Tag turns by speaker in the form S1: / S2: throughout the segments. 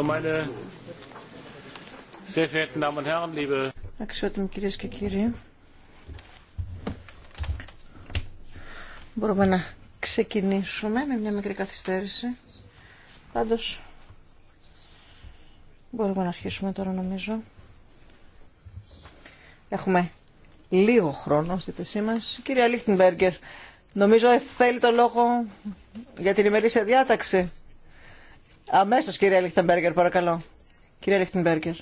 S1: meine
S2: Αξιότιμοι κυρίες και κύριοι, μπορούμε να ξεκινήσουμε με μια μικρή καθυστέρηση. Πάντως, μπορούμε να αρχίσουμε τώρα νομίζω. Έχουμε λίγο χρόνο στη θέση μας. Κυρία Λίχτινμπεργκερ νομίζω ε, θέλει το λόγο για την ημερήσια διάταξη. Αμέσως κυρία Λιχτεμπέργκερ παρακαλώ. Κυρία Λιχτεμπέργκερ.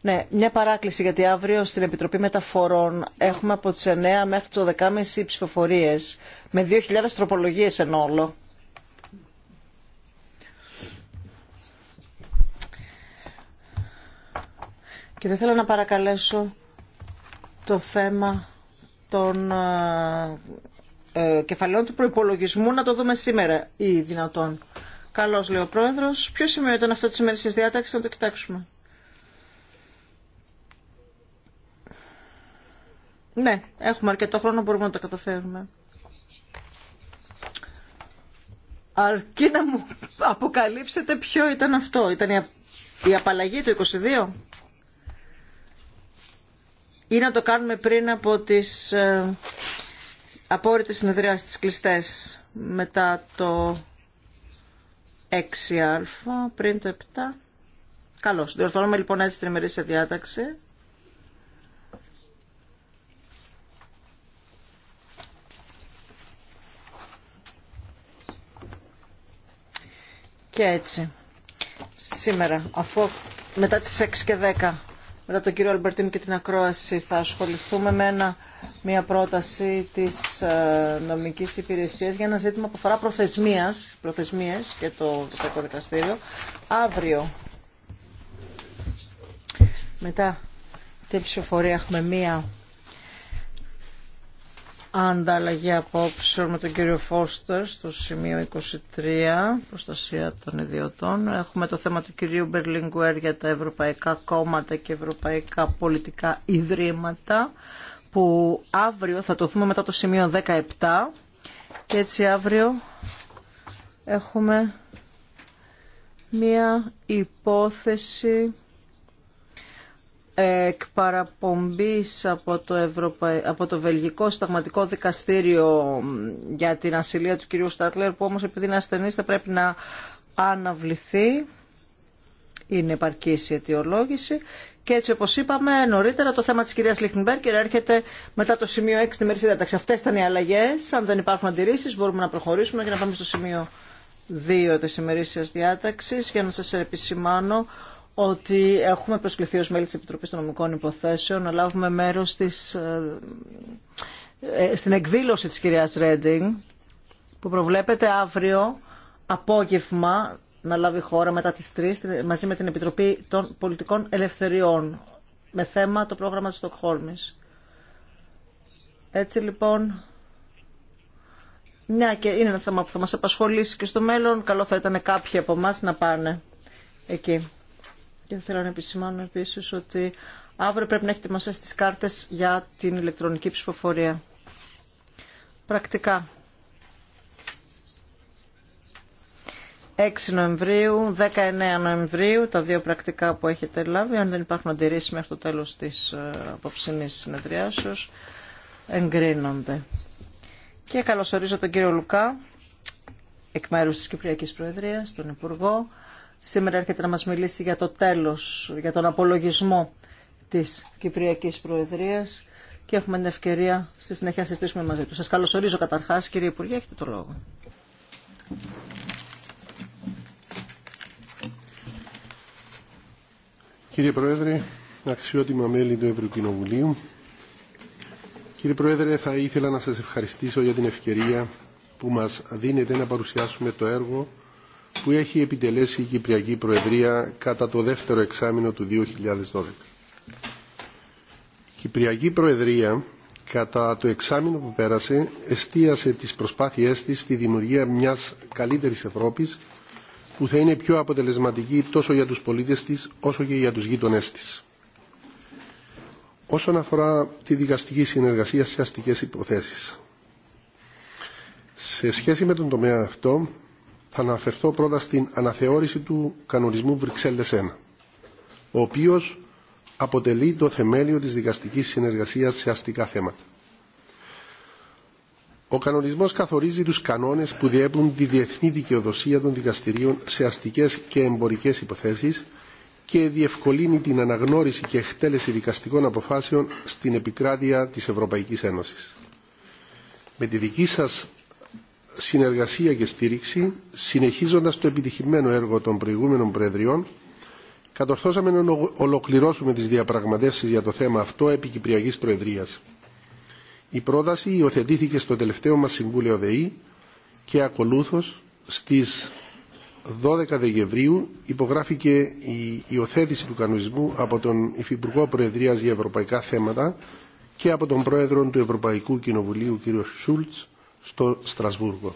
S2: Ναι, μια παράκληση γιατί αύριο στην Επιτροπή Μεταφορών έχουμε από τι 9 μέχρι τις 12.30 ψηφοφορίες με 2.000 τροπολογίες εν όλο. Και δεν θέλω να παρακαλέσω το θέμα των ε, ε κεφαλαίων του προϋπολογισμού να το δούμε σήμερα ή δυνατόν. Καλώ, λέει ο πρόεδρο. Ποιο σημείο ήταν αυτό τη ημερήσια διάταξη, να το κοιτάξουμε. Ναι, έχουμε αρκετό χρόνο, μπορούμε να το καταφέρουμε. Αρκεί να μου αποκαλύψετε ποιο ήταν αυτό. Ήταν η, η απαλλαγή του 22. Ή να το κάνουμε πριν από τις ε, απόρριτες συνεδριάσεις τις κλειστές μετά το 6α πριν το 7. Καλώς. Διορθώνουμε λοιπόν έτσι την σε διάταξη. Και έτσι, σήμερα, αφού μετά τις 6 και 10, μετά τον κύριο Αλμπερτίν και την ακρόαση, θα ασχοληθούμε με ένα μια πρόταση της ε, νομικής υπηρεσίας για ένα ζήτημα που αφορά προθεσμίας, προθεσμίες και το Ευρωπαϊκό Δικαστήριο αύριο. Μετά την ψηφοφορία έχουμε μία ανταλλαγή απόψεων με τον κύριο Φώστερ στο σημείο 23, προστασία των ιδιωτών. Έχουμε το θέμα του κυρίου Μπερλίνγκουέρ για τα ευρωπαϊκά κόμματα και ευρωπαϊκά πολιτικά ιδρύματα που αύριο θα το δούμε μετά το σημείο 17 και έτσι αύριο έχουμε μία υπόθεση εκ από το, από το Βελγικό σταγματικό Δικαστήριο για την ασυλία του κυρίου Στάτλερ που όμως επειδή είναι ασθενής θα πρέπει να αναβληθεί είναι επαρκής η αιτιολόγηση και έτσι όπως είπαμε νωρίτερα το θέμα της κυρίας Λιχνιμπέρκερ έρχεται μετά το σημείο 6 στη μερική διάταξη. Αυτές ήταν οι αλλαγές. Αν δεν υπάρχουν αντιρρήσεις μπορούμε να προχωρήσουμε και να πάμε στο σημείο 2 της ημερήσιας διάταξης για να σας επισημάνω ότι έχουμε προσκληθεί ως μέλη της Επιτροπής των Νομικών Υποθέσεων να λάβουμε μέρος ε, ε, στην εκδήλωση της κυρίας Ρέντινγκ που προβλέπεται αύριο απόγευμα να λάβει χώρα μετά τις 3 μαζί με την Επιτροπή των Πολιτικών Ελευθεριών με θέμα το πρόγραμμα της Στοκχόλμης. Έτσι λοιπόν, μια και είναι ένα θέμα που θα μας απασχολήσει και στο μέλλον, καλό θα ήταν κάποιοι από εμά να πάνε εκεί. Και θέλω να επισημάνω επίσης ότι αύριο πρέπει να έχετε μαζί τις κάρτες για την ηλεκτρονική ψηφοφορία. Πρακτικά. 6 Νοεμβρίου, 19 Νοεμβρίου, τα δύο πρακτικά που έχετε λάβει, αν δεν υπάρχουν αντιρρήσεις μέχρι το τέλος της ε, απόψινής συνεδριάσεως, εγκρίνονται. Και καλωσορίζω τον κύριο Λουκά, εκ μέρους της Κυπριακής Προεδρίας, τον Υπουργό. Σήμερα έρχεται να μας μιλήσει για το τέλος, για τον απολογισμό της Κυπριακής Προεδρίας και έχουμε την ευκαιρία στη συνέχεια να συζητήσουμε μαζί του. Σας καλωσορίζω καταρχάς, κύριε Υπουργέ, έχετε το λόγο.
S3: Κύριε Πρόεδρε, αξιότιμα μέλη του Ευρωκοινοβουλίου, κύριε Πρόεδρε, θα ήθελα να σας ευχαριστήσω για την ευκαιρία που μας δίνεται να παρουσιάσουμε το έργο που έχει επιτελέσει η Κυπριακή Προεδρία κατά το δεύτερο εξάμεινο του 2012. Η Κυπριακή Προεδρία κατά το εξάμεινο που πέρασε εστίασε τις προσπάθειές της στη δημιουργία μιας καλύτερης Ευρώπης που θα είναι πιο αποτελεσματική τόσο για τους πολίτες της όσο και για τους γείτονές της. Όσον αφορά τη δικαστική συνεργασία σε αστικές υποθέσεις. Σε σχέση με τον τομέα αυτό θα αναφερθώ πρώτα στην αναθεώρηση του κανονισμού Βρυξέλλες 1 ο οποίος αποτελεί το θεμέλιο της δικαστικής συνεργασίας σε αστικά θέματα. Ο κανονισμός καθορίζει τους κανόνες που διέπουν τη διεθνή δικαιοδοσία των δικαστηρίων σε αστικές και εμπορικές υποθέσεις και διευκολύνει την αναγνώριση και εκτέλεση δικαστικών αποφάσεων στην επικράτεια της Ευρωπαϊκής Ένωσης. Με τη δική σας συνεργασία και στήριξη, συνεχίζοντας το επιτυχημένο έργο των προηγούμενων Προεδριών, κατορθώσαμε να ολοκληρώσουμε τις διαπραγματεύσεις για το θέμα αυτό επί Κυπριακής Προεδρίας. Η πρόταση υιοθετήθηκε στο τελευταίο μας Συμβούλιο ΔΕΗ και ακολούθως στις 12 Δεκεμβρίου υπογράφηκε η υιοθέτηση του κανονισμού από τον Υφυπουργό Προεδρίας για Ευρωπαϊκά Θέματα και από τον Πρόεδρο του Ευρωπαϊκού Κοινοβουλίου κ. Σούλτς στο Στρασβούργο.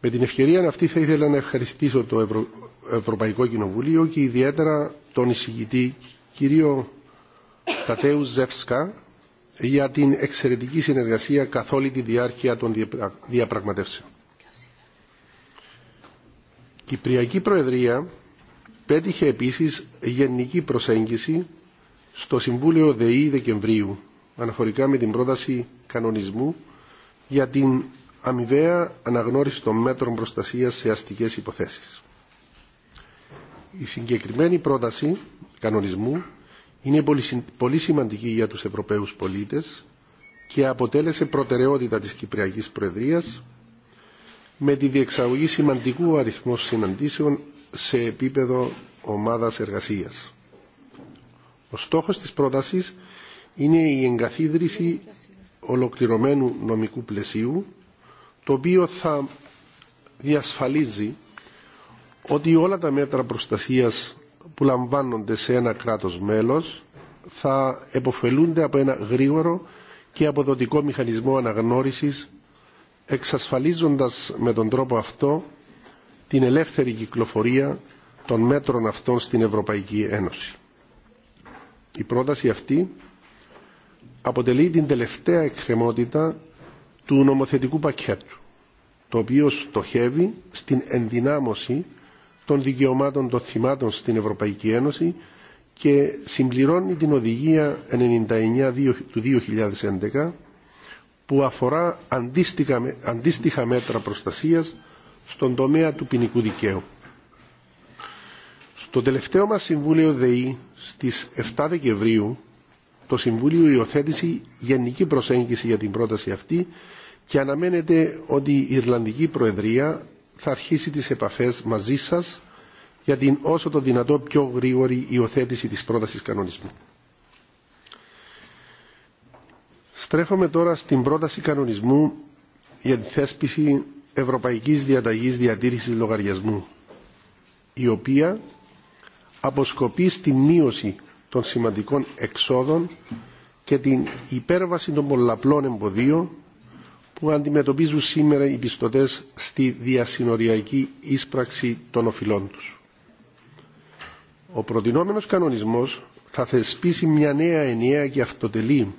S3: Με την ευκαιρία αυτή θα ήθελα να ευχαριστήσω το Ευρωπαϊκό Κοινοβούλιο και ιδιαίτερα τον εισηγητή κ. Τατέου Ζεύσκα για την εξαιρετική συνεργασία καθ' όλη τη διάρκεια των διαπραγματεύσεων. Η Κυπριακή Προεδρία πέτυχε επίσης γενική προσέγγιση στο Συμβούλιο ΔΕΗ Δεκεμβρίου αναφορικά με την πρόταση κανονισμού για την αμοιβαία αναγνώριση των μέτρων προστασίας σε αστικές υποθέσεις. Η συγκεκριμένη πρόταση κανονισμού είναι πολύ σημαντική για τους Ευρωπαίους πολίτες και αποτέλεσε προτεραιότητα της Κυπριακής Προεδρίας με τη διεξαγωγή σημαντικού αριθμού συναντήσεων σε επίπεδο ομάδας εργασίας. Ο στόχος της πρότασης είναι η εγκαθίδρυση ολοκληρωμένου νομικού πλαισίου το οποίο θα διασφαλίζει ότι όλα τα μέτρα προστασίας που λαμβάνονται σε ένα κράτος μέλος θα εποφελούνται από ένα γρήγορο και αποδοτικό μηχανισμό αναγνώρισης εξασφαλίζοντας με τον τρόπο αυτό την ελεύθερη κυκλοφορία των μέτρων αυτών στην Ευρωπαϊκή Ένωση. Η πρόταση αυτή αποτελεί την τελευταία εκκρεμότητα του νομοθετικού πακέτου, το οποίο στοχεύει στην ενδυνάμωση των δικαιωμάτων των θυμάτων στην Ευρωπαϊκή Ένωση και συμπληρώνει την Οδηγία 99 του 2011 που αφορά αντίστοιχα μέτρα προστασίας στον τομέα του ποινικού δικαίου. Στο τελευταίο μας Συμβούλιο ΔΕΗ στις 7 Δεκεμβρίου το Συμβούλιο υιοθέτησε γενική προσέγγιση για την πρόταση αυτή και αναμένεται ότι η Ιρλανδική Προεδρία θα αρχίσει τις επαφές μαζί σας για την όσο το δυνατό πιο γρήγορη υιοθέτηση της πρότασης κανονισμού. Στρέφομαι τώρα στην πρόταση κανονισμού για τη θέσπιση Ευρωπαϊκής Διαταγής Διατήρησης Λογαριασμού, η οποία αποσκοπεί στη μείωση των σημαντικών εξόδων και την υπέρβαση των πολλαπλών εμποδίων που αντιμετωπίζουν σήμερα οι πιστωτές στη διασυνοριακή ίσπραξη των οφειλών τους. Ο προτινόμενος κανονισμός θα θεσπίσει μια νέα ενιαία και αυτοτελή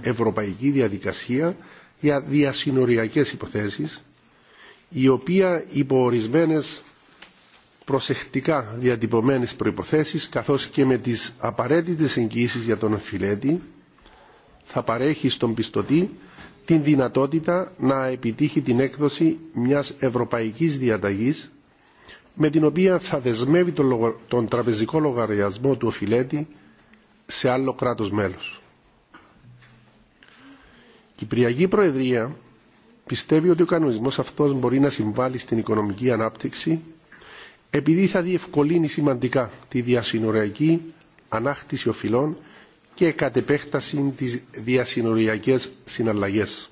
S3: ευρωπαϊκή διαδικασία για διασυνοριακές υποθέσεις, η οποία υπό ορισμένε προσεκτικά διατυπωμένες προϋποθέσεις, καθώς και με τις απαραίτητες εγγυήσεις για τον οφειλέτη, θα παρέχει στον πιστωτή την δυνατότητα να επιτύχει την έκδοση μιας ευρωπαϊκής διαταγής με την οποία θα δεσμεύει τον τραπεζικό λογαριασμό του οφειλέτη σε άλλο κράτος μέλος. Η Κυπριακή Προεδρία πιστεύει ότι ο κανονισμός αυτός μπορεί να συμβάλλει στην οικονομική ανάπτυξη επειδή θα διευκολύνει σημαντικά τη διασυνοριακή ανάκτηση οφειλών και κατ' επέκταση τις διασυνοριακές συναλλαγές.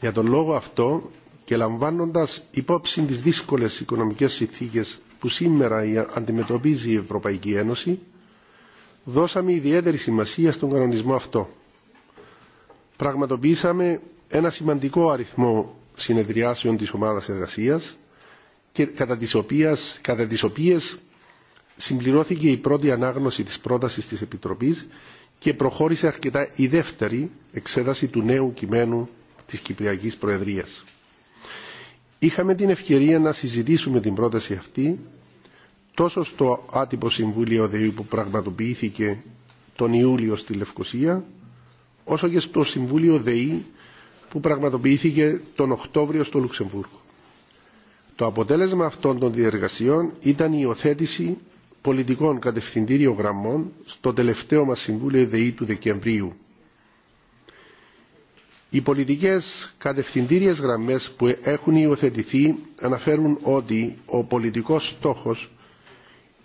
S3: Για τον λόγο αυτό και λαμβάνοντας υπόψη τις δύσκολες οικονομικές συνθήκες που σήμερα αντιμετωπίζει η Ευρωπαϊκή Ένωση, δώσαμε ιδιαίτερη σημασία στον κανονισμό αυτό. Πραγματοποιήσαμε ένα σημαντικό αριθμό συνεδριάσεων της ομάδας εργασίας και κατά τις οποίες, συμπληρώθηκε η πρώτη ανάγνωση της πρότασης της Επιτροπής και προχώρησε αρκετά η δεύτερη εξέδαση του νέου κειμένου της Κυπριακής Προεδρίας. Είχαμε την ευκαιρία να συζητήσουμε την πρόταση αυτή τόσο στο άτυπο Συμβούλιο ΔΕΗ που πραγματοποιήθηκε τον Ιούλιο στη Λευκοσία, όσο και στο Συμβούλιο ΔΕΗ που πραγματοποιήθηκε τον Οκτώβριο στο Λουξεμβούργο. Το αποτέλεσμα αυτών των διεργασιών ήταν η υιοθέτηση πολιτικών κατευθυντήριων γραμμών στο τελευταίο μας Συμβούλιο ΕΔΕΗ του Δεκεμβρίου. Οι πολιτικές κατευθυντήριες γραμμές που έχουν υιοθετηθεί αναφέρουν ότι ο πολιτικός στόχος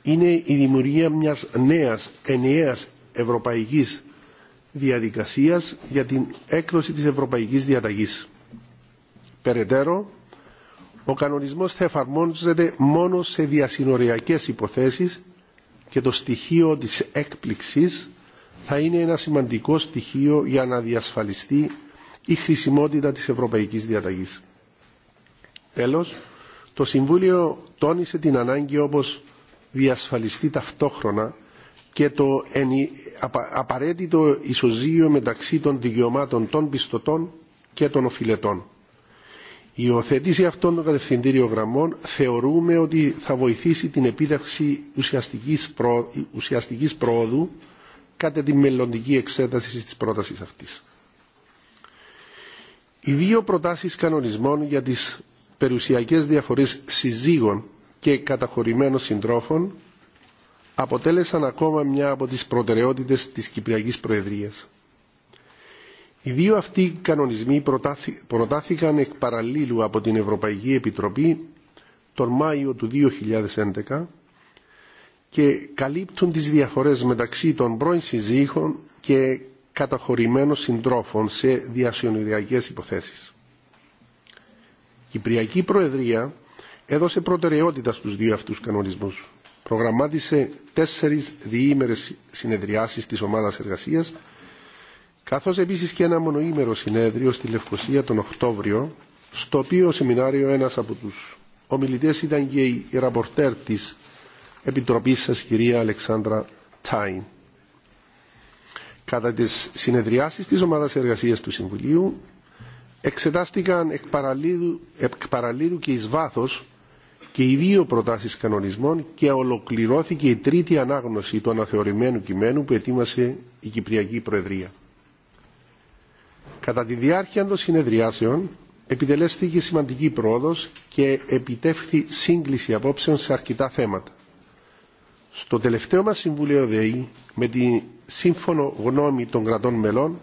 S3: είναι η δημιουργία μιας νέας ενιαίας ευρωπαϊκής διαδικασίας για την έκδοση της ευρωπαϊκής διαταγής. Περαιτέρω, ο κανονισμός θα εφαρμόζεται μόνο σε διασυνοριακές υποθέσεις και το στοιχείο της έκπληξης θα είναι ένα σημαντικό στοιχείο για να διασφαλιστεί η χρησιμότητα της Ευρωπαϊκής Διαταγής. Τέλος, το Συμβούλιο τόνισε την ανάγκη όπως διασφαλιστεί ταυτόχρονα και το απαραίτητο ισοζύγιο μεταξύ των δικαιωμάτων των πιστωτών και των οφηλετών. Η υιοθέτηση αυτών των κατευθυντήριων γραμμών θεωρούμε ότι θα βοηθήσει την επίταξη ουσιαστικής, ουσιαστικής πρόοδου κατά τη μελλοντική εξέταση της πρότασης αυτής. Οι δύο προτάσεις κανονισμών για τις περιουσιακές διαφορές συζύγων και καταχωρημένων συντρόφων αποτέλεσαν ακόμα μια από τις προτεραιότητες της Κυπριακής Προεδρίας. Οι δύο αυτοί κανονισμοί προτάθηκαν εκ παραλίλου από την Ευρωπαϊκή Επιτροπή τον Μάιο του 2011 και καλύπτουν τις διαφορές μεταξύ των πρώην συζύγων και καταχωρημένων συντρόφων σε διασυνοριακές υποθέσεις. Η Κυπριακή Προεδρία έδωσε προτεραιότητα στους δύο αυτούς κανονισμούς. Προγραμμάτισε τέσσερις διήμερες συνεδριάσεις της ομάδας εργασίας καθώς επίσης και ένα μονοήμερο συνέδριο στη Λευκοσία τον Οκτώβριο, στο οποίο σεμινάριο ένας από τους ομιλητές ήταν και η ραπορτέρ της Επιτροπής σας, κυρία Αλεξάνδρα Τάιν. Κατά τις συνεδριάσεις της Ομάδας Εργασίας του Συμβουλίου, εξετάστηκαν εκ παραλίλου, εκ και εις βάθος και οι δύο προτάσεις κανονισμών και ολοκληρώθηκε η τρίτη ανάγνωση του αναθεωρημένου κειμένου που ετοίμασε η Κυπριακή Προεδρία. Κατά τη διάρκεια των συνεδριάσεων επιτελέστηκε σημαντική πρόοδος και επιτεύχθη σύγκληση απόψεων σε αρκετά θέματα. Στο τελευταίο μας Συμβουλίο ΔΕΗ, με τη σύμφωνο γνώμη των κρατών μελών,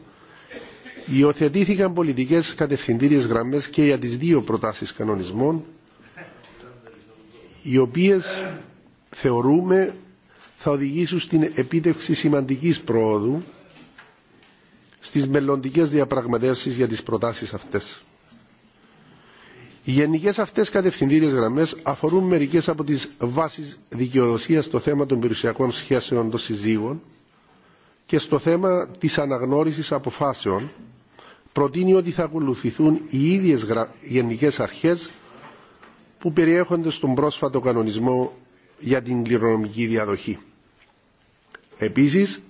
S3: υιοθετήθηκαν πολιτικές κατευθυντήριες γραμμές και για τις δύο προτάσεις κανονισμών, οι οποίες θεωρούμε θα οδηγήσουν στην επίτευξη σημαντικής πρόοδου στις μελλοντικές διαπραγματεύσεις για τις προτάσεις αυτές. Οι γενικές αυτές κατευθυντήριες γραμμές αφορούν μερικές από τις βάσεις δικαιοδοσίας στο θέμα των περιουσιακών σχέσεων των συζύγων και στο θέμα της αναγνώρισης αποφάσεων προτείνει ότι θα ακολουθηθούν οι ίδιες γενικές αρχές που περιέχονται στον πρόσφατο κανονισμό για την κληρονομική διαδοχή. Επίσης,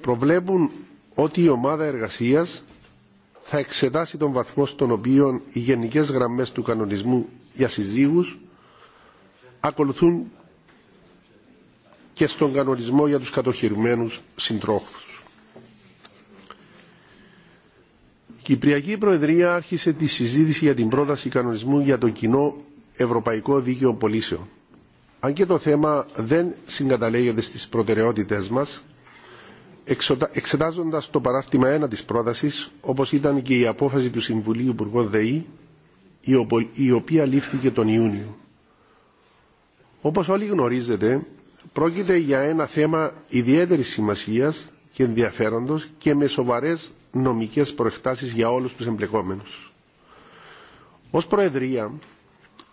S3: προβλέπουν ότι η ομάδα εργασίας θα εξετάσει τον βαθμό στον οποίο οι γενικές γραμμές του κανονισμού για συζύγους ακολουθούν και στον κανονισμό για τους κατοχυρωμένους συντρόφους. Η Κυπριακή Προεδρία άρχισε τη συζήτηση για την πρόταση κανονισμού για το κοινό Ευρωπαϊκό Δίκαιο Πολίσεων. Αν και το θέμα δεν συγκαταλέγεται στις προτεραιότητες μας, Εξετάζοντα το παράρτημα 1 τη πρόταση, όπω ήταν και η απόφαση του Συμβουλίου Υπουργών ΔΕΗ, η οποία λήφθηκε τον Ιούνιο. Όπω όλοι γνωρίζετε, πρόκειται για ένα θέμα ιδιαίτερη σημασία και ενδιαφέροντο και με σοβαρέ νομικέ προεκτάσει για όλου του εμπλεκόμενου. Ω Προεδρία,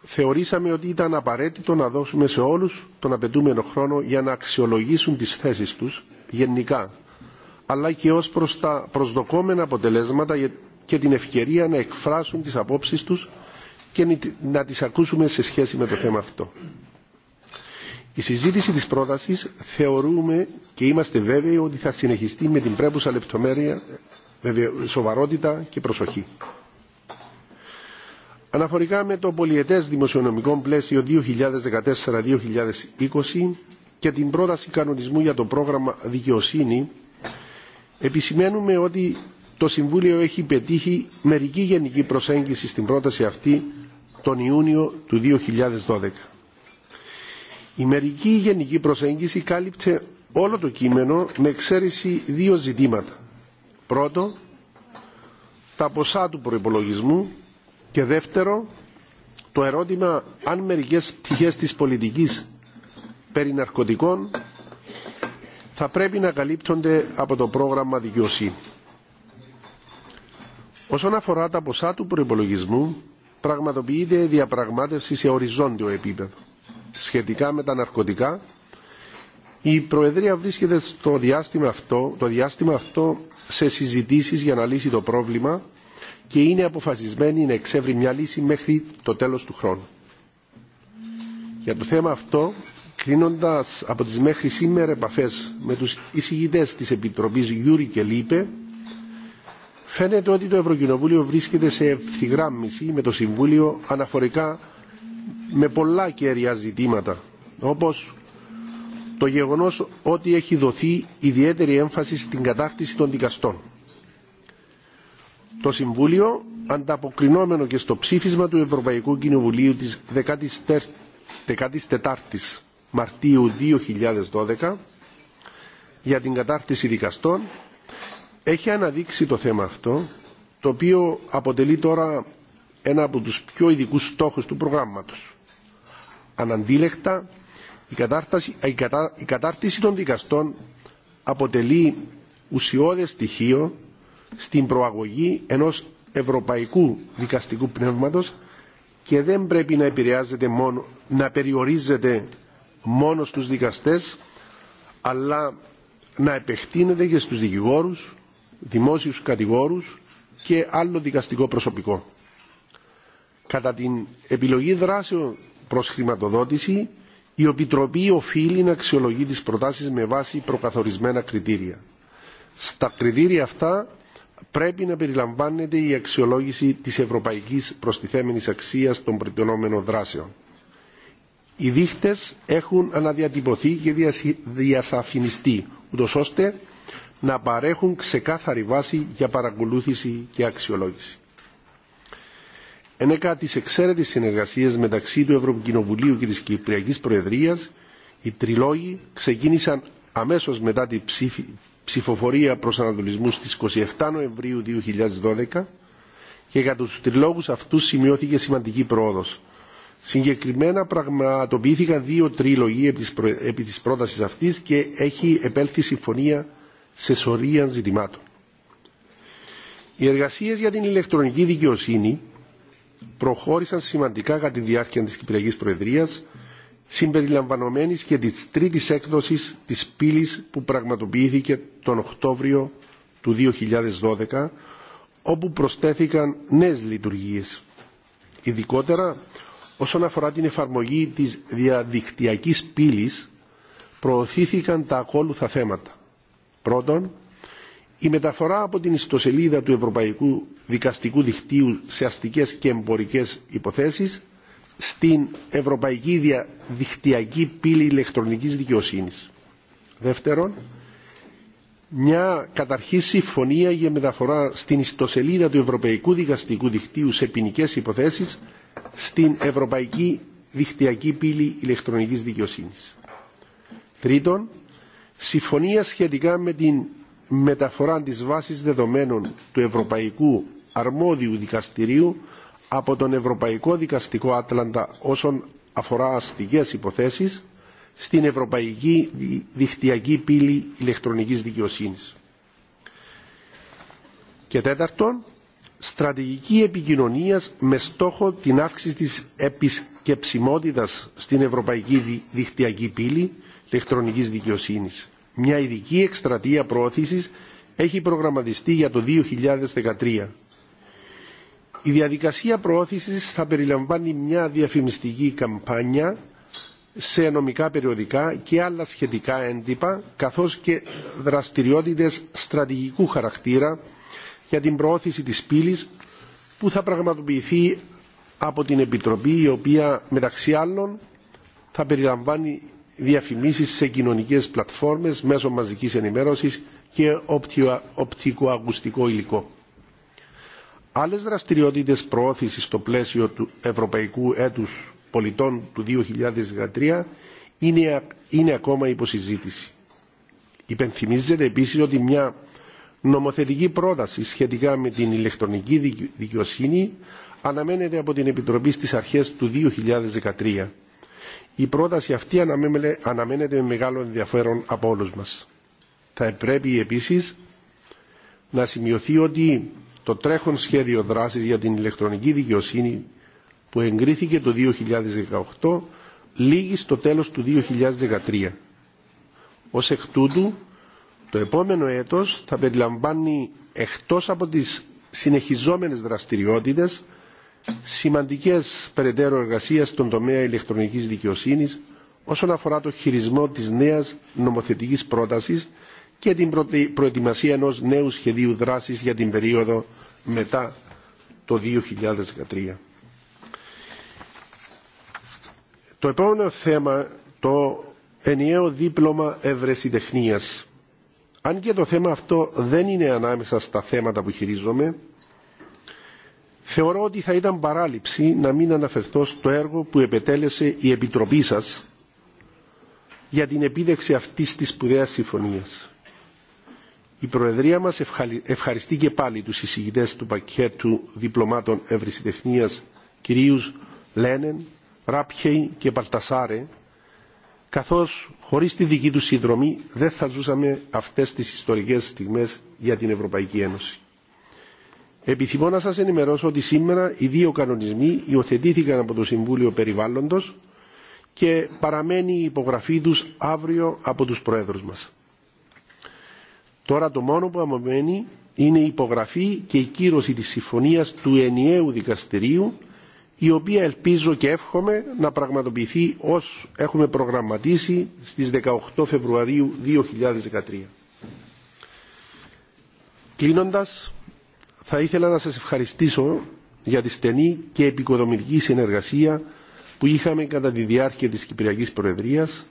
S3: θεωρήσαμε ότι ήταν απαραίτητο να δώσουμε σε όλου τον απαιτούμενο χρόνο για να αξιολογήσουν τι θέσει του γενικά αλλά και ως προς τα προσδοκόμενα αποτελέσματα και την ευκαιρία να εκφράσουν τις απόψεις τους και να τις ακούσουμε σε σχέση με το θέμα αυτό. Η συζήτηση της πρότασης θεωρούμε και είμαστε βέβαιοι ότι θα συνεχιστεί με την πρέπουσα λεπτομέρεια, σοβαρότητα και προσοχή. Αναφορικά με το πολιετές δημοσιονομικό πλαίσιο 2014-2020 και την πρόταση κανονισμού για το πρόγραμμα Δικαιοσύνη Επισημαίνουμε ότι το Συμβούλιο έχει πετύχει μερική γενική προσέγγιση στην πρόταση αυτή τον Ιούνιο του 2012. Η μερική γενική προσέγγιση κάλυψε όλο το κείμενο με εξαίρεση δύο ζητήματα. Πρώτο, τα ποσά του προϋπολογισμού και δεύτερο, το ερώτημα αν μερικές πτυχές της πολιτικής περί ναρκωτικών θα πρέπει να καλύπτονται από το πρόγραμμα δικαιοσύνη. Όσον αφορά τα ποσά του προπολογισμού, πραγματοποιείται διαπραγμάτευση σε οριζόντιο επίπεδο. Σχετικά με τα ναρκωτικά, η Προεδρία βρίσκεται στο διάστημα αυτό, το διάστημα αυτό σε συζητήσεις για να λύσει το πρόβλημα και είναι αποφασισμένη να εξεύρει μια λύση μέχρι το τέλος του χρόνου. Για το θέμα αυτό Κρίνοντας από τις μέχρι σήμερα επαφές με τους εισηγητές της Επιτροπής Γιούρι και Λίπε, φαίνεται ότι το Ευρωκοινοβούλιο βρίσκεται σε ευθυγράμμιση με το Συμβούλιο αναφορικά με πολλά κέρια ζητήματα, όπως το γεγονός ότι έχει δοθεί ιδιαίτερη έμφαση στην κατάρτιση των δικαστών. Το Συμβούλιο, ανταποκρινόμενο και στο ψήφισμα του Ευρωπαϊκού Κοινοβουλίου της 14ης Μαρτίου 2012 για την κατάρτιση δικαστών έχει αναδείξει το θέμα αυτό το οποίο αποτελεί τώρα ένα από τους πιο ειδικού στόχους του προγράμματος. Αναντίλεκτα, η, κατάρτιση των δικαστών αποτελεί ουσιώδες στοιχείο στην προαγωγή ενός ευρωπαϊκού δικαστικού πνεύματος και δεν πρέπει να επηρεάζεται μόνο, να περιορίζεται μόνο στους δικαστές αλλά να επεκτείνεται και στους δικηγόρους, δημόσιους κατηγόρους και άλλο δικαστικό προσωπικό. Κατά την επιλογή δράσεων προς χρηματοδότηση, η Επιτροπή οφείλει να αξιολογεί τις προτάσεις με βάση προκαθορισμένα κριτήρια. Στα κριτήρια αυτά πρέπει να περιλαμβάνεται η αξιολόγηση της ευρωπαϊκής προστιθέμενης αξίας των προτινόμενων δράσεων. Οι δίχτες έχουν αναδιατυπωθεί και διασαφινιστεί, ούτως ώστε να παρέχουν ξεκάθαρη βάση για παρακολούθηση και αξιολόγηση. Ενέκα τη εξαίρετη συνεργασίες μεταξύ του Ευρωκοινοβουλίου και τη Κυπριακή Προεδρία, οι τριλόγοι ξεκίνησαν αμέσως μετά την ψηφοφορία προσανατολισμού στις 27 Νοεμβρίου 2012 και για του τριλόγους αυτού σημειώθηκε σημαντική πρόοδος. Συγκεκριμένα πραγματοποιήθηκαν δύο τρίλογοι επί της πρότασης αυτής και έχει επέλθει συμφωνία σε σωρία ζητημάτων. Οι εργασίες για την ηλεκτρονική δικαιοσύνη προχώρησαν σημαντικά κατά τη διάρκεια της Κυπριακής Προεδρίας συμπεριλαμβανομένης και της τρίτης έκδοσης της πύλης που πραγματοποιήθηκε τον Οκτώβριο του 2012 όπου προστέθηκαν νέες λειτουργίες. Ειδικότερα Όσον αφορά την εφαρμογή της διαδικτυακής πύλης, προωθήθηκαν τα ακόλουθα θέματα. Πρώτον, η μεταφορά από την ιστοσελίδα του Ευρωπαϊκού Δικαστικού Δικτύου σε αστικές και εμπορικές υποθέσεις στην Ευρωπαϊκή Διαδικτυακή Πύλη Ηλεκτρονικής Δικαιοσύνης. Δεύτερον, μια καταρχή συμφωνία για μεταφορά στην ιστοσελίδα του Ευρωπαϊκού Δικαστικού Δικτύου σε ποινικέ υποθέσεις στην Ευρωπαϊκή Δικτυακή Πύλη Ηλεκτρονικής Δικαιοσύνης. Τρίτον, συμφωνία σχετικά με την μεταφορά της βάσης δεδομένων του Ευρωπαϊκού Αρμόδιου Δικαστηρίου από τον Ευρωπαϊκό Δικαστικό Άτλαντα όσον αφορά αστικές υποθέσεις στην Ευρωπαϊκή Δικτυακή Πύλη Ηλεκτρονικής Δικαιοσύνης. Και τέταρτον, στρατηγική επικοινωνίας με στόχο την αύξηση της επισκεψιμότητας στην Ευρωπαϊκή Δικτυακή Πύλη ηλεκτρονικής δικαιοσύνης. Μια ειδική εκστρατεία προώθησης έχει προγραμματιστεί για το 2013. Η διαδικασία προώθησης θα περιλαμβάνει μια διαφημιστική καμπάνια σε νομικά περιοδικά και άλλα σχετικά έντυπα καθώς και δραστηριότητες στρατηγικού χαρακτήρα για την προώθηση της πύλης που θα πραγματοποιηθεί από την Επιτροπή η οποία μεταξύ άλλων θα περιλαμβάνει διαφημίσεις σε κοινωνικές πλατφόρμες μέσω μαζικής ενημέρωσης και οπτικοακουστικό υλικό. Άλλες δραστηριότητες προώθησης στο πλαίσιο του Ευρωπαϊκού Έτους Πολιτών του 2013 είναι, είναι ακόμα υποσυζήτηση. Υπενθυμίζεται επίσης ότι μια νομοθετική πρόταση σχετικά με την ηλεκτρονική δικαιοσύνη αναμένεται από την Επιτροπή στις αρχές του 2013. Η πρόταση αυτή αναμένεται με μεγάλο ενδιαφέρον από όλους μας. Θα πρέπει επίσης να σημειωθεί ότι το τρέχον σχέδιο δράσης για την ηλεκτρονική δικαιοσύνη που εγκρίθηκε το 2018 λήγει στο τέλος του 2013. Ως εκ τούτου το επόμενο έτος θα περιλαμβάνει εκτός από τις συνεχιζόμενες δραστηριότητες σημαντικές περαιτέρω εργασίες στον τομέα ηλεκτρονικής δικαιοσύνης όσον αφορά το χειρισμό της νέας νομοθετικής πρότασης και την προετοιμασία ενός νέου σχεδίου δράσης για την περίοδο μετά το 2013. Το επόμενο θέμα, το ενιαίο δίπλωμα ευρεσιτεχνίας αν και το θέμα αυτό δεν είναι ανάμεσα στα θέματα που χειρίζομαι, θεωρώ ότι θα ήταν παράληψη να μην αναφερθώ στο έργο που επετέλεσε η Επιτροπή σας για την επίδεξη αυτής της σπουδαίας συμφωνίας. Η Προεδρία μας ευχαριστεί και πάλι τους εισηγητές του πακέτου διπλωμάτων ευρυσιτεχνίας κυρίους Λένεν, Ράπχεϊ και Παλτασάρε καθώς Χωρίς τη δική του συνδρομή δεν θα ζούσαμε αυτές τις ιστορικές στιγμές για την Ευρωπαϊκή Ένωση. Επιθυμώ να σας ενημερώσω ότι σήμερα οι δύο κανονισμοί υιοθετήθηκαν από το Συμβούλιο Περιβάλλοντος και παραμένει η υπογραφή τους αύριο από τους Προέδρους μας. Τώρα το μόνο που απομένει είναι η υπογραφή και η κύρωση της συμφωνίας του ενιαίου δικαστηρίου η οποία ελπίζω και εύχομαι να πραγματοποιηθεί ως έχουμε προγραμματίσει στις 18 Φεβρουαρίου 2013. Κλείνοντας, θα ήθελα να σας ευχαριστήσω για τη στενή και επικοδομητική συνεργασία που είχαμε κατά τη διάρκεια της Κυπριακής Προεδρίας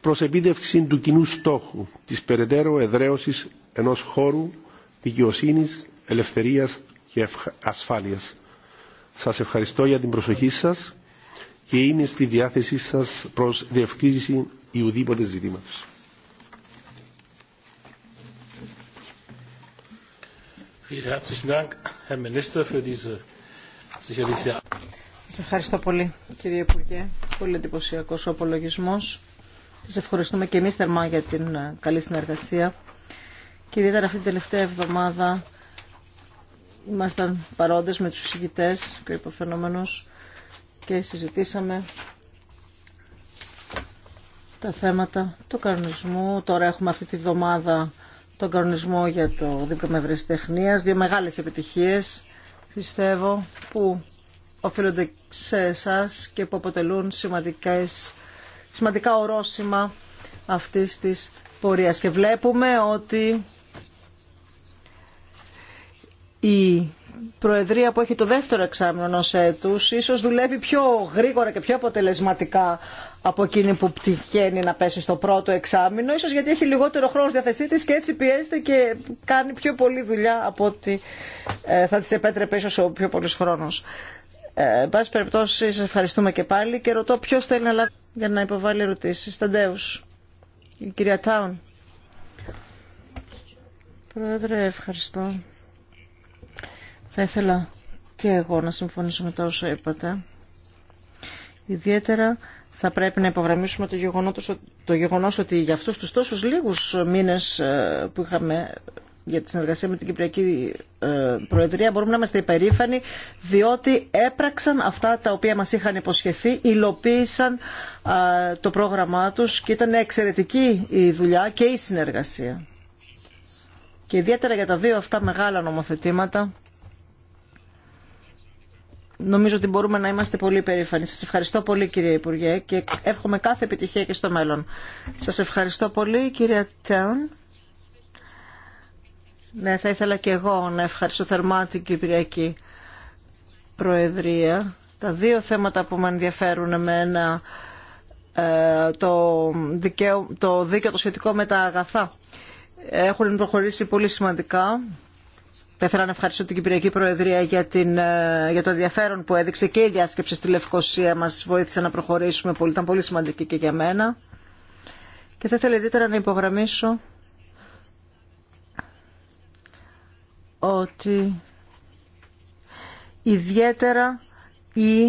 S3: προς επίτευξη του κοινού στόχου της περαιτέρω εδραίωσης ενός χώρου δικαιοσύνης, ελευθερίας και ασφάλειας. Σας ευχαριστώ για την προσοχή σας και είμαι στη διάθεσή σας προς διευκρίνηση ουδίποτε ζητήματος.
S2: Σας ευχαριστώ πολύ κύριε Υπουργέ. Πολύ εντυπωσιακό ο απολογισμό. Σας ευχαριστούμε και εμείς θερμά για την ε, καλή συνεργασία και ιδιαίτερα αυτή την τελευταία εβδομάδα ήμασταν παρόντες με τους συγκητές και ο και συζητήσαμε τα θέματα του κανονισμού. Τώρα έχουμε αυτή τη βδομάδα τον κανονισμό για το δίπλωμα ευρεσιτεχνίας. Δύο μεγάλες επιτυχίες, πιστεύω, που οφείλονται σε εσά και που αποτελούν σημαντικά ορόσημα αυτής της πορείας. Και βλέπουμε ότι η Προεδρία που έχει το δεύτερο εξάμεινο ενός έτους ίσως δουλεύει πιο γρήγορα και πιο αποτελεσματικά από εκείνη που πτυχαίνει να πέσει στο πρώτο εξάμεινο, ίσως γιατί έχει λιγότερο χρόνο στη διάθεσή της και έτσι πιέζεται και κάνει πιο πολλή δουλειά από ότι ε, θα της επέτρεπε ίσως ο πιο πολλή χρόνος. Ε, εν πάση περιπτώσει, σας ευχαριστούμε και πάλι και ρωτώ ποιο θέλει να λάβει για να υποβάλει ερωτήσει. Σταντέου. η κυρία Τάουν. Πρόεδρε, ευχαριστώ. Θα ήθελα και εγώ να συμφωνήσω με τα όσα είπατε. Ιδιαίτερα θα πρέπει να υπογραμμίσουμε το γεγονός, το ότι για αυτούς τους τόσους λίγους μήνες ε, που είχαμε για τη συνεργασία με την Κυπριακή ε, Προεδρία μπορούμε να είμαστε υπερήφανοι διότι έπραξαν αυτά τα οποία μας είχαν υποσχεθεί, υλοποίησαν το πρόγραμμά τους και ήταν εξαιρετική η δουλειά και η συνεργασία. Και ιδιαίτερα για τα δύο αυτά μεγάλα νομοθετήματα νομίζω ότι μπορούμε να είμαστε πολύ περήφανοι. Σας ευχαριστώ πολύ κύριε Υπουργέ και εύχομαι κάθε επιτυχία και στο μέλλον. Σας ευχαριστώ πολύ κυρία Τσέον. Ναι, θα ήθελα και εγώ να ευχαριστώ θερμά την Κυπριακή Προεδρία. Τα δύο θέματα που με ενδιαφέρουν εμένα, ε, το, δικαίω, το δίκαιο το σχετικό με τα αγαθά, έχουν προχωρήσει πολύ σημαντικά. Θα ήθελα να ευχαριστήσω την Κυπριακή Προεδρία για, την, ε, για το ενδιαφέρον που έδειξε και η διάσκεψη στη Λευκοσία μας βοήθησε να προχωρήσουμε πολύ, ήταν πολύ σημαντική και για μένα. Και θα ήθελα ιδιαίτερα να υπογραμμίσω ότι ιδιαίτερα η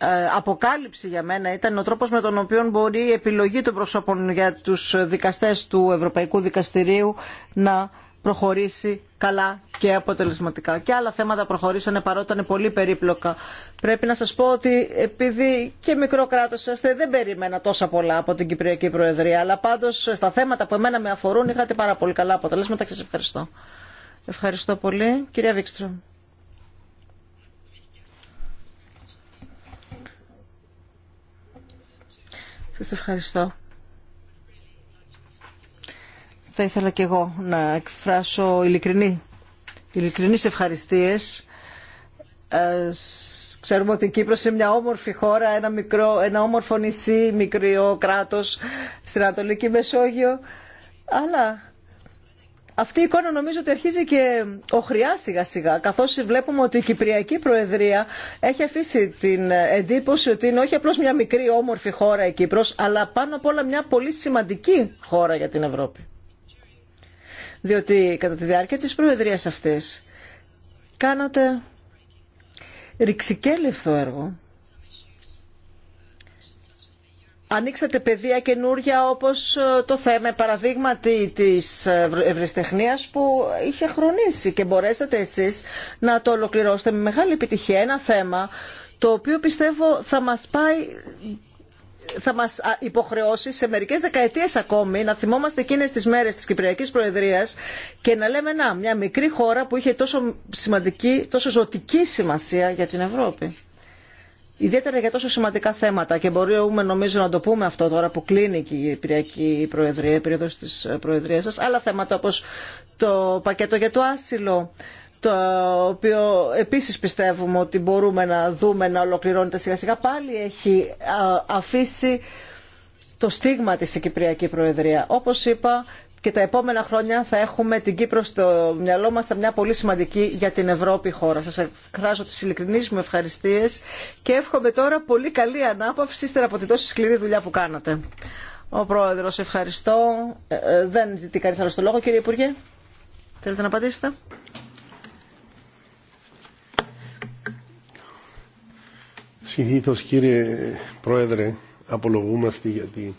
S2: ε, αποκάλυψη για μένα ήταν ο τρόπος με τον οποίο μπορεί η επιλογή των προσώπων για τους δικαστές του Ευρωπαϊκού Δικαστηρίου να προχωρήσει καλά και αποτελεσματικά. Και άλλα θέματα προχωρήσανε παρότι ήταν πολύ περίπλοκα. Πρέπει να σας πω ότι επειδή και μικρό κράτος είστε δεν περίμενα τόσα πολλά από την Κυπριακή Προεδρία, αλλά πάντως στα θέματα που εμένα με αφορούν είχατε πάρα πολύ καλά αποτελέσματα και σας ευχαριστώ. Ευχαριστώ πολύ. Κυρία Βίξτρο. Σας ευχαριστώ θα ήθελα και εγώ να εκφράσω ειλικρινή, ειλικρινείς ευχαριστίες. Ξέρουμε ότι η Κύπρος είναι μια όμορφη χώρα, ένα, μικρό, ένα όμορφο νησί, μικρό κράτος στην Ανατολική Μεσόγειο. Αλλά αυτή η εικόνα νομίζω ότι αρχίζει και οχριά σιγά σιγά, καθώς βλέπουμε ότι η Κυπριακή Προεδρία έχει αφήσει την εντύπωση ότι είναι όχι απλώς μια μικρή όμορφη χώρα η Κύπρος, αλλά πάνω απ' όλα μια πολύ σημαντική χώρα για την Ευρώπη διότι κατά τη διάρκεια της προεδρίας αυτής κάνατε ρηξικέλευθο έργο. Ανοίξατε παιδεία καινούρια όπως ε, το θέμα παραδείγματι της ευρεσιτεχνίας που είχε χρονίσει και μπορέσατε εσείς να το ολοκληρώσετε με μεγάλη επιτυχία ένα θέμα το οποίο πιστεύω θα μας πάει θα μας υποχρεώσει σε μερικές δεκαετίες ακόμη να θυμόμαστε εκείνε τι μέρες της Κυπριακής Προεδρίας και να λέμε να, μια μικρή χώρα που είχε τόσο σημαντική, τόσο ζωτική σημασία για την Ευρώπη. Ιδιαίτερα για τόσο σημαντικά θέματα και μπορούμε νομίζω να το πούμε αυτό τώρα που κλείνει και η Κυπριακή Προεδρία, η περίοδος της Προεδρίας σας, άλλα θέματα όπως το πακέτο για το άσυλο, το οποίο επίσης πιστεύουμε ότι μπορούμε να δούμε να ολοκληρώνεται σιγά σιγά πάλι έχει αφήσει το στίγμα της η Κυπριακή Προεδρία. Όπως είπα και τα επόμενα χρόνια θα έχουμε την Κύπρο στο μυαλό μας σε μια πολύ σημαντική για την Ευρώπη χώρα. Σας εκφράζω τις ειλικρινείς μου ευχαριστίες και εύχομαι τώρα πολύ καλή ανάπαυση ύστερα από την τόση σκληρή δουλειά που κάνατε. Ο Πρόεδρος, ευχαριστώ. Ε, ε, δεν ζητεί κανείς άλλο το λόγο. Κύριε Υπουργέ, θέλετε να απαντήσετε.
S3: Συνήθως κύριε Πρόεδρε απολογούμαστε γιατί,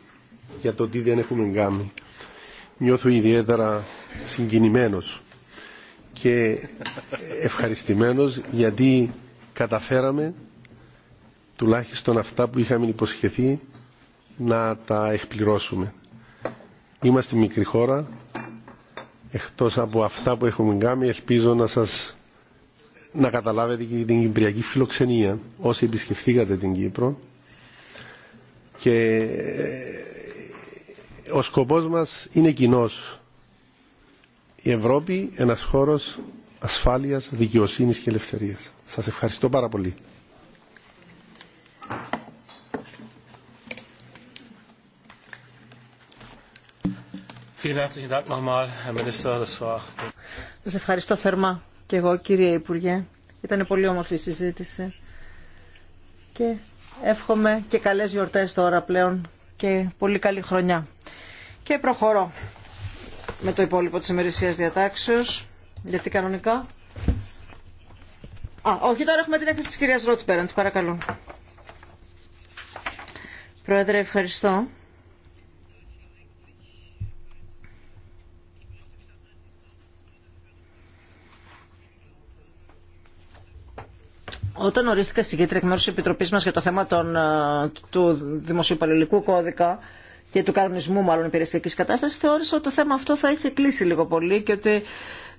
S3: για το τι δεν έχουμε κάνει. Νιώθω ιδιαίτερα συγκινημένος και ευχαριστημένος γιατί καταφέραμε τουλάχιστον αυτά που είχαμε υποσχεθεί να τα εκπληρώσουμε. Είμαστε μικρή χώρα, εκτός από αυτά που έχουμε κάνει ελπίζω να σας να καταλάβετε και την κυπριακή φιλοξενία όσοι επισκεφθήκατε την Κύπρο και ε, ο σκοπός μας είναι κοινό. Η Ευρώπη ένας χώρος ασφάλειας, δικαιοσύνης και ελευθερίας. Σας ευχαριστώ πάρα πολύ.
S2: Σας ευχαριστώ θερμά και εγώ κύριε Υπουργέ. Ήταν πολύ όμορφη η συζήτηση και εύχομαι και καλές γιορτές τώρα πλέον και πολύ καλή χρονιά. Και προχωρώ με το υπόλοιπο της ημερησίας διατάξεως, γιατί κανονικά... Α, όχι, τώρα έχουμε την έκθεση της κυρίας Ρότσπεραντς, παρακαλώ. Πρόεδρε, ευχαριστώ. Όταν ορίστηκα συγκέντρια εκ μέρου τη Επιτροπή μα για το θέμα των, ε, του δημοσιοπαλληλικού κώδικα και του κανονισμού μάλλον υπηρεσιακή κατάσταση, θεώρησα ότι το θέμα αυτό θα είχε κλείσει λίγο πολύ και ότι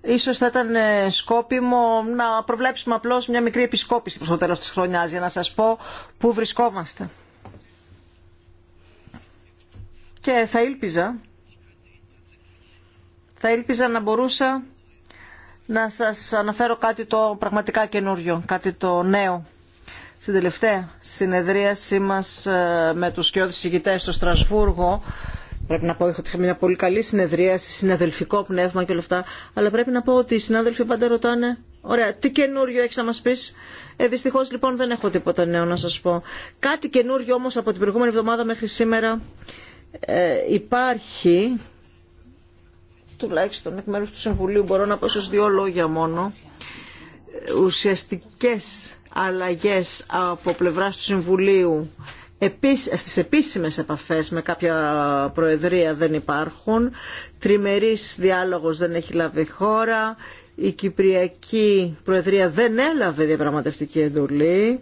S2: ίσως θα ήταν ε, σκόπιμο να προβλέψουμε απλώς μια μικρή επισκόπηση προς το τέλος της χρονιάς για να σας πω πού βρισκόμαστε. Και θα ήλπιζα, θα ήλπιζα να μπορούσα να σας αναφέρω κάτι το πραγματικά καινούριο, κάτι το νέο. Στην τελευταία συνεδρίασή μας ε, με τους κοιόδης συγκητές στο Στρασβούργο, Πρέπει να πω ότι είχαμε μια πολύ καλή συνεδρίαση, συναδελφικό πνεύμα και όλα αυτά. Αλλά πρέπει να πω ότι οι συνάδελφοι πάντα ρωτάνε Ωραία, τι καινούριο έχει να μα πει. Ε, Δυστυχώ λοιπόν δεν έχω τίποτα νέο να σα πω. Κάτι καινούριο όμω από την προηγούμενη εβδομάδα μέχρι σήμερα ε, υπάρχει τουλάχιστον εκ μέρους του Συμβουλίου μπορώ να πω σας δύο λόγια μόνο ουσιαστικές αλλαγές από πλευράς του Συμβουλίου στις επίσημες επαφές με κάποια προεδρία δεν υπάρχουν τριμερής διάλογος δεν έχει λάβει χώρα η Κυπριακή Προεδρία δεν έλαβε διαπραγματευτική εντολή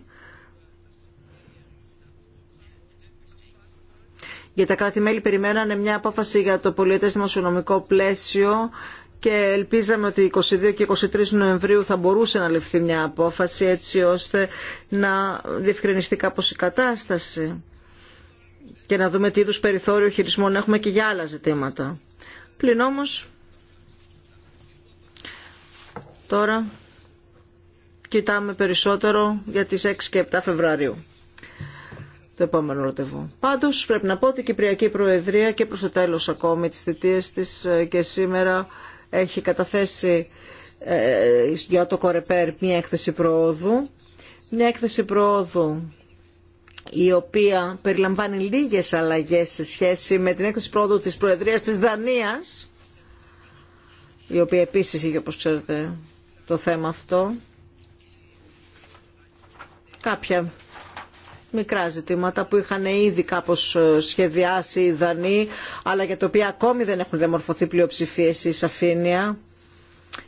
S2: για τα κράτη-μέλη περιμένανε μια απόφαση για το πολιετές δημοσιονομικό πλαίσιο και ελπίζαμε ότι 22 και 23 Νοεμβρίου θα μπορούσε να ληφθεί μια απόφαση έτσι ώστε να διευκρινιστεί κάπως η κατάσταση και να δούμε τι είδους περιθώριο χειρισμών έχουμε και για άλλα ζητήματα. Πλην όμως, τώρα κοιτάμε περισσότερο για τις 6 και 7 Φεβρουαρίου το επόμενο ραντεβού. Πάντω πρέπει να πω ότι η Κυπριακή Προεδρία και προ το τέλο ακόμη της θητεία της και σήμερα έχει καταθέσει ε, για το Κορεπέρ μια έκθεση προόδου. Μια έκθεση προόδου η οποία περιλαμβάνει λίγες αλλαγές σε σχέση με την έκθεση πρόοδου της Προεδρίας της Δανίας, η οποία επίσης είχε, όπως ξέρετε, το θέμα αυτό. Κάποια μικρά ζητήματα που είχαν ήδη κάπω ε, σχεδιάσει οι Δανείοι, αλλά για τα οποία ακόμη δεν έχουν διαμορφωθεί πλειοψηφίε ή σαφήνεια.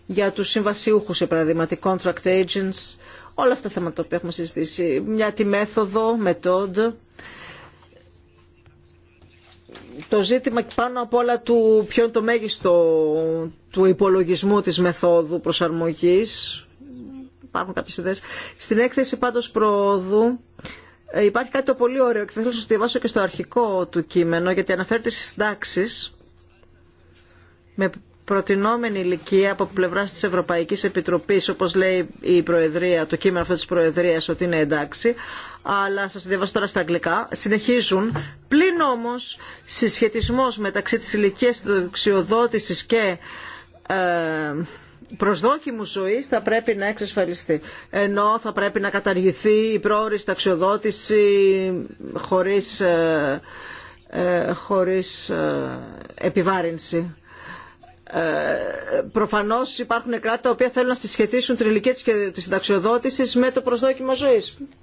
S2: Για τους συμβασιούχου, για παράδειγμα, contract agents, όλα αυτά τα θέματα που έχουμε συζητήσει. Μια τη μέθοδο, method, το ζήτημα πάνω απ' όλα του ποιο είναι το μέγιστο του υπολογισμού της μεθόδου προσαρμογής. Υπάρχουν κάποιες ιδέες. Στην έκθεση πάντως προόδου ε, υπάρχει κάτι το πολύ ωραίο και θα θέλω να σα διαβάσω και στο αρχικό του κείμενο, γιατί αναφέρεται στις συντάξει με προτινόμενη ηλικία από πλευρά τη Ευρωπαϊκή Επιτροπή, όπω λέει η Προεδρία, το κείμενο αυτό τη Προεδρία, ότι είναι εντάξει. Αλλά σα διαβάσω τώρα στα αγγλικά. Συνεχίζουν. Πλην όμω, συσχετισμό μεταξύ τη ηλικία συνταξιοδότηση και. Ε, προσδόκιμου ζωή θα πρέπει να εξασφαλιστεί. Ενώ θα πρέπει να καταργηθεί η πρόορη ταξιοδότηση χωρίς, ε, ε, ε, επιβάρυνση. Προφανώ υπάρχουν κράτη τα οποία θέλουν να συσχετήσουν την ηλικία τη συνταξιοδότηση με το προσδόκιμο ζωή.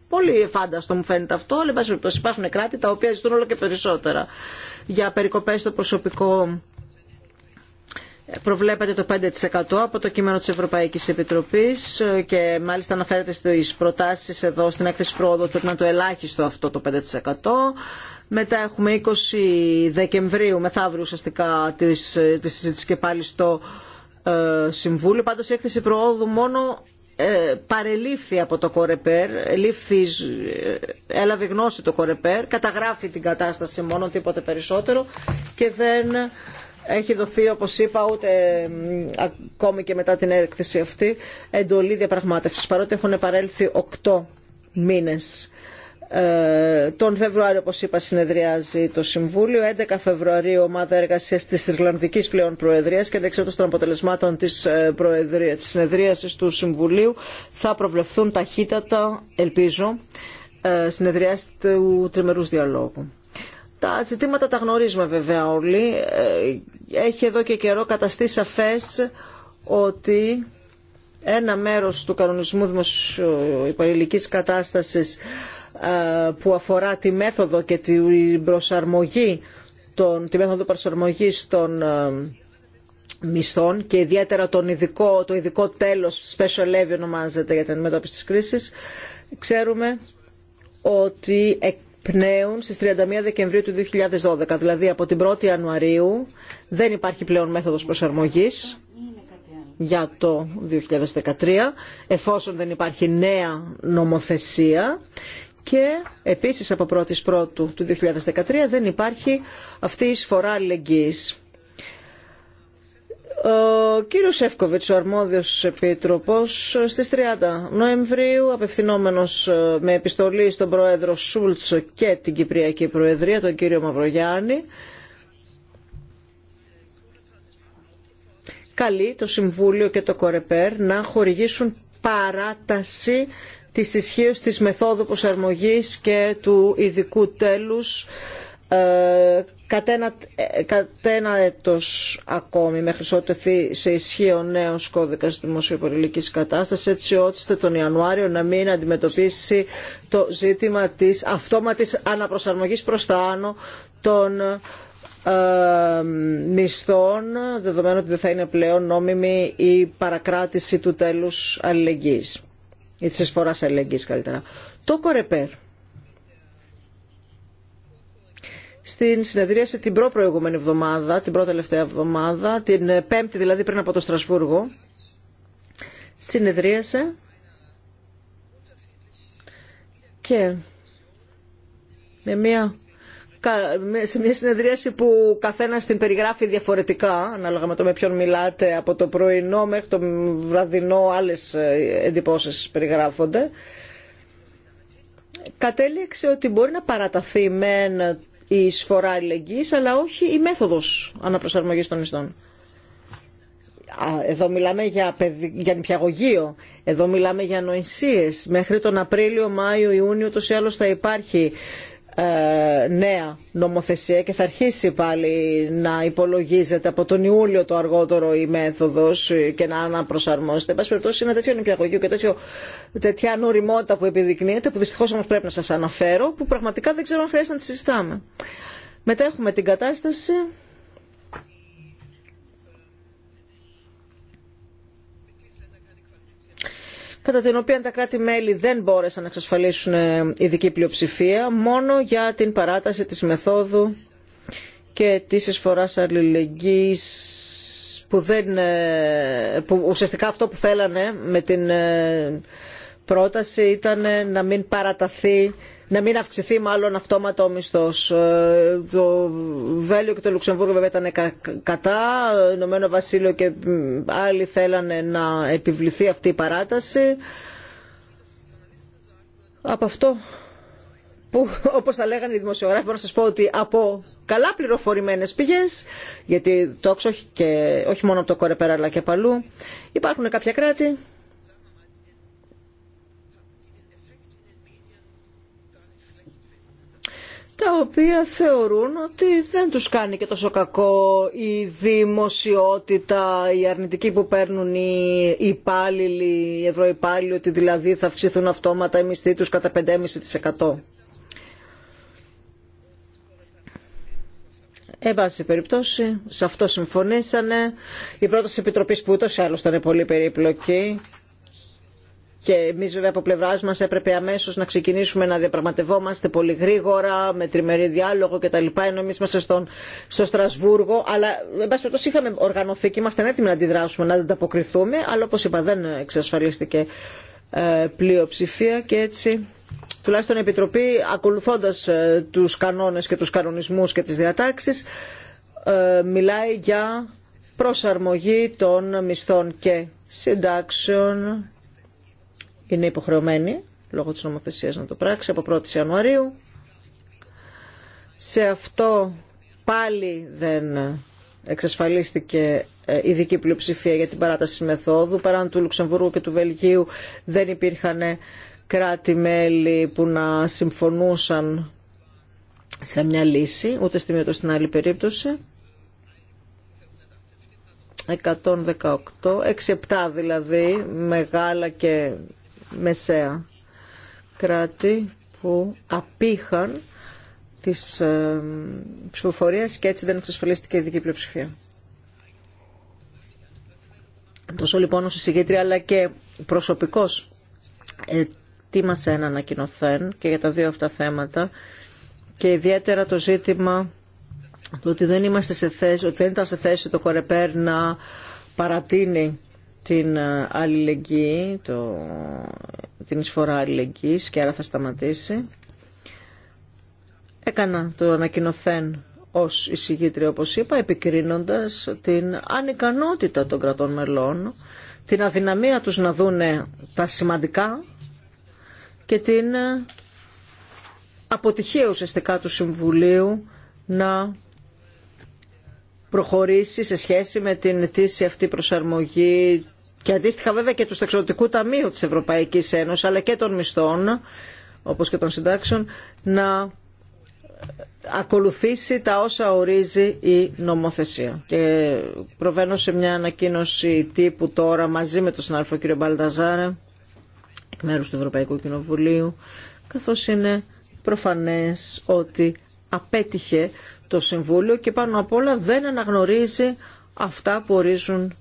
S2: Πολύ φάνταστο μου φαίνεται αυτό, αλλά εν πάση υπάρχουν κράτη τα οποία ζητούν όλο και περισσότερα για περικοπέ στο προσωπικό προβλέπεται το 5% από το κείμενο της Ευρωπαϊκής Επιτροπής και μάλιστα αναφέρεται στις προτάσεις εδώ στην έκθεση πρόοδο ότι να το ελάχιστο αυτό το 5%. Μετά έχουμε 20 Δεκεμβρίου, μεθαύριο ουσιαστικά, τη συζήτηση και πάλι στο ε, Συμβούλιο. Πάντως η έκθεση προόδου μόνο ε, παρελήφθη από το Κορεπέρ, λήφθη, ε, έλαβε γνώση το Κορεπέρ, καταγράφει την κατάσταση μόνο τίποτε περισσότερο και δεν έχει δοθεί, όπως είπα, ούτε ακόμη και μετά την έκθεση αυτή, εντολή διαπραγμάτευσης, παρότι έχουν παρέλθει 8 μήνες. Ε, τον Φεβρουάριο, όπως είπα, συνεδριάζει το Συμβούλιο. 11 Φεβρουαρίου ομάδα εργασίας της Ιρλανδικής πλέον Προεδρίας και εξαιτίας των αποτελεσμάτων της, ε, προεδρίας της συνεδρίασης του Συμβουλίου θα προβλεφθούν ταχύτατα, ελπίζω, ε, συνεδριάσεις του τριμερούς διαλόγου. Τα ζητήματα τα γνωρίζουμε βέβαια όλοι. Ε, έχει εδώ και καιρό καταστεί σαφές ότι ένα μέρος του κανονισμού δημοσιοϊπαλληλικής κατάστασης ε, που αφορά τη μέθοδο και την προσαρμογή των, τη μέθοδο προσαρμογής των ε, μισθών και ιδιαίτερα τον το ειδικό τέλος special levy ονομάζεται για την αντιμετώπιση της κρίσης ξέρουμε ότι πνέων στις 31 Δεκεμβρίου του 2012. Δηλαδή από την 1η Ιανουαρίου δεν υπάρχει πλέον μέθοδος προσαρμογής για το 2013 εφόσον δεν υπάρχει νέα νομοθεσία και επίσης από 1η Πρώτου του 2013 δεν υπάρχει αυτή η εισφορά αλληλεγγύης. Ο κύριος Σεύκοβιτς, ο αρμόδιος επίτροπος, στις 30 Νοεμβρίου, απευθυνόμενος ε, με επιστολή στον πρόεδρο Σούλτσο και την Κυπριακή Προεδρία, τον κύριο Μαυρογιάννη, καλεί το Συμβούλιο και το Κορεπέρ να χορηγήσουν παράταση της ισχύω της μεθόδου προσαρμογή και του ειδικού τέλους ε, ε, κατά ένα, έτος ακόμη μέχρι ότεθεί σε ισχύ ο νέος κώδικας δημοσιοπολιτικής κατάστασης έτσι ώστε τον Ιανουάριο να μην αντιμετωπίσει το ζήτημα της αυτόματης αναπροσαρμογής προς τα άνω των ε, μισθών δεδομένου ότι δεν θα είναι πλέον νόμιμη η παρακράτηση του τέλους αλληλεγγύης ή της εισφοράς αλληλεγγύης καλύτερα. Το Κορεπέρ στην συνεδρίαση την προπροηγούμενη εβδομάδα, την πρώτη-τελευταία εβδομάδα, την ε, πέμπτη δηλαδή πριν από το Στρασβούργο, συνεδρίασε και με μια, σε μια συνεδρίαση που καθένας την περιγράφει διαφορετικά, ανάλογα με το με ποιον μιλάτε, από το πρωινό μέχρι το βραδινό άλλες ε, εντυπώσεις περιγράφονται, κατέληξε ότι μπορεί να παραταθεί μεν η εισφορά αλληλεγγύης, αλλά όχι η μέθοδος αναπροσαρμογής των νηστών Εδώ μιλάμε για, παιδι... για νηπιαγωγείο, εδώ μιλάμε για νοησίες. Μέχρι τον Απρίλιο, Μάιο, Ιούνιο, τόσο ή άλλως θα υπάρχει ε, νέα νομοθεσία και θα αρχίσει πάλι να υπολογίζεται από τον Ιούλιο το αργότερο η μέθοδος και να αναπροσαρμόζεται. Εν πάση περιπτώσει είναι τέτοιο νηπιαγωγείο και τέτοιο, τέτοια νοριμότητα που επιδεικνύεται που δυστυχώς όμως πρέπει να σας αναφέρω που πραγματικά δεν ξέρω αν χρειάζεται να τη συζητάμε. Μετά έχουμε την κατάσταση κατά την οποία τα κράτη-μέλη δεν μπόρεσαν να εξασφαλίσουν ε, ειδική πλειοψηφία, μόνο για την παράταση της μεθόδου και της εισφοράς αλληλεγγύης που, δεν, ε, που ουσιαστικά αυτό που θέλανε με την ε, πρόταση ήταν να μην παραταθεί να μην αυξηθεί μάλλον αυτόματο ο μισθό. Ε, το Βέλιο και το Λουξεμβούργο βέβαια ήταν κατά, το ε, Ηνωμένο Βασίλειο και άλλοι θέλανε να επιβληθεί αυτή η παράταση. Από αυτό που όπως θα λέγανε οι δημοσιογράφοι μπορώ να σας πω ότι από καλά πληροφορημένες πηγές γιατί το και όχι μόνο από το Κορεπέρα αλλά και παλού υπάρχουν κάποια κράτη τα οποία θεωρούν ότι δεν τους κάνει και τόσο κακό η δημοσιότητα, η αρνητική που παίρνουν οι υπάλληλοι, οι ευρωυπάλληλοι, ότι δηλαδή θα αυξηθούν αυτόματα οι μισθοί τους κατά 5,5%. Εν πάση περιπτώσει, σε αυτό συμφωνήσανε. Η πρόταση επιτροπή που ούτως ή άλλως ήταν πολύ περίπλοκη και εμεί βέβαια από πλευρά μα έπρεπε αμέσω να ξεκινήσουμε να διαπραγματευόμαστε πολύ γρήγορα, με τριμερή διάλογο κτλ. Ενώ εμεί είμαστε στον, στο Στρασβούργο. Αλλά εν πάση περιπτώσει είχαμε οργανωθεί και είμαστε έτοιμοι να αντιδράσουμε, να ανταποκριθούμε. Αλλά όπω είπα δεν εξασφαλίστηκε ε, πλειοψηφία και έτσι τουλάχιστον η Επιτροπή ακολουθώντας ε, τους κανόνες και τους κανονισμούς και τις διατάξεις ε, μιλάει για προσαρμογή των μισθών και συντάξεων είναι υποχρεωμένη λόγω της νομοθεσίας να το πράξει από 1η Ιανουαρίου. Σε αυτό πάλι δεν εξασφαλίστηκε ε, ειδική πλειοψηφία για την παράταση μεθόδου. Παρά του Λουξεμβούργου και του Βελγίου δεν υπήρχαν κράτη-μέλη που να συμφωνούσαν σε μια λύση, ούτε στη μία ούτε στην άλλη περίπτωση. 118, 6-7 δηλαδή, μεγάλα και μεσαία κράτη που απήχαν της ε, και έτσι δεν εξασφαλίστηκε η δική πλειοψηφία. Τόσο λοιπόν ως εισηγήτρια αλλά και προσωπικός ετοίμασε ένα ανακοινωθέν και για τα δύο αυτά θέματα και ιδιαίτερα το ζήτημα το ότι δεν, είμαστε σε θέση, ότι δεν ήταν σε θέση το Κορεπέρ να παρατείνει την ε, αλληλεγγύη, το, την εισφορά αλληλεγγύης και άρα θα σταματήσει. Έκανα το ανακοινοθέν... ως εισηγήτρια όπως είπα επικρίνοντας την ανικανότητα των κρατών μελών, την αδυναμία τους να δούνε τα σημαντικά και την ε, αποτυχία ουσιαστικά του Συμβουλίου να προχωρήσει σε σχέση με την αιτήση αυτή προσαρμογή και αντίστοιχα βέβαια και του στεξιωτικού ταμείου της Ευρωπαϊκής Ένωσης αλλά και των μισθών όπως και των συντάξεων να ακολουθήσει τα όσα ορίζει η νομοθεσία. Και προβαίνω σε μια ανακοίνωση τύπου τώρα μαζί με τον συνάδελφο κ. Μπαλταζάρε εκ μέρους του Ευρωπαϊκού Κοινοβουλίου καθώς είναι προφανές ότι απέτυχε το Συμβούλιο και πάνω απ' όλα δεν αναγνωρίζει αυτά που ορίζουν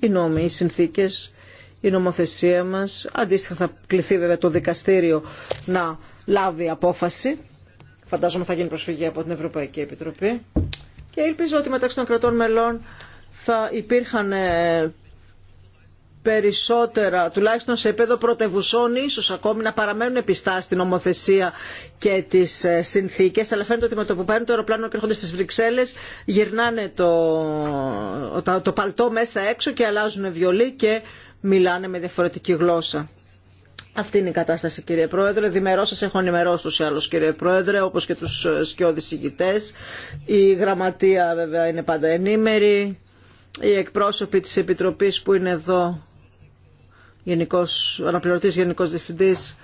S2: οι νόμοι, οι συνθήκες, η νομοθεσία μας. Αντίστοιχα θα κληθεί βέβαια το δικαστήριο να λάβει απόφαση. Φαντάζομαι θα γίνει προσφυγή από την Ευρωπαϊκή Επιτροπή. Και ελπίζω ότι μεταξύ των κρατών μελών θα υπήρχαν ε, περισσότερα, τουλάχιστον σε επίπεδο πρωτευουσών, ίσω ακόμη να παραμένουν πιστά στην νομοθεσία και τι ε, συνθήκε. Αλλά φαίνεται ότι με το που παίρνουν το αεροπλάνο και έρχονται στι Βρυξέλλε, γυρνάνε το, το, παλτό μέσα έξω και αλλάζουν βιολί και μιλάνε με διαφορετική γλώσσα. Αυτή είναι η κατάσταση κύριε Πρόεδρε. Δημερό σα έχω ενημερώσει του άλλου, κύριε Πρόεδρε, όπω και του ε, σκιώδης ηγητέ. Η γραμματεία βέβαια είναι πάντα ενήμερη. Οι εκπρόσωποι της Επιτροπής που είναι εδώ γενικός, αναπληρωτής γενικός διευθυντής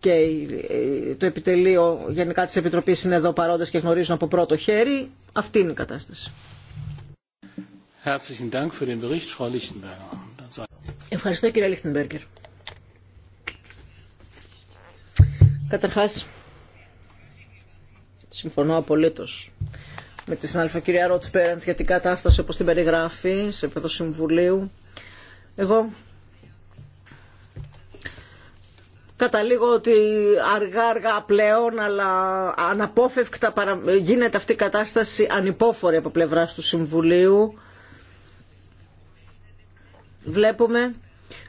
S2: και το επιτελείο γενικά της Επιτροπής είναι εδώ παρόντες και γνωρίζουν από πρώτο χέρι. Αυτή είναι η κατάσταση. Ευχαριστώ κύριε Λίχτενμπέργκερ. Καταρχάς, συμφωνώ απολύτως με τη συνάδελφα κυρία Ρότσπεραντ για την κατάσταση όπως την περιγράφει σε επίπεδο συμβουλίου. Εγώ καταλήγω ότι αργά αργά πλέον αλλά αναπόφευκτα γίνεται αυτή η κατάσταση ανυπόφορη από πλευράς του Συμβουλίου. Βλέπουμε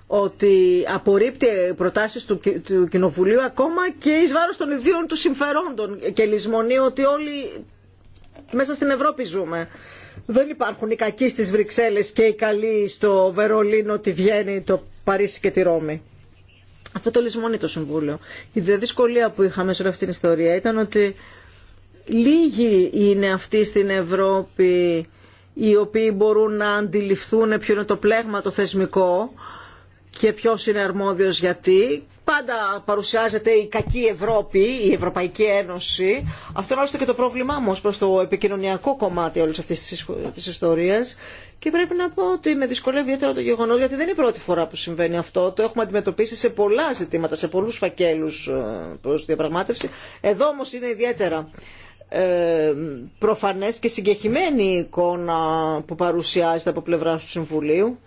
S2: ότι απορρίπτει προτάσεις του, του Κοινοβουλίου ακόμα και εις βάρος των ιδίων του συμφερόντων και λησμονεί ότι όλοι μέσα στην Ευρώπη ζούμε. Δεν υπάρχουν οι κακοί στις Βρυξέλλες και οι καλοί στο Βερολίνο, τη Βιέννη, το Παρίσι και τη Ρώμη. Αυτό το λησμονεί το Συμβούλιο. Η δυσκολία που είχαμε σε όλη αυτή την ιστορία ήταν ότι λίγοι είναι αυτοί στην Ευρώπη οι οποίοι μπορούν να αντιληφθούν ποιο είναι το πλέγμα το θεσμικό και ποιος είναι αρμόδιος γιατί πάντα παρουσιάζεται η κακή Ευρώπη, η Ευρωπαϊκή Ένωση. Αυτό είναι άλλωστε και το πρόβλημά μου ως προς το επικοινωνιακό κομμάτι όλης αυτής της ιστορίας. Και πρέπει να πω ότι με δυσκολεύει ιδιαίτερα το γεγονό, γιατί δεν είναι η πρώτη φορά που συμβαίνει αυτό. Το έχουμε αντιμετωπίσει σε πολλά ζητήματα, σε πολλού φακέλου ε, προ διαπραγμάτευση. Εδώ όμω είναι ιδιαίτερα ε, προφανές και συγκεκριμένη εικόνα που παρουσιάζεται από πλευρά του Συμβουλίου.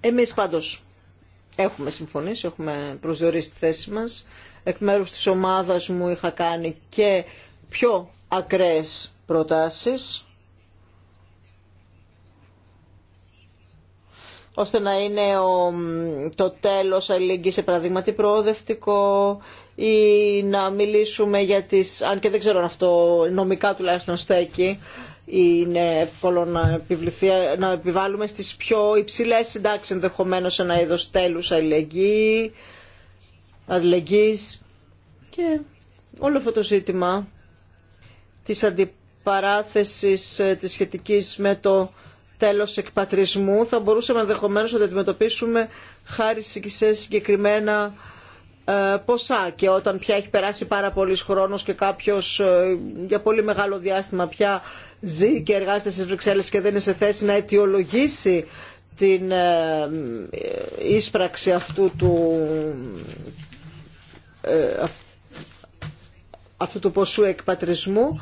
S2: Εμείς πάντως έχουμε συμφωνήσει, έχουμε προσδιορίσει τη θέση μας. Εκ μέρους της ομάδας μου είχα κάνει και πιο ακραίες προτάσεις. ώστε να είναι ο, το τέλος αλληλεγγύη σε πραδείγματι προοδευτικό ή να μιλήσουμε για τις, αν και δεν ξέρω αν αυτό νομικά τουλάχιστον στέκει, είναι εύκολο να, επιβληθεί, να επιβάλλουμε στις πιο υψηλές συντάξεις ενδεχομένως ένα είδος τέλους αλληλεγγύη, αλληλεγγύης και όλο αυτό το ζήτημα της αντιπαράθεσης ε, της σχετικής με το τέλος εκπατρισμού θα μπορούσαμε ενδεχομένως να το αντιμετωπίσουμε χάρη σε συγκεκριμένα ε, ποσά και όταν πια έχει περάσει πάρα πολύ χρόνος και κάποιος ε, για πολύ μεγάλο διάστημα πια ζει και εργάζεται στι Βρυξέλλες και δεν είναι σε θέση να αιτιολογήσει την ίσπραξη ε, αυτού του, αυτού του ποσού εκπατρισμού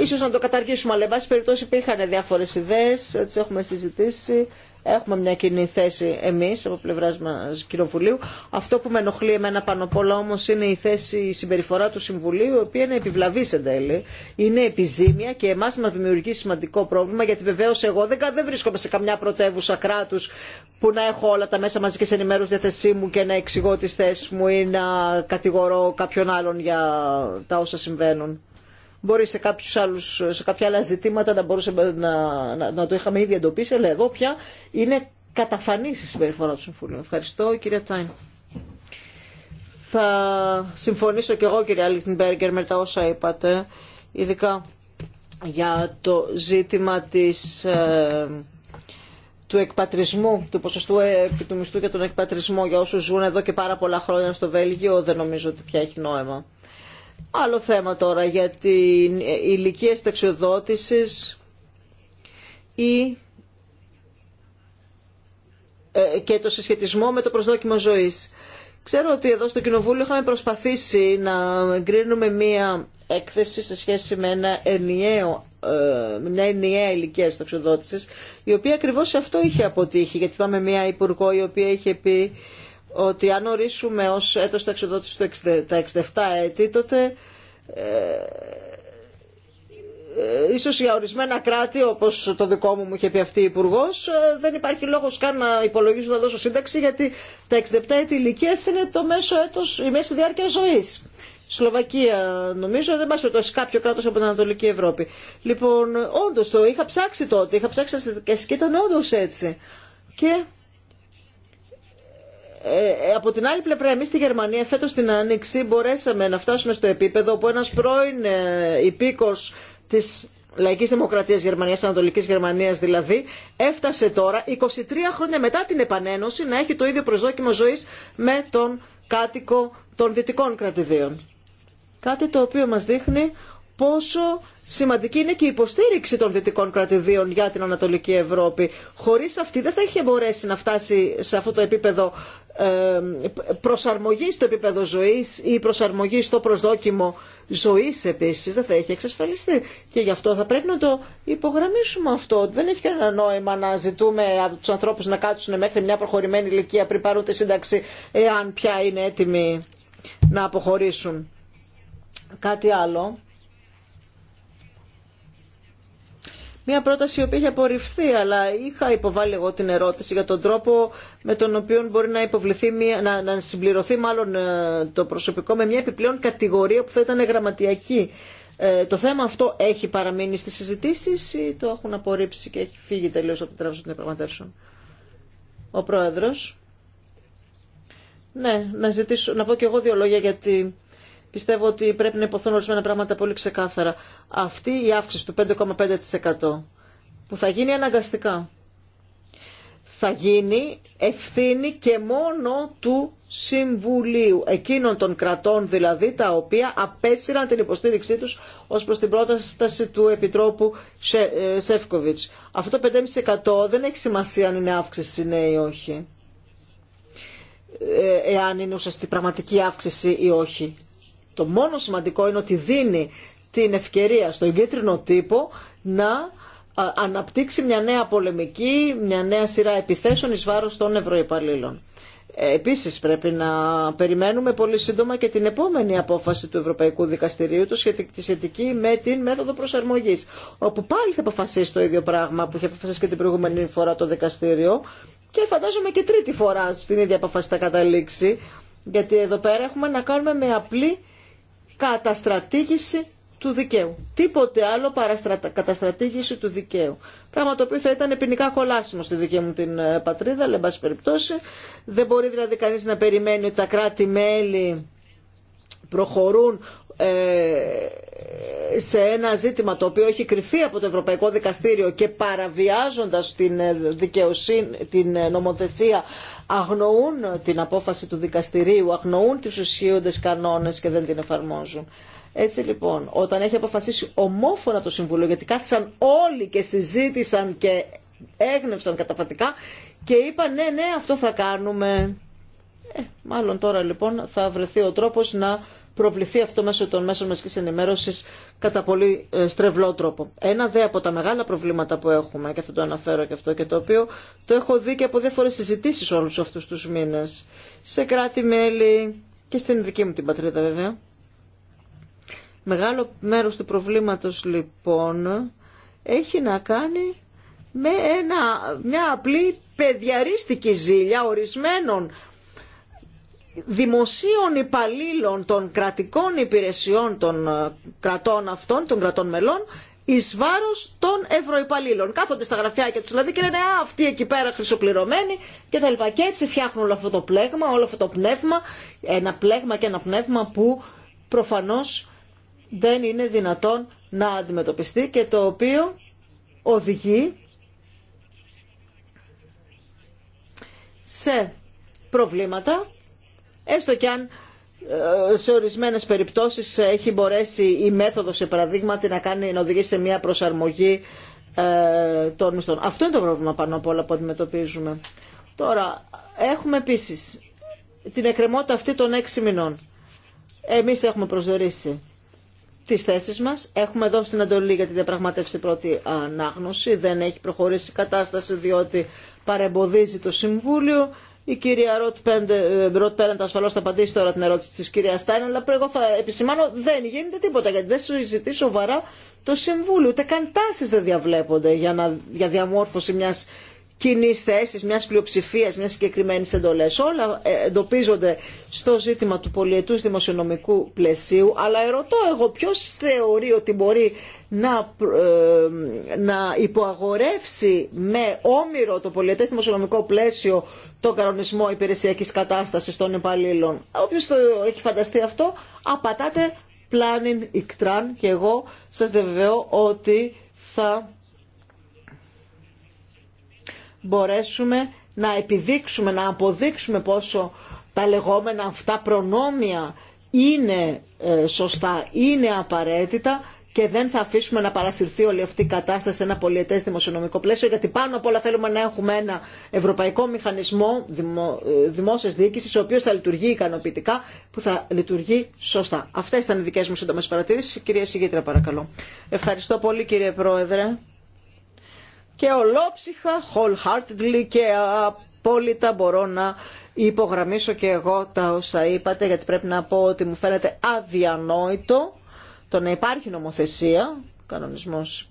S2: ίσως να το καταργήσουμε αλλά εν πάση περιπτώσει υπήρχαν διάφορες ιδέες τις έχουμε συζητήσει Έχουμε μια κοινή θέση εμείς από πλευρά μας Κοινοβουλίου. Αυτό που με ενοχλεί εμένα πάνω απ' όλα όμως είναι η θέση, η συμπεριφορά του Συμβουλίου, η οποία είναι επιβλαβής εν τέλει. Είναι επιζήμια και εμάς μας δημιουργεί σημαντικό πρόβλημα, γιατί βεβαίως εγώ δεν, δεν βρίσκομαι σε καμιά πρωτεύουσα κράτους που να έχω όλα τα μέσα μαζικής ενημέρωσης θέση μου και να εξηγώ τις θέσεις μου ή να κατηγορώ κάποιον άλλον για τα όσα συμβαίνουν. Μπορεί σε, κάποιους άλλους, σε κάποια άλλα ζητήματα να, μπορούσε να, να, το είχαμε ήδη εντοπίσει, αλλά εδώ πια είναι καταφανή η συμπεριφορά του Συμφούλου. Ευχαριστώ, κυρία Τσάιν. Θα συμφωνήσω και εγώ, κύριε Λιχτενμπέργκερ, με τα όσα είπατε, ειδικά για το ζήτημα της... Ε, του εκπατρισμού, του ποσοστού ε, του μισθού για τον εκπατρισμό για όσους ζουν εδώ και πάρα πολλά χρόνια στο Βέλγιο δεν νομίζω ότι πια έχει νόημα. Άλλο θέμα τώρα για την ηλικία σταξιοδότησης ή ε, και το συσχετισμό με το προσδόκιμο ζωής. Ξέρω ότι εδώ στο Κοινοβούλιο είχαμε προσπαθήσει να γκρίνουμε μία έκθεση σε σχέση με ένα ενιαίο, ε, μια ενιαία ηλικία σταξιοδότησης, η οποία ακριβώς αυτό είχε αποτύχει, γιατί είπαμε μία υπουργό η οποία είχε πει ότι αν ορίσουμε ως έτος τα τα 67 έτη, τότε ε, ε, ίσως για ορισμένα κράτη, όπως το δικό μου μου είχε πει αυτή η υπουργό, ε, δεν υπάρχει λόγος καν να υπολογίσω να δώσω σύνταξη, γιατί τα 67 έτη ηλικία είναι το μέσο έτος, η μέση διάρκεια ζωής. Σλοβακία νομίζω, δεν πάει περιπτώσει κάποιο κράτο από την Ανατολική Ευρώπη. Λοιπόν, όντω το είχα ψάξει τότε, είχα ψάξει και ήταν όντω έτσι. Ε, ε, από την άλλη πλευρά, εμεί στη Γερμανία φέτο την Άνοιξη μπορέσαμε να φτάσουμε στο επίπεδο που ένα πρώην ε, υπήκο τη Λαϊκής Δημοκρατίας Γερμανίας, Ανατολικής Γερμανίας δηλαδή, έφτασε τώρα 23 χρόνια μετά την επανένωση να έχει το ίδιο προσδόκιμο ζωής με τον κάτοικο των δυτικών κρατηδίων. Κάτι το οποίο μας δείχνει πόσο σημαντική είναι και η υποστήριξη των δυτικών κρατηδίων για την Ανατολική Ευρώπη. Χωρίς αυτή δεν θα είχε μπορέσει να φτάσει σε αυτό το επίπεδο ε, προσαρμογή στο επίπεδο ζωής ή προσαρμογή στο προσδόκιμο ζωής επίσης δεν θα έχει εξασφαλιστεί και γι' αυτό θα πρέπει να το υπογραμμίσουμε αυτό δεν έχει κανένα νόημα να ζητούμε από τους ανθρώπους να κάτσουν μέχρι μια προχωρημένη ηλικία πριν πάρουν τη σύνταξη εάν πια είναι έτοιμοι να αποχωρήσουν κάτι άλλο Μία πρόταση η οποία είχε απορριφθεί, αλλά είχα υποβάλει εγώ την ερώτηση για τον τρόπο με τον οποίο μπορεί να, υποβληθεί να, να συμπληρωθεί μάλλον ε, το προσωπικό με μια επιπλέον κατηγορία που θα ήταν γραμματιακή. Ε, το θέμα αυτό έχει παραμείνει στις συζητήσεις ή το έχουν απορρίψει και έχει φύγει τελείως από την τράπεζα των διαπραγματεύσεων. Ο Πρόεδρος. Ναι, να, ζητήσω, να πω και εγώ δύο λόγια γιατί Πιστεύω ότι πρέπει να υποθούν ορισμένα πράγματα πολύ ξεκάθαρα. Αυτή η αύξηση του 5,5% που θα γίνει αναγκαστικά θα γίνει ευθύνη και μόνο του Συμβουλίου, εκείνων των κρατών δηλαδή τα οποία απέσυραν την υποστήριξή τους ως προς την πρόταση του Επιτρόπου ε, Σεύκοβιτς. Αυτό το 5,5% δεν έχει σημασία αν είναι αύξηση ναι ή όχι, ε, εάν είναι ουσιαστική πραγματική αύξηση ή όχι. Το μόνο σημαντικό είναι ότι δίνει την ευκαιρία στον κίτρινο τύπο να αναπτύξει μια νέα πολεμική, μια νέα σειρά επιθέσεων εις βάρος των ευρωϊπαλλήλων. Ε, επίσης πρέπει να περιμένουμε πολύ σύντομα και την επόμενη απόφαση του Ευρωπαϊκού Δικαστηρίου του σχετική με την μέθοδο προσαρμογής, όπου πάλι θα αποφασίσει το ίδιο πράγμα που είχε αποφασίσει και την προηγούμενη φορά το δικαστήριο και φαντάζομαι και τρίτη φορά στην ίδια αποφάση θα καταλήξει, γιατί εδώ πέρα έχουμε να κάνουμε με απλή καταστρατήγηση του δικαίου. Τίποτε άλλο παρά καταστρατήγηση του δικαίου. Πράγμα το οποίο θα ήταν ποινικά κολάσιμο στη δική μου την ε, πατρίδα, αλλά εν πάση περιπτώσει. Δεν μπορεί δηλαδή κανεί να περιμένει ότι τα κράτη-μέλη προχωρούν ε, σε ένα ζήτημα το οποίο έχει κρυφθεί από το Ευρωπαϊκό Δικαστήριο και παραβιάζοντας την ε, δικαιοσύνη, την νομοθεσία αγνοούν την απόφαση του δικαστηρίου, αγνοούν τους ισχύοντες κανόνες και δεν την εφαρμόζουν. Έτσι λοιπόν, όταν έχει αποφασίσει ομόφωνα το Συμβούλιο, γιατί κάθισαν όλοι και συζήτησαν και έγνευσαν καταφατικά και είπαν ναι, ναι, αυτό θα κάνουμε. Ε, μάλλον τώρα λοιπόν θα βρεθεί ο τρόπος να προβληθεί αυτό μέσω των μέσων μαζική ενημέρωση κατά πολύ ε, στρεβλό τρόπο. Ένα δε από τα μεγάλα προβλήματα που έχουμε, και αυτό το αναφέρω και αυτό και το οποίο το έχω δει και από διάφορε συζητήσει όλους αυτούς τους μήνες, σε κράτη-μέλη και στην δική μου την πατρίδα βέβαια. Μεγάλο μέρος του προβλήματος λοιπόν έχει να κάνει με ένα, μια απλή παιδιαρίστικη ζήλια ορισμένων δημοσίων υπαλλήλων των κρατικών υπηρεσιών των ε, κρατών αυτών, των κρατών μελών, ει βάρο των ευρωϋπαλλήλων. Κάθονται στα γραφιάκια του δηλαδή και λένε Α, αυτοί εκεί πέρα χρυσοπληρωμένοι κτλ. Και, και έτσι φτιάχνουν όλο αυτό το πλέγμα, όλο αυτό το πνεύμα. Ένα πλέγμα και ένα πνεύμα που προφανώ δεν είναι δυνατόν να αντιμετωπιστεί και το οποίο οδηγεί σε προβλήματα έστω κι αν ε, σε ορισμένε περιπτώσει έχει μπορέσει η μέθοδο σε παραδείγμα, να, κάνει, να οδηγήσει σε μια προσαρμογή ε, των μισθών. Αυτό είναι το πρόβλημα πάνω απ' όλα που αντιμετωπίζουμε. Τώρα, έχουμε επίση την εκκρεμότητα αυτή των έξι μηνών. Εμεί έχουμε προσδιορίσει τις θέσεις μα, Έχουμε δώσει την αντολή για τη διαπραγματεύση πρώτη ανάγνωση. Δεν έχει προχωρήσει η κατάσταση διότι παρεμποδίζει το Συμβούλιο. Η κυρία Ροτ ε, Πέρεντ ασφαλώ θα απαντήσει τώρα την ερώτηση τη κυρία Στάιν, αλλά εγώ θα επισημάνω δεν γίνεται τίποτα γιατί δεν συζητεί σοβαρά το Συμβούλιο. Ούτε καν τάσει δεν διαβλέπονται για, να, για διαμόρφωση μια κοινή θέση, μια πλειοψηφία, μια συγκεκριμένη εντολέ. Όλα ε, εντοπίζονται στο ζήτημα του πολιετού δημοσιονομικού πλαισίου, αλλά ερωτώ εγώ ποιο θεωρεί ότι μπορεί να, ε, να υποαγορεύσει με όμοιρο το πολιετέ δημοσιονομικό πλαίσιο το κανονισμό υπηρεσιακή κατάσταση των υπαλλήλων. Όποιο το έχει φανταστεί αυτό, απατάτε πλάνιν ικτράν και εγώ σας βεβαιώ ότι θα μπορέσουμε να επιδείξουμε, να αποδείξουμε πόσο τα λεγόμενα αυτά προνόμια είναι ε, σωστά, είναι απαραίτητα και δεν θα αφήσουμε να παρασυρθεί όλη αυτή η κατάσταση σε ένα πολιετές δημοσιονομικό πλαίσιο γιατί πάνω απ' όλα θέλουμε να έχουμε ένα ευρωπαϊκό μηχανισμό δημο, ε, δημόσιας διοίκησης ο οποίος θα λειτουργεί ικανοποιητικά που θα λειτουργεί σωστά. Αυτές ήταν οι δικές μου σύντομες παρατηρήσεις. Κυρία Συγγήτρια παρακαλώ. Ευχαριστώ πολύ κύριε Πρόεδρε και ολόψυχα, wholeheartedly και απόλυτα μπορώ να υπογραμμίσω και εγώ τα όσα είπατε γιατί πρέπει να πω ότι μου φαίνεται αδιανόητο το να υπάρχει νομοθεσία, κανονισμός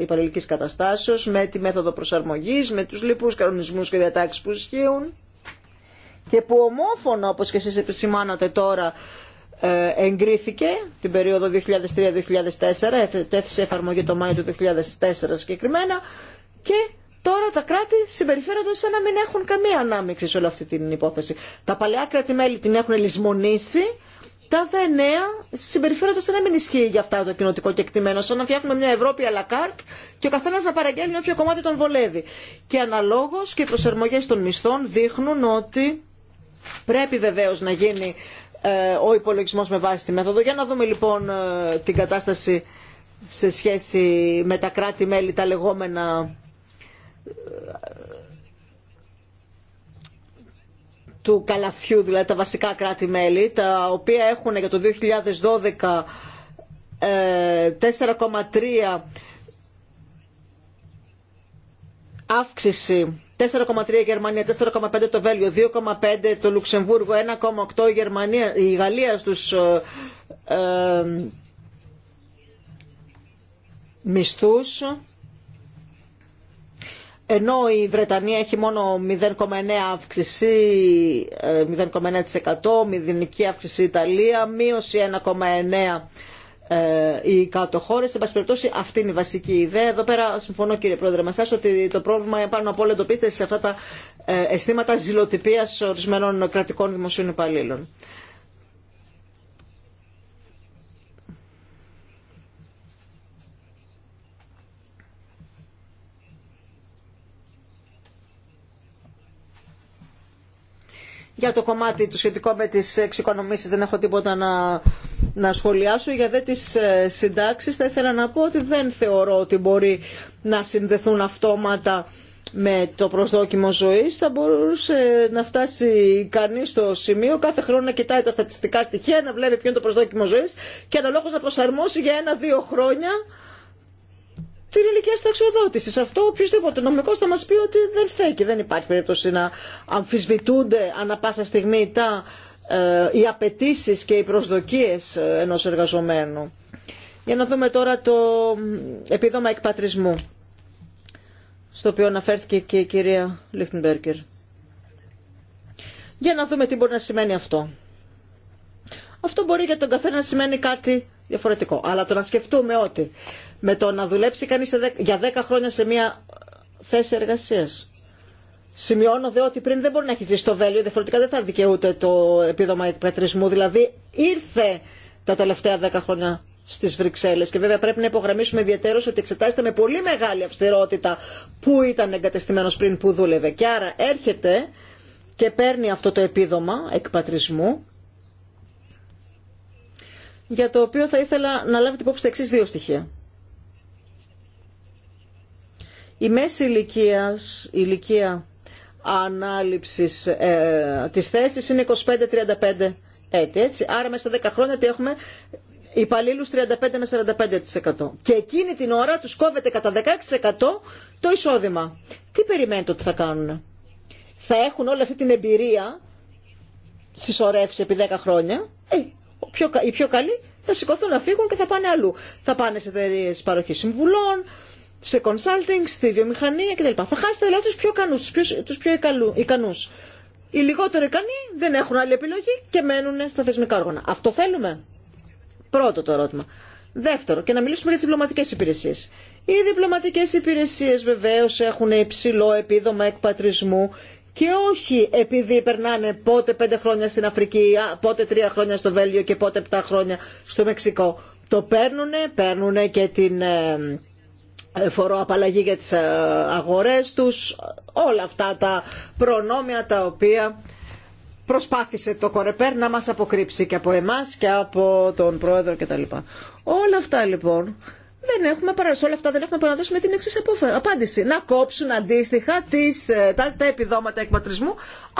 S2: υπαλληλική καταστάσεως με τη μέθοδο προσαρμογής, με τους λοιπούς κανονισμούς και διατάξεις που ισχύουν και που ομόφωνα όπως και εσεί επισημάνατε τώρα ε, εγκρίθηκε την περίοδο 2003-2004, τέθησε εφαρμογή το Μάιο του 2004 συγκεκριμένα και Τώρα τα κράτη συμπεριφέρονται σαν να μην έχουν καμία ανάμειξη σε όλη αυτή την υπόθεση. Τα παλαιά κράτη-μέλη την έχουν λησμονήσει, τα δε νέα συμπεριφέρονται σαν να μην ισχύει για αυτά το κοινοτικό κεκτημένο, σαν να φτιάχνουμε μια Ευρώπη à la carte και ο καθένα να παραγγέλνει όποιο κομμάτι τον βολεύει. Και αναλόγω και οι προσαρμογέ των μισθών δείχνουν ότι πρέπει βεβαίω να γίνει ε, ο υπολογισμό με βάση τη μέθοδο. Για να δούμε λοιπόν ε, την κατάσταση σε σχέση με τα κράτη-μέλη, τα λεγόμενα ε, του καλαφιού, δηλαδή τα βασικά κράτη-μέλη, τα οποία έχουν για το 2012 4,3 αύξηση 4,3 η Γερμανία, 4,5 το Βέλγιο, 2,5 το Λουξεμβούργο, 1,8 η, η Γαλλία στους ε, ε, μισθούς. Ενώ η Βρετανία έχει μόνο 0,9 αύξηση, 0,9%, ε, μηδενική αύξηση η Ιταλία, μείωση 1,9% ε, οι κάτω χώρε. Εν πάση περιπτώσει, αυτή είναι η βασική ιδέα. Εδώ πέρα συμφωνώ, κύριε Πρόεδρε, με εσά ότι το πρόβλημα πάνω απ' όλα εντοπίζεται σε αυτά τα ε, αισθήματα ζηλοτυπία ορισμένων κρατικών δημοσίων υπαλλήλων. Για το κομμάτι του σχετικό με τις εξοικονομήσεις δεν έχω τίποτα να, να σχολιάσω. Για δε τις ε, συντάξεις θα ήθελα να πω ότι δεν θεωρώ ότι μπορεί να συνδεθούν αυτόματα με το προσδόκιμο ζωής θα μπορούσε να φτάσει κανείς στο σημείο κάθε χρόνο να κοιτάει τα στατιστικά στοιχεία, να βλέπει ποιο είναι το προσδόκιμο ζωής και αναλόγως να προσαρμόσει για ένα-δύο χρόνια την ηλικία ταξιοδότηση. Αυτό οποιοδήποτε νομικό θα μα πει ότι δεν στέκει. Δεν υπάρχει περίπτωση να αμφισβητούνται ανα πάσα στιγμή τα, ε, οι απαιτήσει και οι προσδοκίε ε, ενό εργαζομένου. Για να δούμε τώρα το επίδομα εκπατρισμού, στο οποίο αναφέρθηκε και η κυρία Λίχτενμπέργκερ. Για να δούμε τι μπορεί να σημαίνει αυτό. Αυτό μπορεί για τον καθένα να σημαίνει κάτι διαφορετικό. Αλλά το να σκεφτούμε ότι με το να δουλέψει κανείς για 10 χρόνια σε μια θέση εργασίας. Σημειώνω δε ότι πριν δεν μπορεί να έχει ζήσει στο Βέλιο, διαφορετικά δεν θα δικαιούται το επίδομα εκπατρισμού. Δηλαδή ήρθε τα τελευταία 10 χρόνια στις Βρυξέλλες και βέβαια πρέπει να υπογραμμίσουμε ιδιαίτερως ότι εξετάζεται με πολύ μεγάλη αυστηρότητα που ήταν εγκατεστημένος πριν που δούλευε. Και άρα έρχεται και παίρνει αυτό το επίδομα εκπατρισμού για το οποίο θα ήθελα να λάβετε υπόψη τα εξής δύο στοιχεία. Η μέση η ηλικία ανάληψης ε, της θέσης είναι 25-35 έτη. Έτσι. Άρα μέσα στα 10 χρόνια τι έχουμε υπαλλήλους 35 με 45%. Και εκείνη την ώρα τους κόβεται κατά 16% το εισόδημα. Τι περιμένετε ότι θα κάνουν. Θα έχουν όλη αυτή την εμπειρία συσσωρεύσει επί 10 χρόνια. Ε, οι πιο καλοί θα σηκωθούν να φύγουν και θα πάνε αλλού. Θα πάνε σε εταιρείε παροχή συμβουλών, σε consulting, στη βιομηχανία κτλ. Θα χάσετε δηλαδή τους πιο ικανούς, τους πιο, τους πιο Οι λιγότερο ικανοί δεν έχουν άλλη επιλογή και μένουν στα θεσμικά όργανα. Αυτό θέλουμε. Πρώτο το ερώτημα. Δεύτερο, και να μιλήσουμε για τι διπλωματικέ υπηρεσίε. Οι διπλωματικέ υπηρεσίε βεβαίω έχουν υψηλό επίδομα εκπατρισμού και όχι επειδή περνάνε πότε πέντε χρόνια στην Αφρική, πότε τρία χρόνια στο Βέλγιο και πότε επτά χρόνια στο Μεξικό. Το παίρνουν, παίρνουν και την ε, ε, φοροαπαλλαγή για τις ε, αγορές τους, όλα αυτά τα προνόμια τα οποία προσπάθησε το Κορεπέρ να μας αποκρύψει και από εμάς και από τον Πρόεδρο κτλ. Όλα αυτά λοιπόν δεν έχουμε παρά σε όλα αυτά δεν έχουμε παρά να δώσουμε την εξή απάντηση. Να κόψουν αντίστοιχα τις, ε, τα, τα επιδόματα εκπατρισμού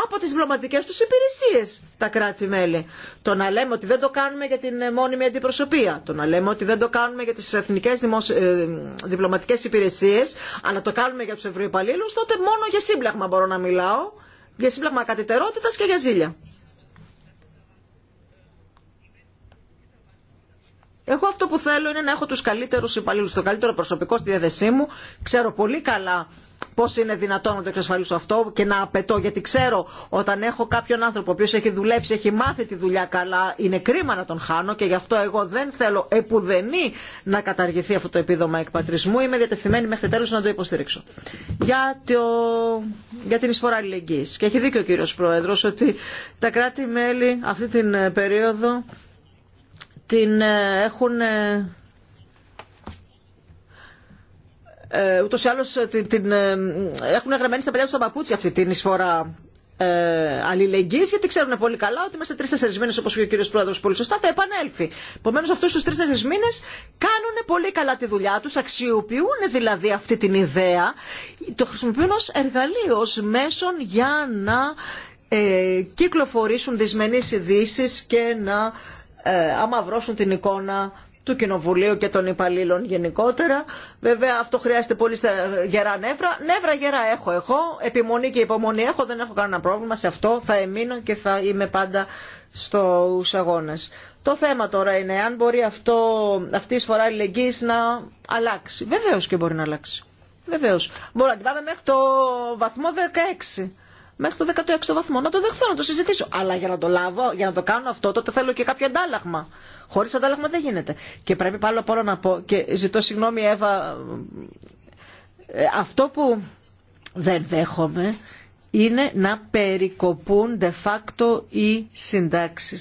S2: από τι διπλωματικέ του υπηρεσίε, τα κράτη-μέλη. Το να λέμε ότι δεν το κάνουμε για την ε, μόνιμη αντιπροσωπεία. Το να λέμε ότι δεν το κάνουμε για τι εθνικέ δημοσ... ε, διπλωματικές υπηρεσίες. Αλλά το κάνουμε για τους ευρωϊπαλλήλους. Τότε μόνο για σύμπλαγμα μπορώ να μιλάω. Για σύμπλαγμα κατητερότητα και για ζήλια. Εγώ αυτό που θέλω είναι να έχω τους καλύτερους υπαλλήλους, το καλύτερο προσωπικό στη διαδεσή μου. Ξέρω πολύ καλά πώς είναι δυνατόν να το εξασφαλίσω αυτό και να απαιτώ, γιατί ξέρω όταν έχω κάποιον άνθρωπο ο οποίος έχει δουλέψει, έχει μάθει τη δουλειά καλά, είναι κρίμα να τον χάνω και γι' αυτό εγώ δεν θέλω επουδενή να καταργηθεί αυτό το επίδομα εκπατρισμού. Είμαι διατεθειμένη μέχρι τέλος να το υποστηρίξω. Για, το... για την εισφορά αλληλεγγύης. Και έχει δίκιο ο κύριο Προεδρό, ότι τα κράτη-μέλη αυτή την ε, περίοδο την ε, έχουν ε, ε, ούτως ή άλλως την, έχουν γραμμένη στα παιδιά του στα παπούτσια αυτή την εισφορά ε, αλληλεγγύη, γιατί ξέρουν πολύ καλά ότι μέσα σε τρει-τέσσερι μήνες, όπως είπε ο κύριος Πρόεδρος πολύ σωστά, θα επανέλθει. Επομένως αυτού του τρει-τέσσερι μήνες κάνουν πολύ καλά τη δουλειά τους, αξιοποιούν δηλαδή αυτή την ιδέα, το χρησιμοποιούν ως εργαλείο, ως μέσον για να ε, κυκλοφορήσουν δυσμενείς ειδήσει και να αμαυρώσουν ε, την εικόνα του Κοινοβουλίου και των υπαλλήλων γενικότερα. Βέβαια αυτό χρειάζεται πολύ γερά νεύρα. Νεύρα γερά έχω εγώ, επιμονή και υπομονή έχω, δεν έχω κανένα πρόβλημα σε αυτό. Θα εμείνω και θα είμαι πάντα στους αγώνες. Το θέμα τώρα είναι αν μπορεί αυτό, αυτή η σφορά αλληλεγγύης να αλλάξει. Βεβαίως και μπορεί να αλλάξει. Βεβαίως. Μπορεί να την πάμε μέχρι το βαθμό 16 μέχρι το 16ο βαθμό. Να το δεχθώ, να το συζητήσω. Αλλά για να το λάβω, για να το κάνω αυτό, τότε θέλω και κάποιο αντάλλαγμα. Χωρί αντάλλαγμα δεν γίνεται. Και πρέπει πάλι απ' όλα να πω, και ζητώ συγγνώμη, Εύα, ε, αυτό που δεν δέχομαι είναι να περικοπούν de facto οι συντάξει.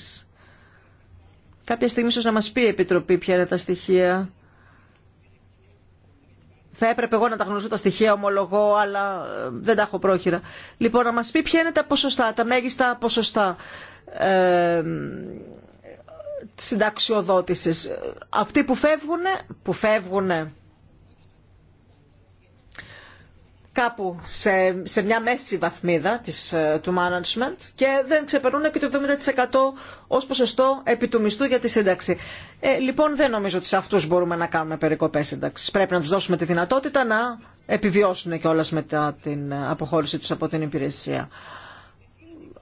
S2: Κάποια στιγμή ίσω να μα πει η Επιτροπή ποια είναι τα στοιχεία θα έπρεπε εγώ να τα γνωρίζω τα στοιχεία, ομολογώ, αλλά ε, δεν τα έχω πρόχειρα. Λοιπόν, να μας πει ποια είναι τα ποσοστά, τα μέγιστα ποσοστά ε, συνταξιοδότησης. Αυτοί που φεύγουν, που φεύγουν κάπου σε, σε μια μέση βαθμίδα ε, του management και δεν ξεπερνούν και το 70% ως ποσοστό επί του μισθού για τη σύνταξη. Ε, λοιπόν, δεν νομίζω ότι σε αυτούς μπορούμε να κάνουμε περικοπές σύνταξης. Πρέπει να τους δώσουμε τη δυνατότητα να επιβιώσουν κιόλα μετά την ε, αποχώρηση τους από την υπηρεσία.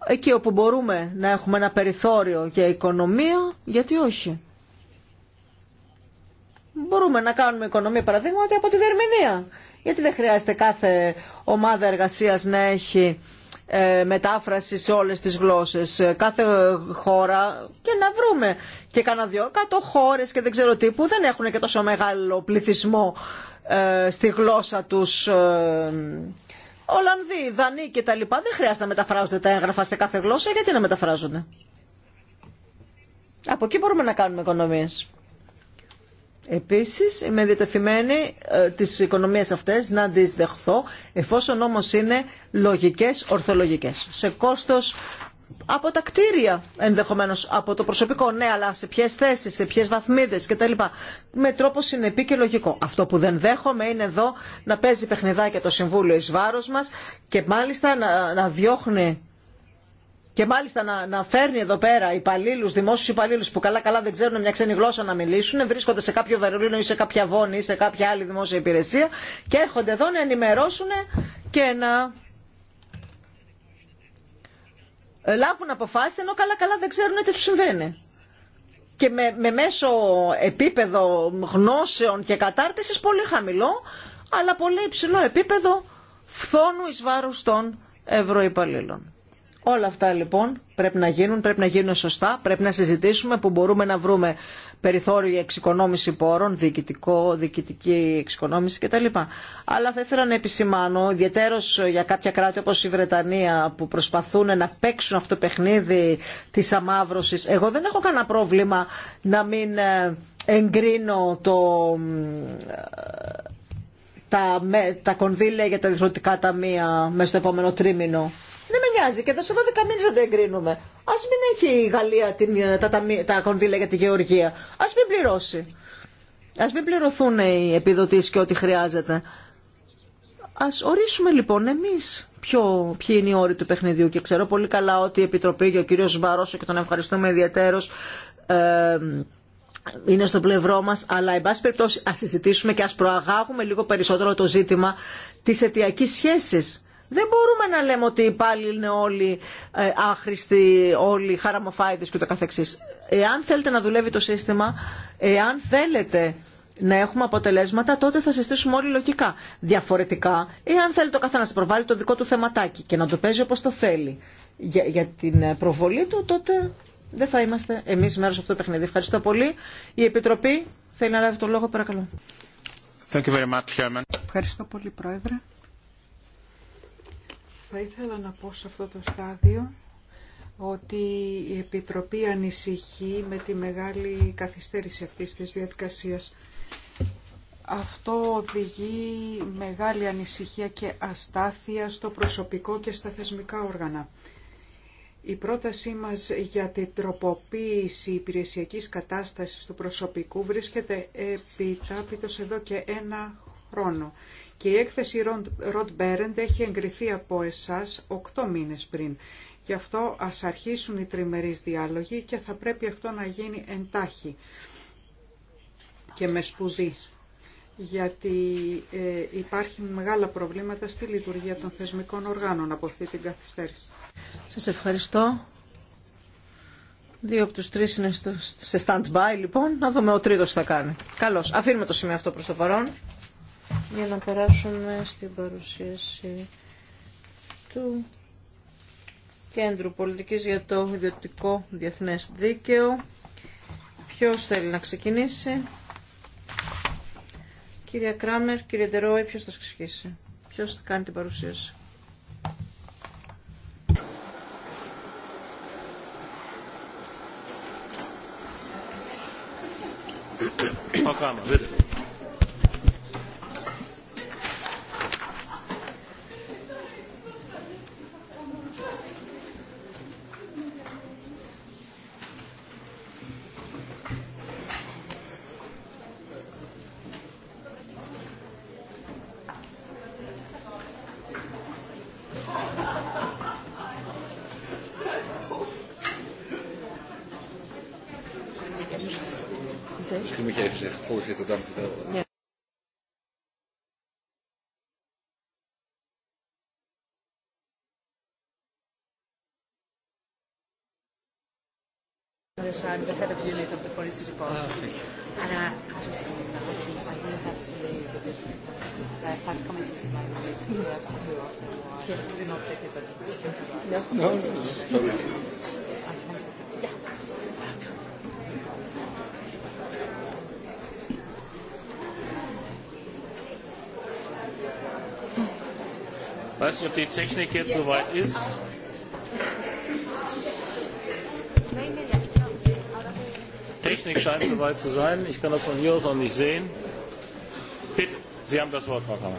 S2: Εκεί όπου μπορούμε να έχουμε ένα περιθώριο για οικονομία, γιατί όχι. Μπορούμε να κάνουμε οικονομία παραδείγματι από τη Δερμηνία. Γιατί δεν χρειάζεται κάθε ομάδα εργασίας να έχει ε, μετάφραση σε όλες τις γλώσσες. Ε, κάθε χώρα και να βρούμε και κανένα δυο κάτω χώρες και δεν ξέρω τι που δεν έχουν και τόσο μεγάλο πληθυσμό ε, στη γλώσσα τους ε, Ολλανδοί, Δανείοι και τα λοιπά. Δεν χρειάζεται να μεταφράζονται τα έγγραφα σε κάθε γλώσσα. Γιατί να μεταφράζονται. Από εκεί μπορούμε να κάνουμε οικονομίες. Επίσης είμαι διατεθειμένη ε, τις οικονομίες αυτές να τις δεχθώ εφόσον όμως είναι λογικές, ορθολογικές. Σε κόστος από τα κτίρια ενδεχομένως, από το προσωπικό, ναι, αλλά σε ποιες θέσεις, σε ποιες βαθμίδες κτλ. Με τρόπο συνεπή και λογικό. Αυτό που δεν δέχομαι είναι εδώ να παίζει παιχνιδάκια το Συμβούλιο εις βάρος μας και μάλιστα να, να διώχνει και μάλιστα να, φέρνει εδώ πέρα υπαλλήλου, δημόσιου υπαλλήλου που καλά-καλά δεν ξέρουν μια ξένη γλώσσα να μιλήσουν, βρίσκονται σε κάποιο Βερολίνο ή σε κάποια Βόνη ή σε κάποια άλλη δημόσια υπηρεσία και έρχονται εδώ να ενημερώσουν και να ε, λάβουν αποφάσει ενώ καλά-καλά δεν ξέρουν τι του συμβαίνει. Και με, με μέσο επίπεδο γνώσεων και κατάρτισης πολύ χαμηλό, αλλά πολύ υψηλό επίπεδο φθόνου εις βάρους των ευρωϊπαλλήλων. Όλα αυτά λοιπόν πρέπει να γίνουν, πρέπει να γίνουν σωστά, πρέπει να συζητήσουμε που μπορούμε να βρούμε περιθώριο για εξοικονόμηση πόρων, διοικητικό, διοικητική εξοικονόμηση κτλ. Αλλά θα ήθελα να επισημάνω, ιδιαίτερω για κάποια κράτη όπω η Βρετανία που προσπαθούν να παίξουν αυτό το παιχνίδι τη αμάυρωση. Εγώ δεν έχω κανένα πρόβλημα να μην ε, εγκρίνω το, ε, τα, κονδύλια για τα διεθνωτικά ταμεία μέσα στο επόμενο τρίμηνο. Δεν με νοιάζει και εδώ σε 12 μήνε δεν εγκρίνουμε. Α μην έχει η Γαλλία την, ε, τα, τα, τα κονδύλια για τη γεωργία. Α μην πληρώσει. Α μην πληρωθούν οι επιδοτήσει και ό,τι χρειάζεται. Α ορίσουμε λοιπόν εμεί ποιοι είναι οι όροι του παιχνιδιού. Και ξέρω πολύ καλά ότι η Επιτροπή και ο κύριο Μπαρόσο και τον ευχαριστούμε ιδιαίτερω. Ε, είναι στο πλευρό μας, αλλά εν πάση περιπτώσει ας συζητήσουμε και ας προαγάγουμε λίγο περισσότερο το ζήτημα της αιτιακής σχέσης δεν μπορούμε να λέμε ότι πάλι υπάλληλοι είναι όλοι ε, άχρηστοι, όλοι χαραμοφάιδες και ούτε καθεξής. Εάν θέλετε να δουλεύει το σύστημα, εάν θέλετε να έχουμε αποτελέσματα, τότε θα συστήσουμε όλοι λογικά. Διαφορετικά, εάν θέλει το καθένα να προβάλλει το δικό του θεματάκι και να το παίζει όπως το θέλει για, για την ε, προβολή του, τότε δεν θα είμαστε εμείς μέρος αυτού του παιχνίδι. Ευχαριστώ πολύ. Η Επιτροπή θέλει να λάβει τον λόγο, παρακαλώ.
S3: Thank you very much,
S2: Ευχαριστώ πολύ, Πρόεδρε.
S4: Θα ήθελα να πω σε αυτό το στάδιο ότι η Επιτροπή ανησυχεί με τη μεγάλη καθυστέρηση αυτής της διαδικασίας. Αυτό οδηγεί μεγάλη ανησυχία και αστάθεια στο προσωπικό και στα θεσμικά όργανα. Η πρότασή μας για την τροποποίηση υπηρεσιακής κατάστασης του προσωπικού βρίσκεται επιτάπητος εδώ και ένα χρόνο. Και η έκθεση Ροντ Μπέρεντ έχει εγκριθεί από εσάς οκτώ μήνες πριν. Γι' αυτό ας αρχίσουν οι τριμερείς διάλογοι και θα πρέπει αυτό να γίνει εντάχει και με σπουδή. Γιατί ε, υπάρχουν μεγάλα προβλήματα στη λειτουργία των θεσμικών οργάνων από αυτή την καθυστέρηση. Σας ευχαριστώ.
S2: Δύο από τους τρεις είναι στο, σε stand-by λοιπόν. Να δούμε ο τρίτος θα κάνει. Καλώς. Αφήνουμε το σημείο αυτό προς το παρόν για να περάσουμε στην παρουσίαση του Κέντρου Πολιτικής για το Ιδιωτικό Διεθνές Δίκαιο. Ποιος θέλει να ξεκινήσει. Κυρία Κράμερ, κύριε Ντερόι, ποιος θα ξεκινήσει. Ποιος θα κάνει την παρουσίαση.
S4: that I'm head of unit of the policy department. And I, I just I have to take as No, Sorry.
S1: ob die Technik jetzt soweit ist. Technik scheint soweit zu sein. Ich kann das von hier aus noch nicht sehen. Bitte, Sie haben das Wort, Frau Kammer.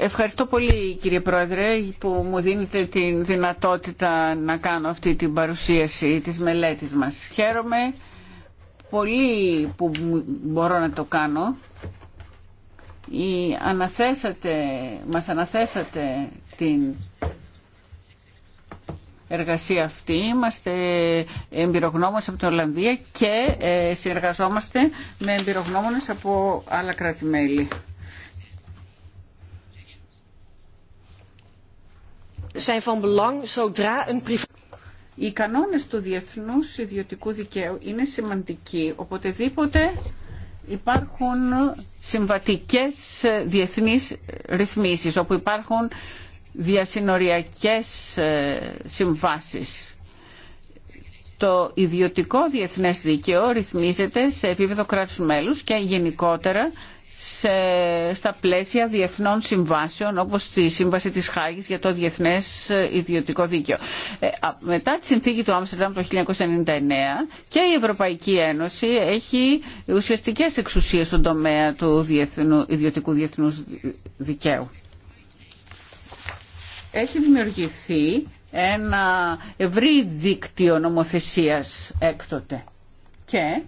S1: Ευχαριστώ πολύ κύριε Πρόεδρε που μου δίνετε τη δυνατότητα να κάνω αυτή την παρουσίαση της μελέτης μας. Χαίρομαι πολύ που μπορώ να το κάνω. Η αναθέσατε, μας αναθέσατε την εργασία αυτή. Είμαστε εμπειρογνώμονες από την Ολλανδία και ε, συνεργαζόμαστε με εμπειρογνώμονες από άλλα κράτη-μέλη. Οι κανόνες του διεθνούς ιδιωτικού δικαίου είναι σημαντικοί. Οποτεδήποτε υπάρχουν συμβατικές διεθνείς ρυθμίσεις, όπου υπάρχουν διασυνοριακές ε, συμβάσεις. Το ιδιωτικό διεθνές δίκαιο ρυθμίζεται σε επίπεδο κράτους μέλους και γενικότερα σε, στα πλαίσια διεθνών συμβάσεων όπως τη Σύμβαση της Χάγης για το Διεθνές ε, Ιδιωτικό Δίκαιο. Ε, μετά τη συνθήκη του Άμστερνταμ το 1999 και η Ευρωπαϊκή Ένωση έχει ουσιαστικές εξουσίες στον τομέα του διεθνου, ιδιωτικού διεθνούς δικαίου έχει δημιουργηθεί ένα ευρύ δίκτυο νομοθεσίας έκτοτε και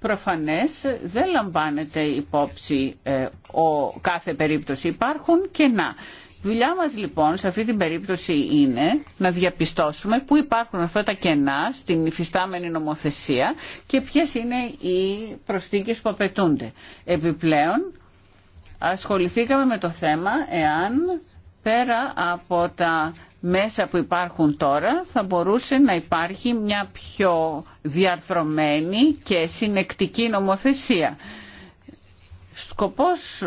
S1: προφανές δεν λαμβάνεται υπόψη ε, ο κάθε περίπτωση υπάρχουν κενά. Δουλειά μας λοιπόν σε αυτή την περίπτωση είναι να διαπιστώσουμε πού υπάρχουν αυτά τα κενά στην υφιστάμενη νομοθεσία και ποιες είναι οι προσθήκες που απαιτούνται. Επιπλέον ασχοληθήκαμε με το θέμα εάν πέρα από τα μέσα που υπάρχουν τώρα θα μπορούσε να υπάρχει μια πιο διαρθρωμένη και συνεκτική νομοθεσία. Σκοπός,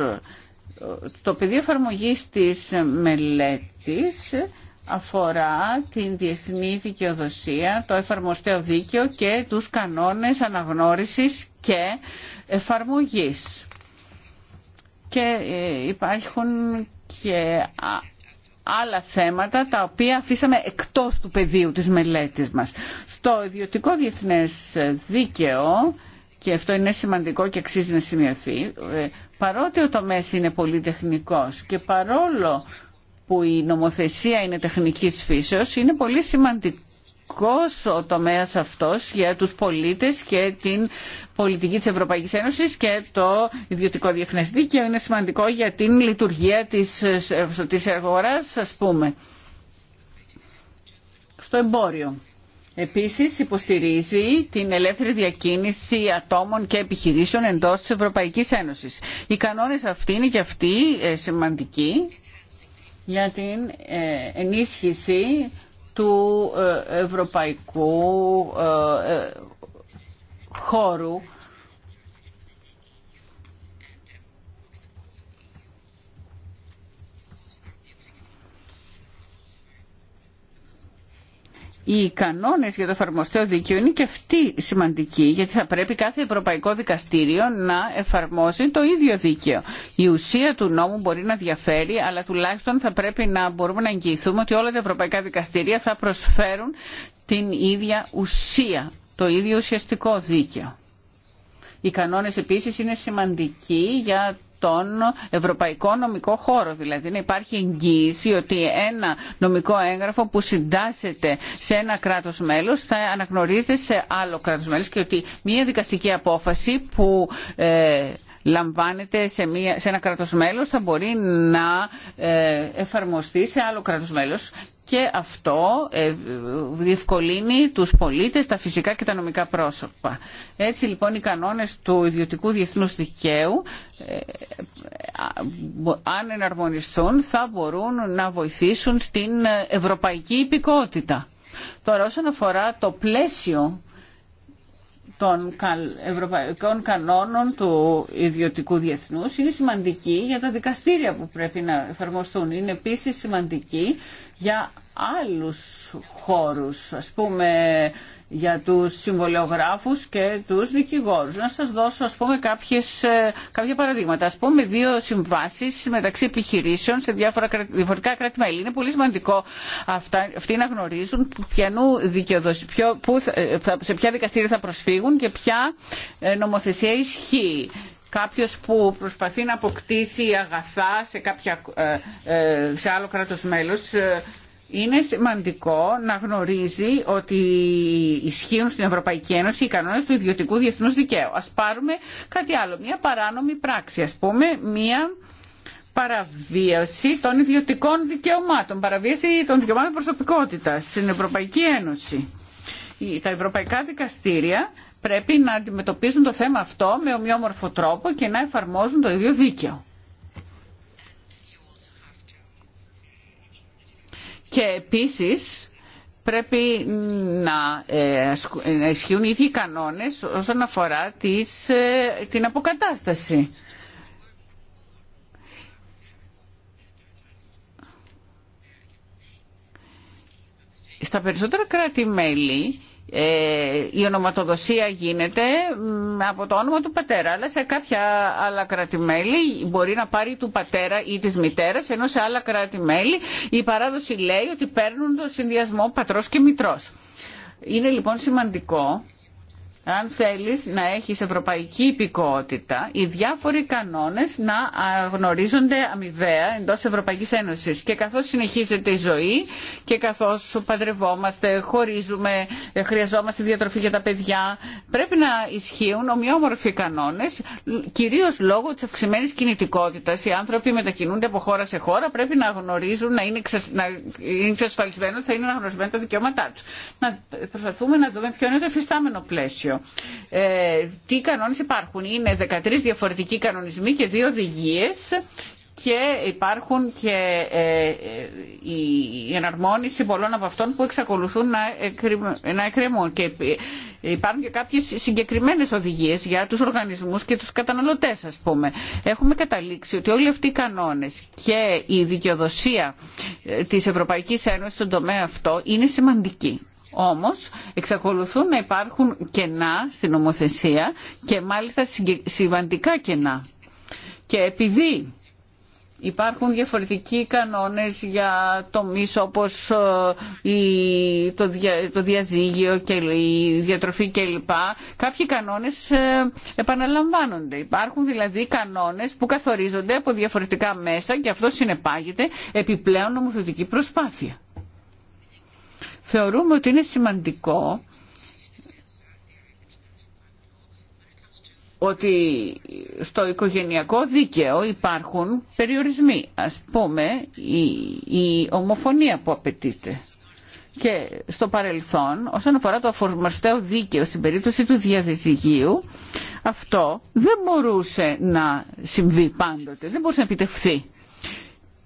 S1: το πεδίο εφαρμογή της μελέτης αφορά την διεθνή δικαιοδοσία, το εφαρμοστέο δίκαιο και τους κανόνες αναγνώρισης και εφαρμογής και ε, υπάρχουν και άλλα θέματα τα οποία αφήσαμε εκτός του πεδίου της μελέτης μας. Στο ιδιωτικό διεθνές δίκαιο, και αυτό είναι σημαντικό και αξίζει να σημειωθεί, ε, παρότι ο τομέας είναι πολύ τεχνικός και παρόλο που η νομοθεσία είναι τεχνικής φύσεως, είναι πολύ σημαντικό σημαντικός ο τομέας αυτός για τους πολίτες και την πολιτική της Ευρωπαϊκής Ένωσης και το ιδιωτικό διεθνές δίκαιο είναι σημαντικό για την λειτουργία της, της αγοράς ας πούμε στο εμπόριο. Επίσης υποστηρίζει την ελεύθερη διακίνηση ατόμων και επιχειρήσεων εντός της Ευρωπαϊκής Ένωσης. Οι κανόνες αυτοί είναι και αυτοί ε, σημαντικοί για την ε, ενίσχυση του ε, ευρωπαϊκού ε, ε, χώρου οι κανόνε για το εφαρμοστέο δίκαιο είναι και αυτοί σημαντικοί γιατί θα πρέπει κάθε ευρωπαϊκό δικαστήριο να εφαρμόζει το ίδιο δίκαιο. Η ουσία του νόμου μπορεί να διαφέρει αλλά τουλάχιστον θα πρέπει να μπορούμε να εγγυηθούμε ότι όλα τα ευρωπαϊκά δικαστήρια θα προσφέρουν την ίδια ουσία, το ίδιο ουσιαστικό δίκαιο. Οι κανόνε επίση είναι σημαντικοί για τον ευρωπαϊκό νομικό χώρο. Δηλαδή να υπάρχει εγγύηση ότι ένα νομικό έγγραφο που συντάσσεται σε ένα κράτος μέλος θα αναγνωρίζεται σε άλλο κράτος μέλος και ότι μια δικαστική απόφαση που... Ε, λαμβάνεται σε, μια, σε ένα κράτος μέλος θα μπορεί να ε, εφαρμοστεί σε άλλο κράτος μέλος και αυτό ε, διευκολύνει τους πολίτες, τα φυσικά και τα νομικά πρόσωπα. Έτσι λοιπόν οι κανόνες του ιδιωτικού διεθνούς δικαίου ε, αν εναρμονιστούν θα μπορούν να βοηθήσουν στην ευρωπαϊκή υπηκότητα. Τώρα όσον αφορά το πλαίσιο των ευρωπαϊκών κανόνων του ιδιωτικού διεθνούς είναι σημαντική για τα δικαστήρια που πρέπει να εφαρμοστούν. Είναι επίσης σημαντική για άλλους χώρους, ας πούμε για τους συμβολιογράφους και τους δικηγόρους. Να σας δώσω ας πούμε κάποιες, ε, κάποια παραδείγματα. Ας πούμε δύο συμβάσεις μεταξύ επιχειρήσεων σε διάφορα, διαφορετικά κράτη-μέλη. Είναι πολύ σημαντικό αυτά, αυτοί να γνωρίζουν ποιο, που, ε, σε ποια δικαστήρια θα προσφύγουν και ποια ε, νομοθεσία ισχύει κάποιος που προσπαθεί να αποκτήσει αγαθά σε, κάποια, σε άλλο κράτος μέλος είναι σημαντικό να γνωρίζει ότι ισχύουν στην Ευρωπαϊκή Ένωση οι κανόνες του ιδιωτικού διεθνούς δικαίου. Ας πάρουμε κάτι άλλο, μια παράνομη πράξη, ας πούμε, μια παραβίαση των ιδιωτικών δικαιωμάτων, παραβίαση των δικαιωμάτων προσωπικότητας στην Ευρωπαϊκή Ένωση. Τα ευρωπαϊκά δικαστήρια πρέπει να αντιμετωπίζουν το θέμα αυτό με ομοιόμορφο τρόπο και να εφαρμόζουν το ίδιο δίκαιο. και επίσης πρέπει ε, να ισχύουν οι ίδιοι κανόνες όσον αφορά τις, ε, την αποκατάσταση. Στα περισσότερα κράτη-μέλη ε, η ονοματοδοσία γίνεται από το όνομα του πατέρα αλλά σε κάποια άλλα μπορεί να πάρει του πατέρα ή της μητέρας ενώ σε άλλα κράτη-μέλη η παράδοση λέει ότι παίρνουν το συνδυασμό πατρός και μητρός. Είναι λοιπόν σημαντικό αν θέλεις να έχεις ευρωπαϊκή υπηκότητα, οι διάφοροι κανόνες να γνωρίζονται αμοιβαία εντός Ευρωπαϊκής Ένωσης. Και καθώς συνεχίζεται η ζωή και καθώς παντρευόμαστε, χωρίζουμε, χρειαζόμαστε διατροφή για τα παιδιά, πρέπει να ισχύουν ομοιόμορφοι κανόνες, κυρίως λόγω της αυξημένη κινητικότητας. Οι άνθρωποι μετακινούνται από χώρα σε χώρα, πρέπει να γνωρίζουν, να είναι, εξασφαλισμένο, θα είναι αναγνωρισμένα τα δικαιώματά του. Να προσπαθούμε να δούμε ποιο είναι το εφιστάμενο πλαίσιο ε, τι κανόνες υπάρχουν. Είναι 13 διαφορετικοί κανονισμοί και δύο οδηγίε, και υπάρχουν και ε, ε, η εναρμόνιση πολλών από αυτών που εξακολουθούν να εκκρεμούν. Και ε, υπάρχουν και κάποιες συγκεκριμένες οδηγίες για τους οργανισμούς και τους καταναλωτές, ας πούμε. Έχουμε καταλήξει ότι όλοι αυτοί οι κανόνες και η δικαιοδοσία της Ευρωπαϊκής Ένωσης στον τομέα αυτό είναι σημαντική. Όμως εξακολουθούν να υπάρχουν κενά στην νομοθεσία και μάλιστα σημαντικά κενά. Και επειδή υπάρχουν διαφορετικοί κανόνες για τομείς όπως ε, το, το διαζύγιο και η διατροφή κλπ. Κάποιοι κανόνες ε, επαναλαμβάνονται. Υπάρχουν δηλαδή κανόνες που καθορίζονται από διαφορετικά μέσα και αυτό συνεπάγεται επιπλέον νομοθετική προσπάθεια. Θεωρούμε ότι είναι σημαντικό ότι στο οικογενειακό δίκαιο υπάρχουν περιορισμοί. Ας πούμε η, η ομοφωνία που απαιτείται. Και στο παρελθόν, όσον αφορά το αφορμαστέο δίκαιο στην περίπτωση του διαδιζυγίου, αυτό δεν μπορούσε να συμβεί πάντοτε, δεν μπορούσε να επιτευχθεί.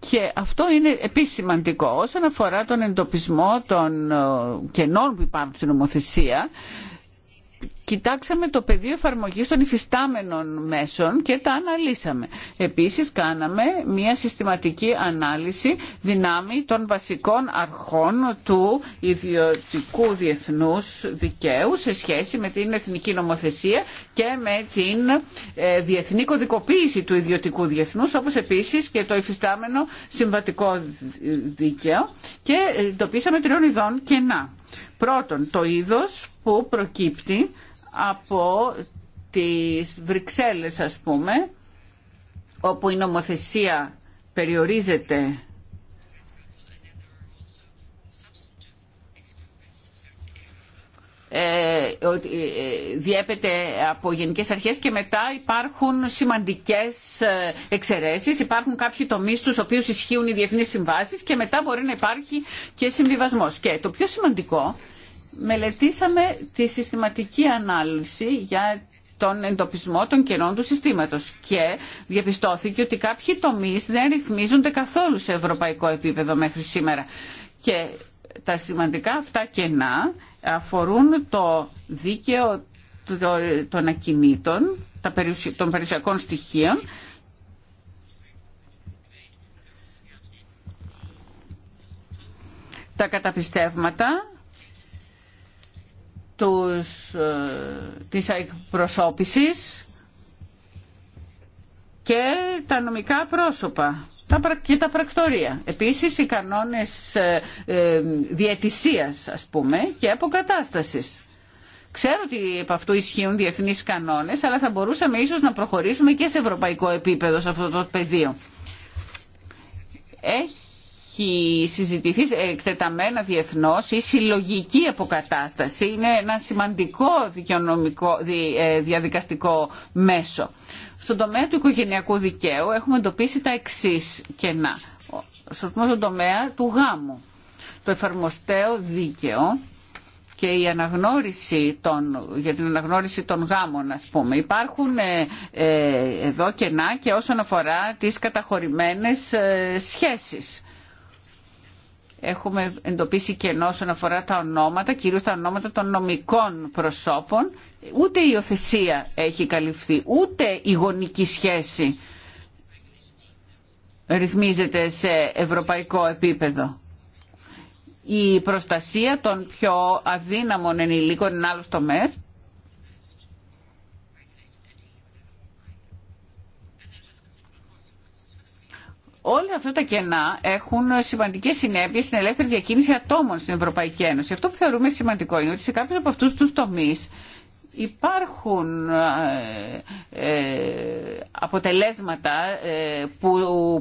S1: Και αυτό είναι επίσης σημαντικό όσον αφορά τον εντοπισμό των ε, κενών που υπάρχουν στην νομοθεσία κοιτάξαμε το πεδίο εφαρμογή των υφιστάμενων μέσων και τα αναλύσαμε. Επίσης κάναμε μια συστηματική ανάλυση δυνάμει των βασικών αρχών του ιδιωτικού διεθνούς δικαίου σε σχέση με την εθνική νομοθεσία και με την ε, διεθνή κωδικοποίηση του ιδιωτικού διεθνούς όπως επίση και το υφιστάμενο συμβατικό δίκαιο και εντοπίσαμε τριών ειδών κενά. Πρώτον, το είδος που προκύπτει από τις Βρυξέλλες ας πούμε, όπου η νομοθεσία περιορίζεται Ε, ε, διέπεται από γενικές αρχές και μετά υπάρχουν σημαντικές ε, εξαιρέσεις, υπάρχουν κάποιοι τομείς στους οποίους ισχύουν οι διεθνείς συμβάσεις και μετά μπορεί να υπάρχει και συμβιβασμός. Και το πιο σημαντικό, μελετήσαμε τη συστηματική ανάλυση για τον εντοπισμό των κενών του συστήματος και διαπιστώθηκε ότι κάποιοι τομείς δεν ρυθμίζονται καθόλου σε ευρωπαϊκό επίπεδο μέχρι σήμερα. Και τα σημαντικά αυτά κενά αφορούν το δίκαιο των ακινήτων, των περιουσιακών στοιχείων τα καταπιστεύματα τους, ε, της και τα νομικά πρόσωπα και τα πρακτορία. Επίσης οι κανόνες ε, ε, διατησίας ας πούμε και αποκατάστασης. Ξέρω ότι από αυτού ισχύουν διεθνείς κανόνες, αλλά θα μπορούσαμε ίσως να προχωρήσουμε και σε ευρωπαϊκό επίπεδο σε αυτό το πεδίο. Έχει συζητηθεί εκτεταμένα διεθνώς η συλλογική αποκατάσταση. Είναι ένα σημαντικό ε, διαδικαστικό μέσο. Στον τομέα του οικογενειακού δικαίου έχουμε εντοπίσει τα εξή κενά. Στον τομέα του γάμου. Το εφαρμοστέο δίκαιο και η αναγνώριση των, για την αναγνώριση των γάμων ας πούμε. Υπάρχουν ε, ε εδώ κενά και όσον αφορά τις καταχωρημένες ε, σχέσεις. Έχουμε εντοπίσει κενό όσον αφορά τα ονόματα, κυρίως τα ονόματα των νομικών προσώπων. Ούτε η οθεσία έχει καλυφθεί, ούτε η γονική σχέση ρυθμίζεται σε ευρωπαϊκό επίπεδο. Η προστασία των πιο αδύναμων ενηλίκων είναι άλλος τομέας Όλα αυτά τα κενά έχουν σημαντικέ συνέπειε στην ελεύθερη διακίνηση ατόμων στην Ευρωπαϊκή Ένωση. Αυτό που θεωρούμε σημαντικό είναι ότι σε κάποιου από αυτού του τομεί υπάρχουν ε, ε, αποτελέσματα ε, που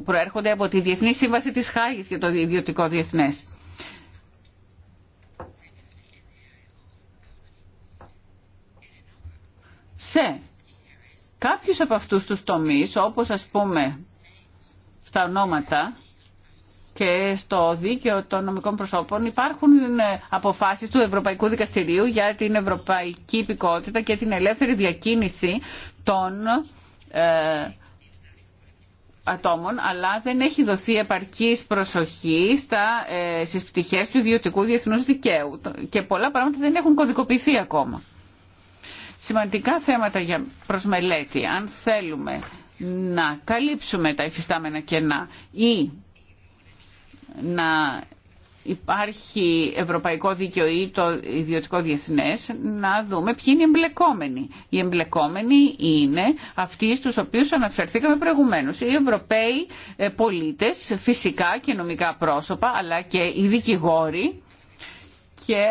S1: προέρχονται από τη Διεθνή Σύμβαση της Χάγης για το ιδιωτικό διεθνές. Σε κάποιους από αυτούς τους τομείς, όπως ας πούμε στα ονόματα και στο δίκαιο των νομικών προσώπων υπάρχουν ε, αποφάσεις του Ευρωπαϊκού Δικαστηρίου για την ευρωπαϊκή υπηκότητα και την ελεύθερη διακίνηση των ε, ατόμων, αλλά δεν έχει δοθεί επαρκής προσοχή στα, ε, στις πτυχές του ιδιωτικού διεθνούς δικαίου και πολλά πράγματα δεν έχουν κωδικοποιηθεί ακόμα. Σημαντικά θέματα για προσμελέτη, αν θέλουμε να καλύψουμε τα υφιστάμενα κενά ή να υπάρχει ευρωπαϊκό δίκαιο ή το ιδιωτικό διεθνές να δούμε ποιοι είναι οι εμπλεκόμενοι. Οι εμπλεκόμενοι είναι αυτοί στους οποίους αναφερθήκαμε προηγουμένως. Οι Ευρωπαίοι ε, πολίτες, φυσικά και νομικά πρόσωπα, αλλά και οι δικηγόροι και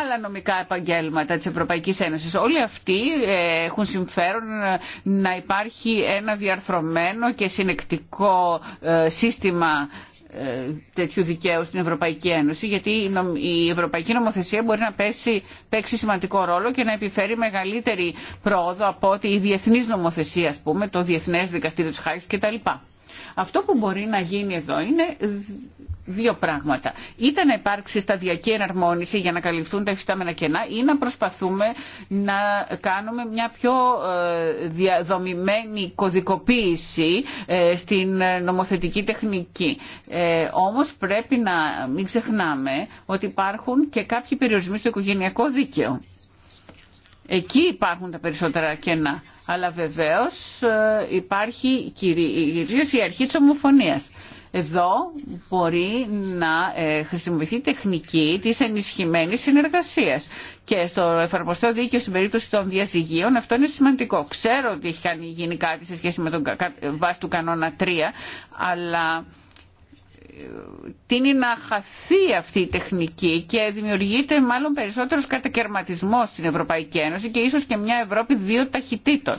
S1: άλλα νομικά επαγγέλματα της Ευρωπαϊκής Ένωσης. Όλοι αυτοί ε, έχουν συμφέρον ε, να υπάρχει ένα διαρθρωμένο και συνεκτικό ε, σύστημα τέτοιου δικαίου στην Ευρωπαϊκή Ένωση, γιατί η Ευρωπαϊκή Νομοθεσία μπορεί να πέσει, παίξει σημαντικό ρόλο και να επιφέρει μεγαλύτερη πρόοδο από ότι η διεθνή νομοθεσία, ας πούμε, το Διεθνές Δικαστήριο της Χάρης κτλ. Αυτό που μπορεί να γίνει εδώ είναι δύο πράγματα. Είτε να υπάρξει σταδιακή εναρμόνιση για να καλυφθούν τα υφιστάμενα κενά ή να προσπαθούμε να κάνουμε μια πιο ε, διαδομημένη κωδικοποίηση ε, στην νομοθετική τεχνική. Ε, όμως πρέπει να μην ξεχνάμε ότι υπάρχουν και κάποιοι περιορισμοί στο οικογενειακό δίκαιο. Εκεί υπάρχουν τα περισσότερα κενά. Αλλά βεβαίως υπάρχει κυρίως η αρχή της ομοφωνίας. Εδώ μπορεί να ε, χρησιμοποιηθεί τεχνική της ενισχυμένης συνεργασίας. Και στο εφαρμοστό δίκαιο στην περίπτωση των διαζυγίων αυτό είναι σημαντικό. Ξέρω ότι έχει γίνει κάτι σε σχέση με τον βάση του κανόνα 3, αλλά ε, τίνει να χαθεί αυτή η τεχνική και δημιουργείται μάλλον περισσότερος κατακαιρματισμός στην Ευρωπαϊκή Ένωση και ίσως και μια Ευρώπη δύο ταχυτήτων.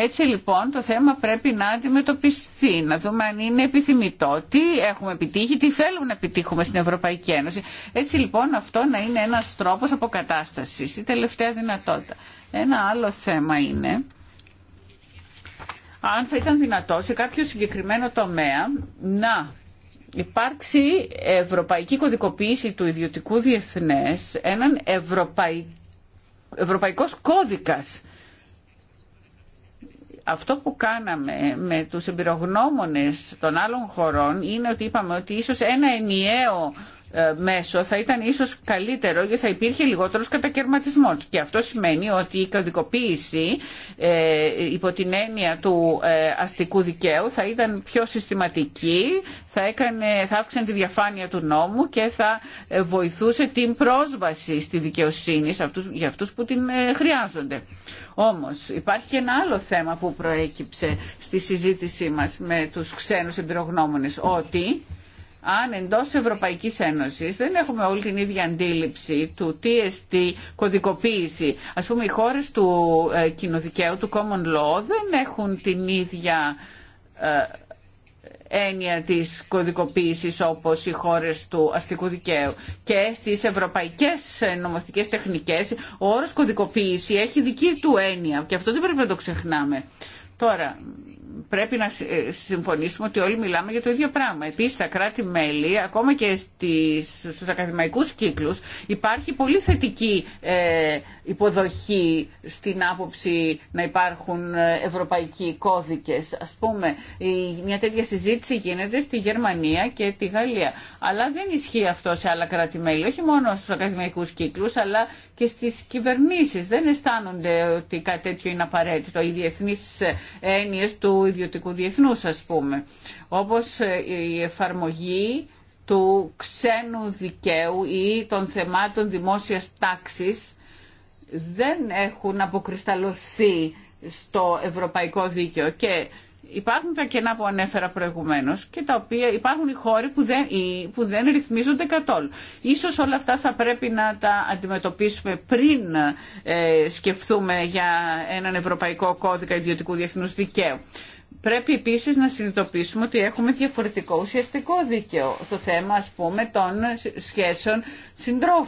S1: Έτσι λοιπόν το θέμα πρέπει να αντιμετωπιστεί, να δούμε αν είναι επιθυμητό, τι έχουμε επιτύχει, τι θέλουμε να επιτύχουμε στην Ευρωπαϊκή Ένωση. Έτσι λοιπόν αυτό να είναι ένας τρόπος αποκατάστασης, η τελευταία δυνατότητα. Ένα άλλο θέμα είναι αν θα ήταν δυνατό σε κάποιο συγκεκριμένο τομέα να υπάρξει ευρωπαϊκή κωδικοποίηση του ιδιωτικού διεθνές, έναν ευρωπαϊ... ευρωπαϊκός κώδικας αυτό που κάναμε με τους εμπειρογνώμονες των άλλων χωρών είναι ότι είπαμε ότι ίσως ένα ενιαίο ε, μέσο θα ήταν ίσως καλύτερο γιατί θα υπήρχε λιγότερος κατακαιρματισμός και αυτό σημαίνει ότι η καδικοποίηση ε, υπό την έννοια του ε, αστικού δικαίου θα ήταν πιο συστηματική θα, έκανε, θα αύξανε τη διαφάνεια του νόμου και θα βοηθούσε την πρόσβαση στη δικαιοσύνη για αυτούς που την χρειάζονται. Όμως υπάρχει και ένα άλλο θέμα που προέκυψε στη συζήτησή μας με τους ξένους εμπειρογνώμονες ότι αν εντός Ευρωπαϊκή Ένωση, δεν έχουμε όλη την ίδια αντίληψη του TST κωδικοποίηση. Ας πούμε οι χώρες του ε, κοινοδικαίου, του common law, δεν έχουν την ίδια ε, έννοια της κωδικοποίησης όπως οι χώρες του αστικού δικαίου και στις ευρωπαϊκές νομοθετικές τεχνικές ο όρος κωδικοποίηση έχει δική του έννοια και αυτό δεν πρέπει να το ξεχνάμε. Τώρα, πρέπει να ε, συμφωνήσουμε ότι όλοι μιλάμε για το ίδιο πράγμα. Επίση, στα κράτη-μέλη, ακόμα και στις, στους ακαδημαϊκούς κύκλους, υπάρχει πολύ θετική ε, υποδοχή στην άποψη να υπάρχουν ε, ευρωπαϊκοί κώδικες. Ας πούμε, η, μια τέτοια συζήτηση γίνεται στη Γερμανία και τη Γαλλία. Αλλά δεν ισχύει αυτό σε άλλα κράτη-μέλη, όχι μόνο στους ακαδημαϊκούς κύκλους, αλλά και στις κυβερνήσεις. Δεν αισθάνονται ότι κάτι τέτοιο είναι απαραίτητο. Οι του ιδιωτικού διεθνούς ας πούμε, όπως ε, η εφαρμογή του ξένου δικαίου ή των θεμάτων δημόσιας τάξης δεν έχουν αποκρισταλωθεί στο ευρωπαϊκό δίκαιο και υπάρχουν τα κενά που ανέφερα προηγουμένως και τα οποία υπάρχουν οι χώροι που δεν, που δεν ρυθμίζονται καθόλου. Ίσως όλα αυτά θα πρέπει να τα αντιμετωπίσουμε πριν ε, σκεφτούμε για έναν Ευρωπαϊκό Κώδικα Ιδιωτικού Διεθνούς Δικαίου. Πρέπει επίσης να συνειδητοποιήσουμε ότι έχουμε διαφορετικό ουσιαστικό δίκαιο στο θέμα ας πούμε των σχέσεων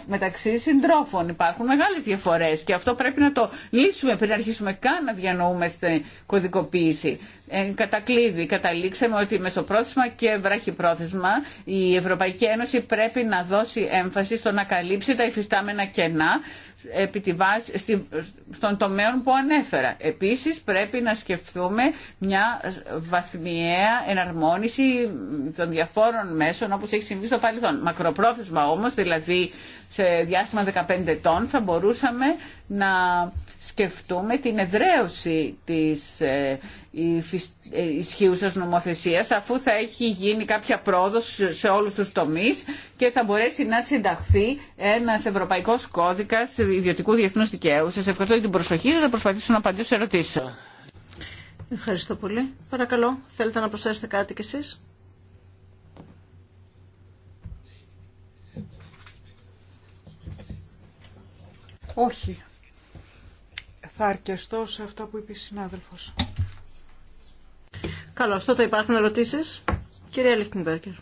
S1: μεταξύ συντρόφων. Υπάρχουν μεγάλες διαφορές και αυτό πρέπει να το λύσουμε πριν αρχίσουμε καν να διανοούμε στην κωδικοποίηση. Ε, κλείδι καταλήξαμε ότι μεσοπρόθεσμα και βραχυπρόθεσμα η Ευρωπαϊκή Ένωση πρέπει να δώσει έμφαση στο να καλύψει τα υφιστάμενα κενά επί στον τομέα που ανέφερα. Επίσης πρέπει να σκεφτούμε μια βαθμιαία εναρμόνιση των διαφόρων μέσων όπως έχει συμβεί στο παρελθόν. Μακροπρόθεσμα όμως, δηλαδή σε διάστημα 15 ετών θα μπορούσαμε να σκεφτούμε την εδραίωση της ε, ε, ισχύουσας νομοθεσίας αφού θα έχει γίνει κάποια πρόοδος σε όλους τους τομείς και θα μπορέσει να συνταχθεί ένας ευρωπαϊκός κώδικας ιδιωτικού διεθνούς δικαίου. Σας ευχαριστώ για την προσοχή σας. Θα προσπαθήσω να απαντήσω σε ερωτήσεις. Ευχαριστώ πολύ. Παρακαλώ, θέλετε
S2: να προσθέσετε κάτι κι εσείς. Όχι θα αρκεστώ σε αυτά που είπε η συνάδελφος. Καλώ, τότε υπάρχουν ερωτήσει, Κυρία Λίχτινμπέργκερ.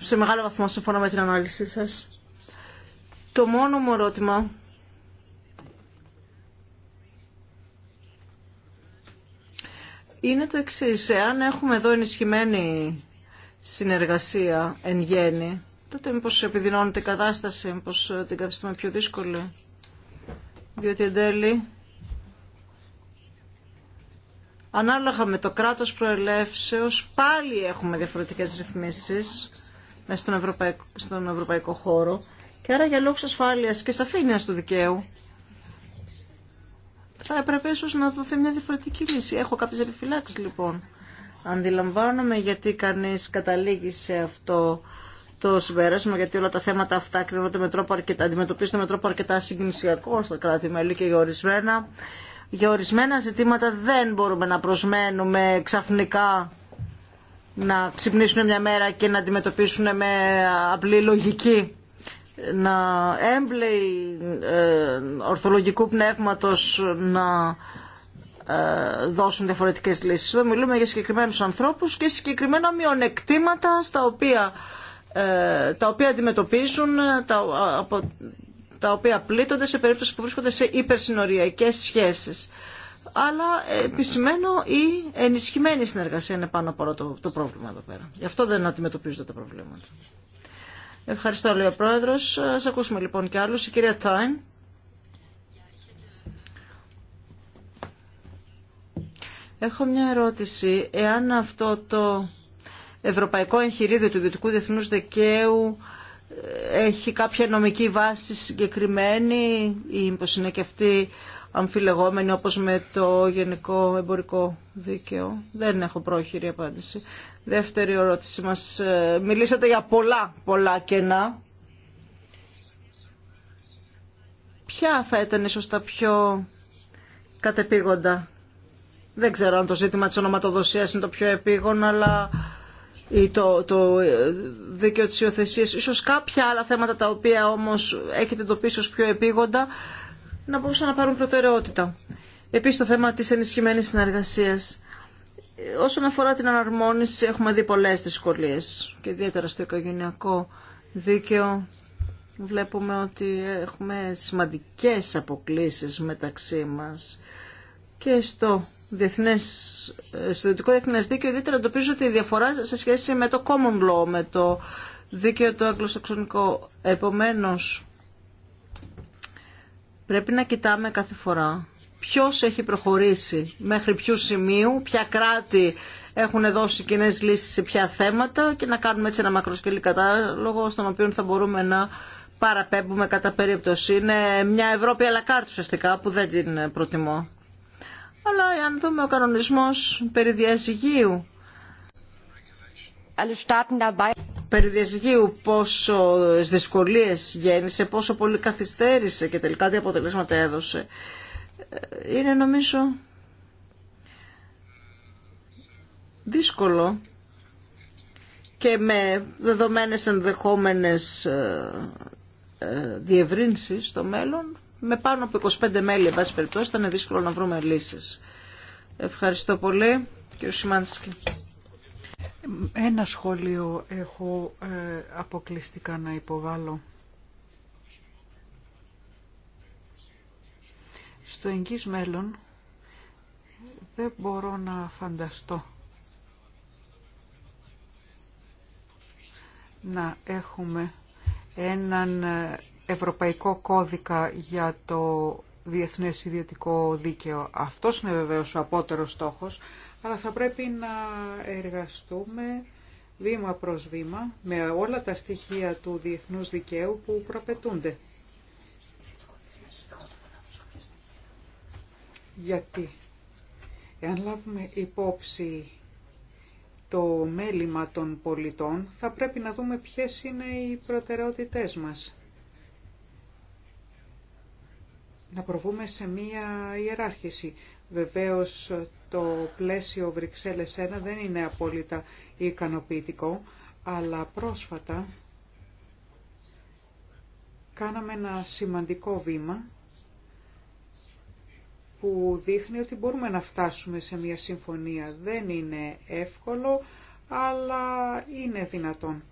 S2: Σε μεγάλο βαθμό συμφωνώ με την ανάλυση σας. Το μόνο μου ερώτημα είναι το εξής. Εάν έχουμε εδώ ενισχυμένη συνεργασία εν γέννη, Τότε μήπω επιδεινώνεται η κατάσταση, μήπω ε, την καθιστούμε πιο δύσκολη. Διότι εν τέλει, ανάλογα με το κράτος προελεύσεως, πάλι έχουμε διαφορετικές ρυθμίσεις μέσα στον ευρωπαϊκό, χώρο. Και άρα για λόγους ασφάλειας και σαφήνειας του δικαίου, θα έπρεπε ίσως να δοθεί μια διαφορετική λύση. Έχω κάποιες επιφυλάξεις λοιπόν. Αντιλαμβάνομαι γιατί κανείς καταλήγει σε αυτό το συμπέρασμα, γιατί όλα τα θέματα αυτά κρίνονται με τρόπο αρκετά, αντιμετωπίζονται με τρόπο αρκετά συγκινησιακό στα κράτη-μέλη και για ορισμένα. Για ορισμένα ζητήματα δεν μπορούμε να προσμένουμε ξαφνικά να ξυπνήσουν μια μέρα και να αντιμετωπίσουν με απλή λογική να έμπλεει ε, ορθολογικού πνεύματος να ε, δώσουν διαφορετικές λύσεις. Εδώ μιλούμε για συγκεκριμένους ανθρώπους και συγκεκριμένα μειονεκτήματα στα οποία ε, τα οποία αντιμετωπίζουν, ε, τα, ε, από, τα οποία πλήττονται σε περίπτωση που βρίσκονται σε υπερσυνοριακές σχέσεις. Αλλά επισημαίνω η ενισχυμένη συνεργασία είναι πάνω από το, το πρόβλημα εδώ πέρα. Γι' αυτό δεν αντιμετωπίζονται τα προβλήματα. Ευχαριστώ, λέει ο Πρόεδρος. Ας ακούσουμε λοιπόν και άλλους. Η κυρία Τάιν. Έχω μια ερώτηση. Εάν αυτό το Ευρωπαϊκό Εγχειρίδιο του Δυτικού Διεθνούς Δικαίου ε, έχει κάποια νομική βάση συγκεκριμένη ή μήπως είναι και αυτή αμφιλεγόμενη όπως με το Γενικό Εμπορικό Δίκαιο. Δεν έχω πρόχειρη απάντηση. Δεύτερη ερώτηση μας. Ε, μιλήσατε για πολλά, πολλά κενά. Ποια θα ήταν ίσως τα πιο κατεπήγοντα. Δεν ξέρω αν το ζήτημα της ονοματοδοσίας είναι το πιο επίγον, αλλά ή το, το ε, δίκαιο της υιοθεσίας, ίσως κάποια άλλα θέματα τα οποία όμως έχετε το ως πιο επίγοντα, να μπορούσαν να πάρουν προτεραιότητα. Επίσης το θέμα της ενισχυμένης συνεργασίας. Όσον αφορά την αναρμόνιση έχουμε δει πολλές δυσκολίες και ιδιαίτερα στο οικογενειακό δίκαιο βλέπουμε ότι έχουμε σημαντικές αποκλήσεις μεταξύ μας και στο διεθνές, ε, στο δυτικό διεθνέ δίκαιο ιδιαίτερα εντοπίζεται η διαφορά σε σχέση με το common law, με το δίκαιο το αγγλοσαξονικό. Επομένω, πρέπει να κοιτάμε κάθε φορά ποιο έχει προχωρήσει μέχρι ποιου σημείου, ποια κράτη έχουν δώσει κοινέ λύσει σε ποια θέματα και να κάνουμε έτσι ένα μακροσκελή κατάλογο στον οποίο θα μπορούμε να παραπέμπουμε κατά περίπτωση. Είναι μια Ευρώπη αλακάρτου ουσιαστικά που δεν την προτιμώ αλλά αν δούμε ο κανονισμός περί διαζυγίου περί πόσο δυσκολίες γέννησε, πόσο πολύ καθυστέρησε και τελικά τι αποτελέσματα έδωσε. Ε, είναι νομίζω δύσκολο και με δεδομένες ενδεχόμενες ε, ε, διευρύνσεις στο μέλλον με πάνω από 25 μέλη, εν πάση περιπτώσει, θα είναι δύσκολο να βρούμε λύσει. Ευχαριστώ πολύ. Κύριο Σιμάνσκι.
S4: Ένα σχόλιο έχω ε, αποκλειστικά να υποβάλω. Στο εγγύς μέλλον δεν μπορώ να φανταστώ να έχουμε έναν ε, Ευρωπαϊκό Κώδικα για το Διεθνές Ιδιωτικό Δίκαιο. Αυτός είναι βεβαίως ο απότερος στόχος, αλλά θα πρέπει να εργαστούμε βήμα προς βήμα με όλα τα στοιχεία του διεθνούς δικαίου που προπετούνται. Γιατί, εάν λάβουμε υπόψη το μέλημα των πολιτών, θα πρέπει να δούμε ποιες είναι οι προτεραιότητές μας. να προβούμε σε μία ιεράρχηση. Βεβαίως το πλαίσιο Βρυξέλλες 1 δεν είναι απόλυτα ικανοποιητικό, αλλά πρόσφατα κάναμε ένα σημαντικό βήμα που δείχνει ότι μπορούμε να φτάσουμε σε μια συμφωνία. Δεν είναι εύκολο, αλλά είναι δυνατόν.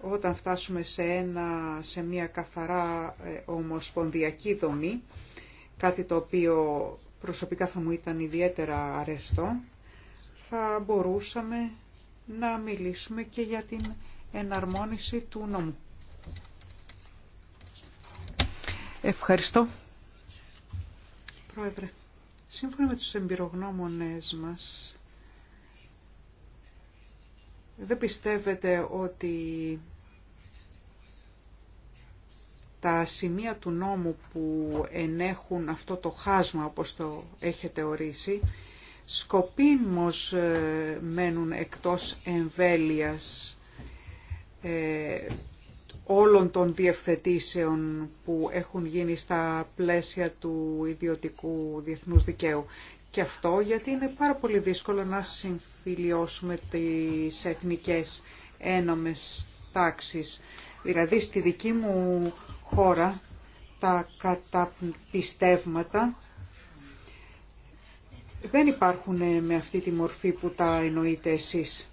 S4: Όταν φτάσουμε σε, ένα, σε μια καθαρά ε, ομοσπονδιακή δομή, κάτι το οποίο προσωπικά θα μου ήταν ιδιαίτερα αρεστό, θα μπορούσαμε να μιλήσουμε και για την εναρμόνιση του νόμου. Ευχαριστώ. Πρόεδρε, σύμφωνα με τους εμπειρογνώμονές μας, δεν πιστεύετε ότι τα σημεία του νόμου που ενέχουν αυτό το χάσμα όπως το έχετε ορίσει σκοπίμως ε, μένουν εκτός εμβέλειας ε, όλων των διευθετήσεων που έχουν γίνει στα πλαίσια του ιδιωτικού διεθνούς δικαίου και αυτό γιατί είναι πάρα πολύ δύσκολο να συμφιλιώσουμε τις εθνικές ένομες τάξεις. Δηλαδή στη δική μου χώρα τα καταπιστεύματα δεν υπάρχουν με αυτή τη μορφή που τα εννοείτε εσείς.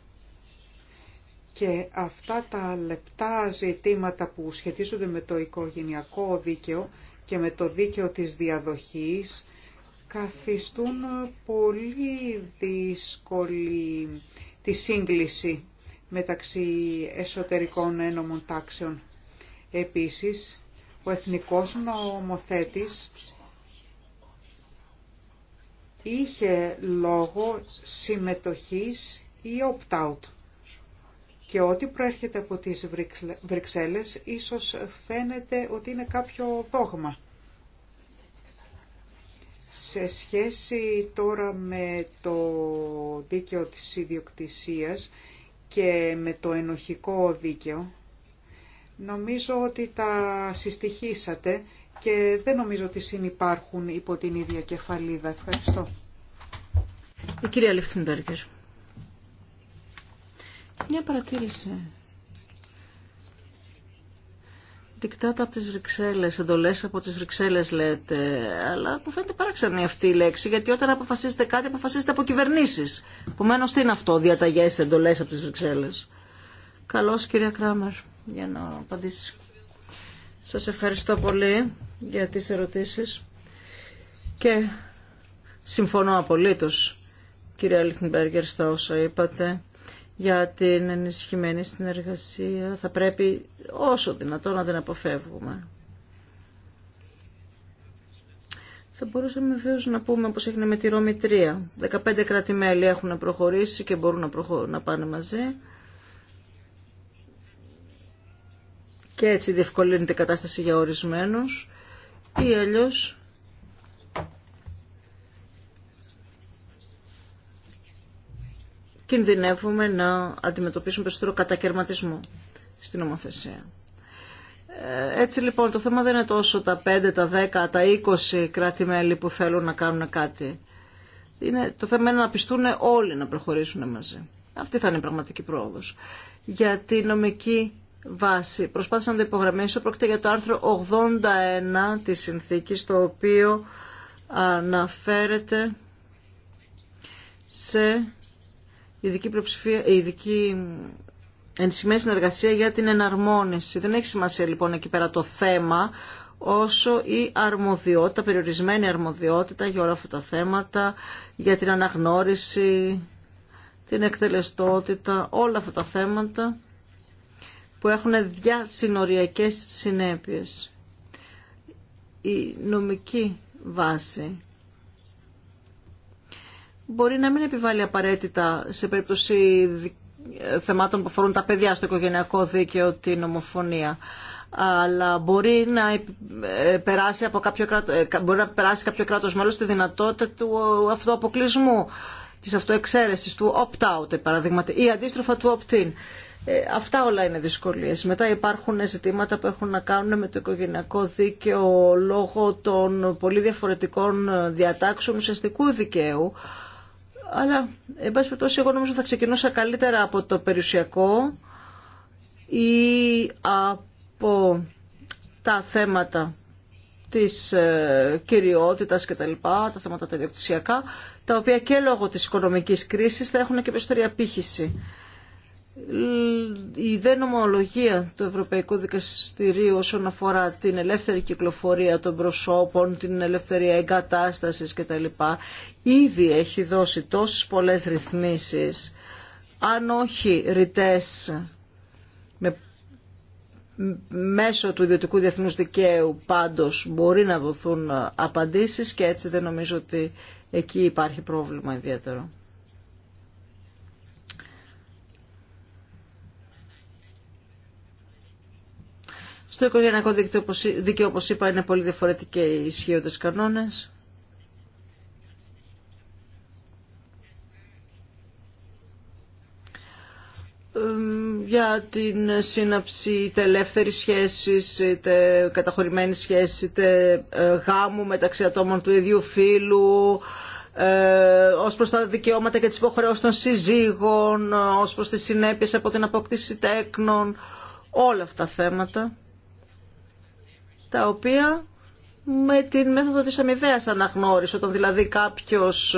S4: Και αυτά τα λεπτά ζητήματα που σχετίζονται με το οικογενειακό δίκαιο και με το δίκαιο της διαδοχής καθιστούν πολύ δύσκολη τη σύγκληση μεταξύ εσωτερικών ένωμων τάξεων. Επίσης, ο εθνικός νομοθέτης είχε λόγο συμμετοχής ή opt-out. Και ό,τι προέρχεται από τις Βρυξέλλες ίσως φαίνεται ότι είναι κάποιο δόγμα. Σε σχέση τώρα με το δίκαιο της ιδιοκτησίας και με το ενοχικό δίκαιο, νομίζω ότι τα συστοιχίσατε και δεν νομίζω ότι συνυπάρχουν υπό την ίδια κεφαλίδα. Ευχαριστώ.
S2: Η κυρία Λεφτενμπέργκερ. Μια παρατήρηση Δικτάτα από τις Βρυξέλλες, εντολές από τις Βρυξέλλες λέτε, αλλά που φαίνεται παράξενη αυτή η λέξη, γιατί όταν αποφασίζετε κάτι αποφασίζετε από κυβερνήσεις. Επομένως τι είναι αυτό, διαταγές, εντολές από τις Βρυξέλλες. Καλώς κυρία Κράμερ, για να απαντήσει. Σας ευχαριστώ πολύ για τις ερωτήσεις και συμφωνώ απολύτως κυρία Λιχνιμπέργκερ στα όσα είπατε για την ενισχυμένη συνεργασία θα πρέπει όσο δυνατόν να την αποφεύγουμε. Θα μπορούσαμε βεβαίω να πούμε όπως έγινε με τη Ρώμη 3. 15 κρατη έχουν προχωρήσει και μπορούν να, να πάνε μαζί. Και έτσι διευκολύνεται η κατάσταση για ορισμένους. Ή αλλιώς κινδυνεύουμε να αντιμετωπίσουμε περισσότερο κατακαιρματισμό στην νομοθεσία. Ε, έτσι λοιπόν το θέμα δεν είναι τόσο τα 5, τα 10, τα 20 κράτη-μέλη που θέλουν να κάνουν κάτι. Είναι, το θέμα είναι να πιστούν όλοι να προχωρήσουν μαζί. Αυτή θα είναι η πραγματική πρόοδος. Για τη νομική βάση. Προσπάθησα να το υπογραμμίσω. Πρόκειται για το άρθρο 81 της συνθήκης, το οποίο αναφέρεται σε ειδική, ειδική ενσημένη συνεργασία για την εναρμόνιση. Δεν έχει σημασία λοιπόν εκεί πέρα το θέμα, όσο η αρμοδιότητα, περιορισμένη αρμοδιότητα για όλα αυτά τα θέματα, για την αναγνώριση, την εκτελεστότητα, όλα αυτά τα θέματα που έχουν διασυνοριακές συνέπειες. Η νομική βάση μπορεί να μην επιβάλλει απαραίτητα σε περίπτωση θεμάτων που αφορούν τα παιδιά στο οικογενειακό δίκαιο την ομοφωνία αλλά μπορεί να ε, περάσει, από κάποιο κράτος, ε, μπορεί να περάσει κάποιο κράτος μέλος τη δυνατότητα του αυτοαποκλεισμού, της αυτοεξαίρεσης, του opt-out, παραδείγματι, ή αντίστροφα του opt-in. Ε, αυτά όλα είναι δυσκολίες. Μετά υπάρχουν ζητήματα που έχουν να κάνουν με το οικογενειακό δίκαιο λόγω των πολύ διαφορετικών διατάξεων ουσιαστικού δικαίου αλλά, εν πάση περιπτώσει, εγώ νομίζω θα ξεκινούσα καλύτερα από το περιουσιακό ή από τα θέματα της ε, κυριότητας και τα λοιπά, τα θέματα τα ιδιοκτησιακά, τα οποία και λόγω της οικονομικής κρίσης θα έχουν και περισσότερη απήχηση. Η δε νομολογία του Ευρωπαϊκού Δικαστηρίου όσον αφορά την ελεύθερη κυκλοφορία των προσώπων, την ελευθερία εγκατάστασης κτλ ήδη έχει δώσει τόσες πολλές ρυθμίσεις, αν όχι ρητές με μέσω του ιδιωτικού διεθνούς δικαίου πάντως μπορεί να δοθούν ε, απαντήσεις και έτσι δεν νομίζω ότι εκεί υπάρχει πρόβλημα ιδιαίτερο. Στο οικογενειακό δίκαιο, όπως είπα, είναι πολύ διαφορετικοί οι ισχύοντες κανόνες. για την σύναψη είτε ελεύθερη σχέση, είτε καταχωρημένη σχέση, είτε ε, γάμου μεταξύ ατόμων του ίδιου φίλου, ε, ως προς τα δικαιώματα και τις υποχρεώσεις των συζύγων, ως προς τις συνέπειες από την αποκτήση τέκνων, όλα αυτά τα θέματα, τα οποία με την μέθοδο της αμοιβαίας αναγνώριση, όταν δηλαδή κάποιος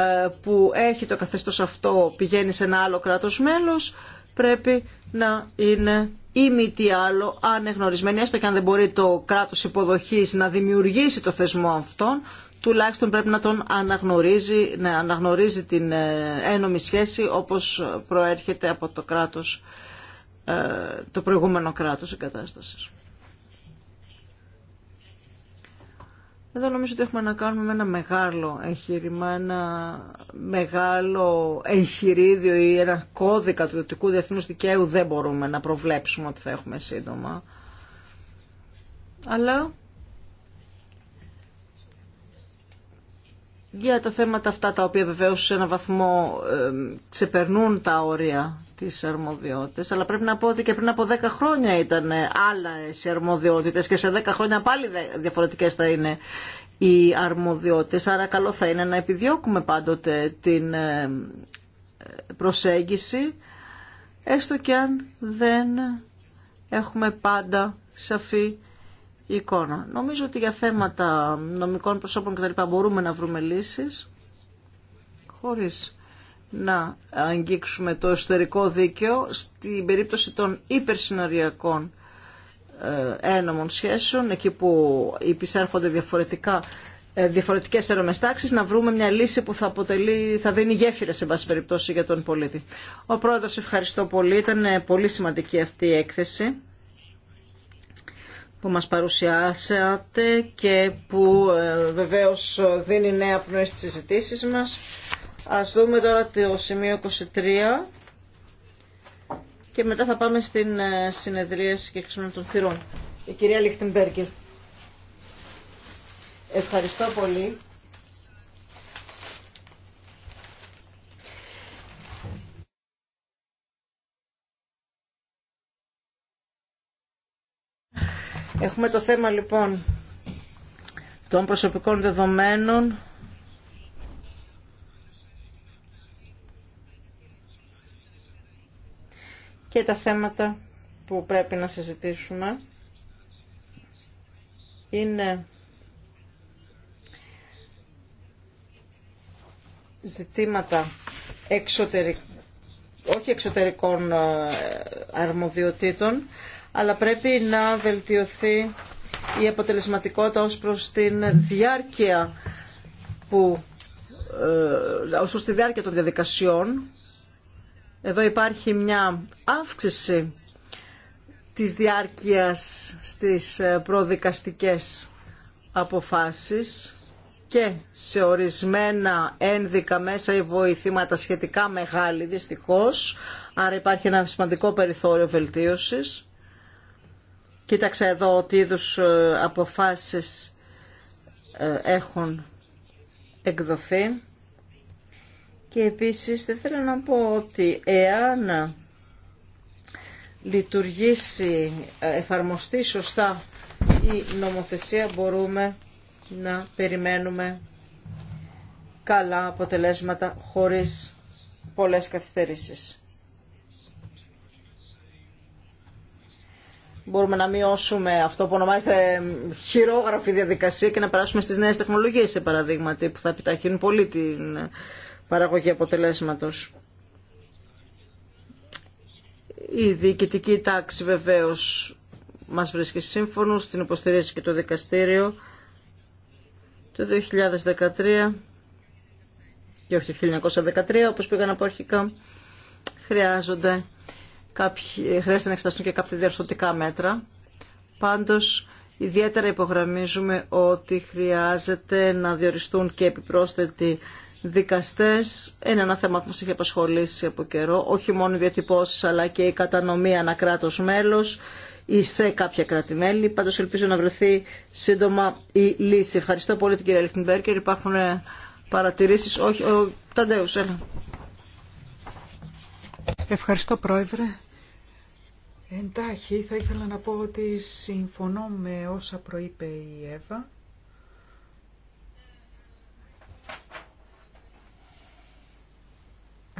S2: ε, που έχει το καθεστώς αυτό πηγαίνει σε ένα άλλο κράτος μέλος πρέπει να είναι ή μη τι άλλο ανεγνωρισμένη έστω και αν δεν μπορεί το κράτος υποδοχής να δημιουργήσει το θεσμό αυτόν τουλάχιστον πρέπει να τον αναγνωρίζει, να αναγνωρίζει την ε, ένομη σχέση όπως προέρχεται από το κράτος, ε, το προηγούμενο κράτος εγκατάστασης. Εδώ νομίζω ότι έχουμε να κάνουμε με ένα μεγάλο εγχείρημα, ένα μεγάλο εγχειρίδιο ή ένα κώδικα του Δυτικού διεθνούς δικαίου δεν μπορούμε να προβλέψουμε ότι θα έχουμε σύντομα. Αλλά για τα θέματα αυτά τα οποία βεβαίως σε ένα βαθμό ε, ξεπερνούν τα όρια τις αρμοδιότητες, αλλά πρέπει να πω ότι και πριν από 10 χρόνια ήταν άλλες αρμοδιότητες και σε 10 χρόνια πάλι διαφορετικές θα είναι οι αρμοδιότητες. Άρα καλό θα είναι να επιδιώκουμε πάντοτε την ε, προσέγγιση, έστω και αν δεν έχουμε πάντα σαφή εικόνα. Νομίζω ότι για θέματα νομικών προσώπων λοιπά μπορούμε να βρούμε λύσεις χωρίς να αγγίξουμε το εσωτερικό δίκαιο στην περίπτωση των υπερσυναριακών ε, ένομων σχέσεων, εκεί που υπησέρχονται διαφορετικά ε, διαφορετικές έρωμες τάξεις, να βρούμε μια λύση που θα, αποτελεί, θα δίνει γέφυρα σε βάση περιπτώσει για τον πολίτη. Ο πρόεδρος ευχαριστώ πολύ. Ήταν ε, πολύ σημαντική αυτή η έκθεση που μας παρουσιάσατε και που βεβαίως δίνει νέα πνοή στις συζητήσεις μας. Ας δούμε τώρα το σημείο 23 και μετά θα πάμε στην ε, συνεδρίαση και των θυρών. Η κυρία Λιχτενμπέργκερ. Ευχαριστώ πολύ. Έχουμε το θέμα λοιπόν των προσωπικών δεδομένων και τα θέματα που πρέπει να συζητήσουμε είναι ζητήματα εξωτερικ... όχι εξωτερικών ε, αρμοδιοτήτων, αλλά πρέπει να βελτιωθεί η αποτελεσματικότητα ως προς την διάρκεια που ε, ως προς τη διάρκεια των διαδικασιών εδώ υπάρχει μια αύξηση της διάρκειας στις ε, προδικαστικές αποφάσεις και σε ορισμένα ένδικα μέσα ή βοηθήματα σχετικά μεγάλη δυστυχώς, άρα υπάρχει ένα σημαντικό περιθώριο βελτίωσης. Κοίταξα εδώ ότι είδου ε, αποφάσεις ε, έχουν εκδοθεί. Και επίσης δεν θέλω να πω ότι εάν λειτουργήσει, ε, εφαρμοστεί σωστά η νομοθεσία μπορούμε να περιμένουμε καλά αποτελέσματα χωρίς πολλές καθυστερήσεις. Μπορούμε να μειώσουμε αυτό που ονομάζεται χειρόγραφη διαδικασία και να περάσουμε στις νέες τεχνολογίες, σε παραδείγματι, που θα επιταχύνουν πολύ την παραγωγή αποτελέσματος. Η διοικητική τάξη βεβαίως μας βρίσκει σύμφωνο, την υποστηρίζει και το δικαστήριο το 2013 και όχι το 1913 όπως πήγαν από αρχικά χρειάζονται κάποιοι, χρειάζεται να εξεταστούν και κάποια διαρθωτικά μέτρα πάντως ιδιαίτερα υπογραμμίζουμε ότι χρειάζεται να διοριστούν και επιπρόσθετοι δικαστές. Είναι ένα θέμα που μας έχει απασχολήσει από καιρό. Όχι μόνο οι διατυπώσεις αλλά και η κατανομή ανακράτος μέλος ή κάποια κρατημέλη. Πάντως ελπίζω να βρεθεί σύντομα η λύση. Ευχαριστώ πολύ την κυρία Λιχτινμπέρκερ. Υπάρχουν ε, παρατηρήσεις. Όχι, ο Ταντέους, έλα. Ευχαριστώ Πρόεδρε.
S4: Εντάχει, θα ήθελα να πω ότι συμφωνώ με όσα προείπε η Εύα.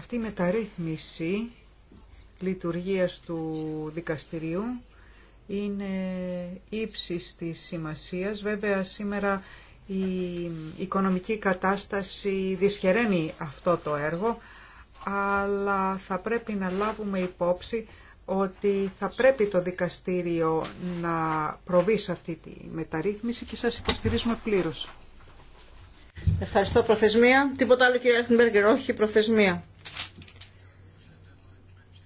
S4: Αυτή η μεταρρύθμιση λειτουργίας του δικαστηρίου είναι ύψης της σημασίας. Βέβαια σήμερα η οικονομική κατάσταση δυσχεραίνει αυτό το έργο, αλλά θα πρέπει να λάβουμε υπόψη ότι θα πρέπει το δικαστήριο να προβεί σε αυτή τη
S2: μεταρρύθμιση και σας υποστηρίζουμε πλήρως. Ευχαριστώ προθεσμία. Τίποτα άλλο κύριε όχι προθεσμία.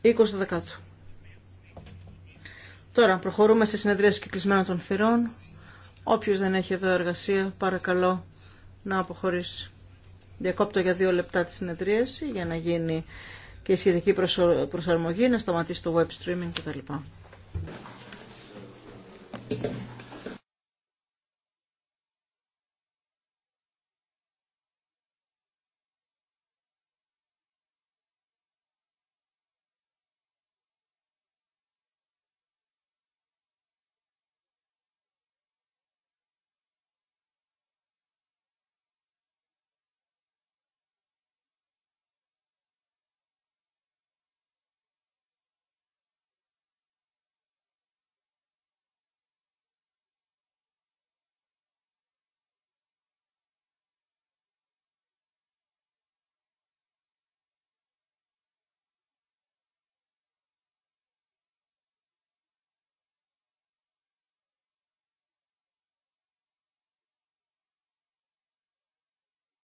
S2: 20 Τώρα προχωρούμε σε συνεδρία κυκλισμένων των θυρών. Όποιος δεν έχει εδώ εργασία, παρακαλώ να αποχωρήσει. Διακόπτω για δύο λεπτά τη συνεδρίαση για να γίνει και η σχετική προσαρμογή, να σταματήσει το web streaming κτλ.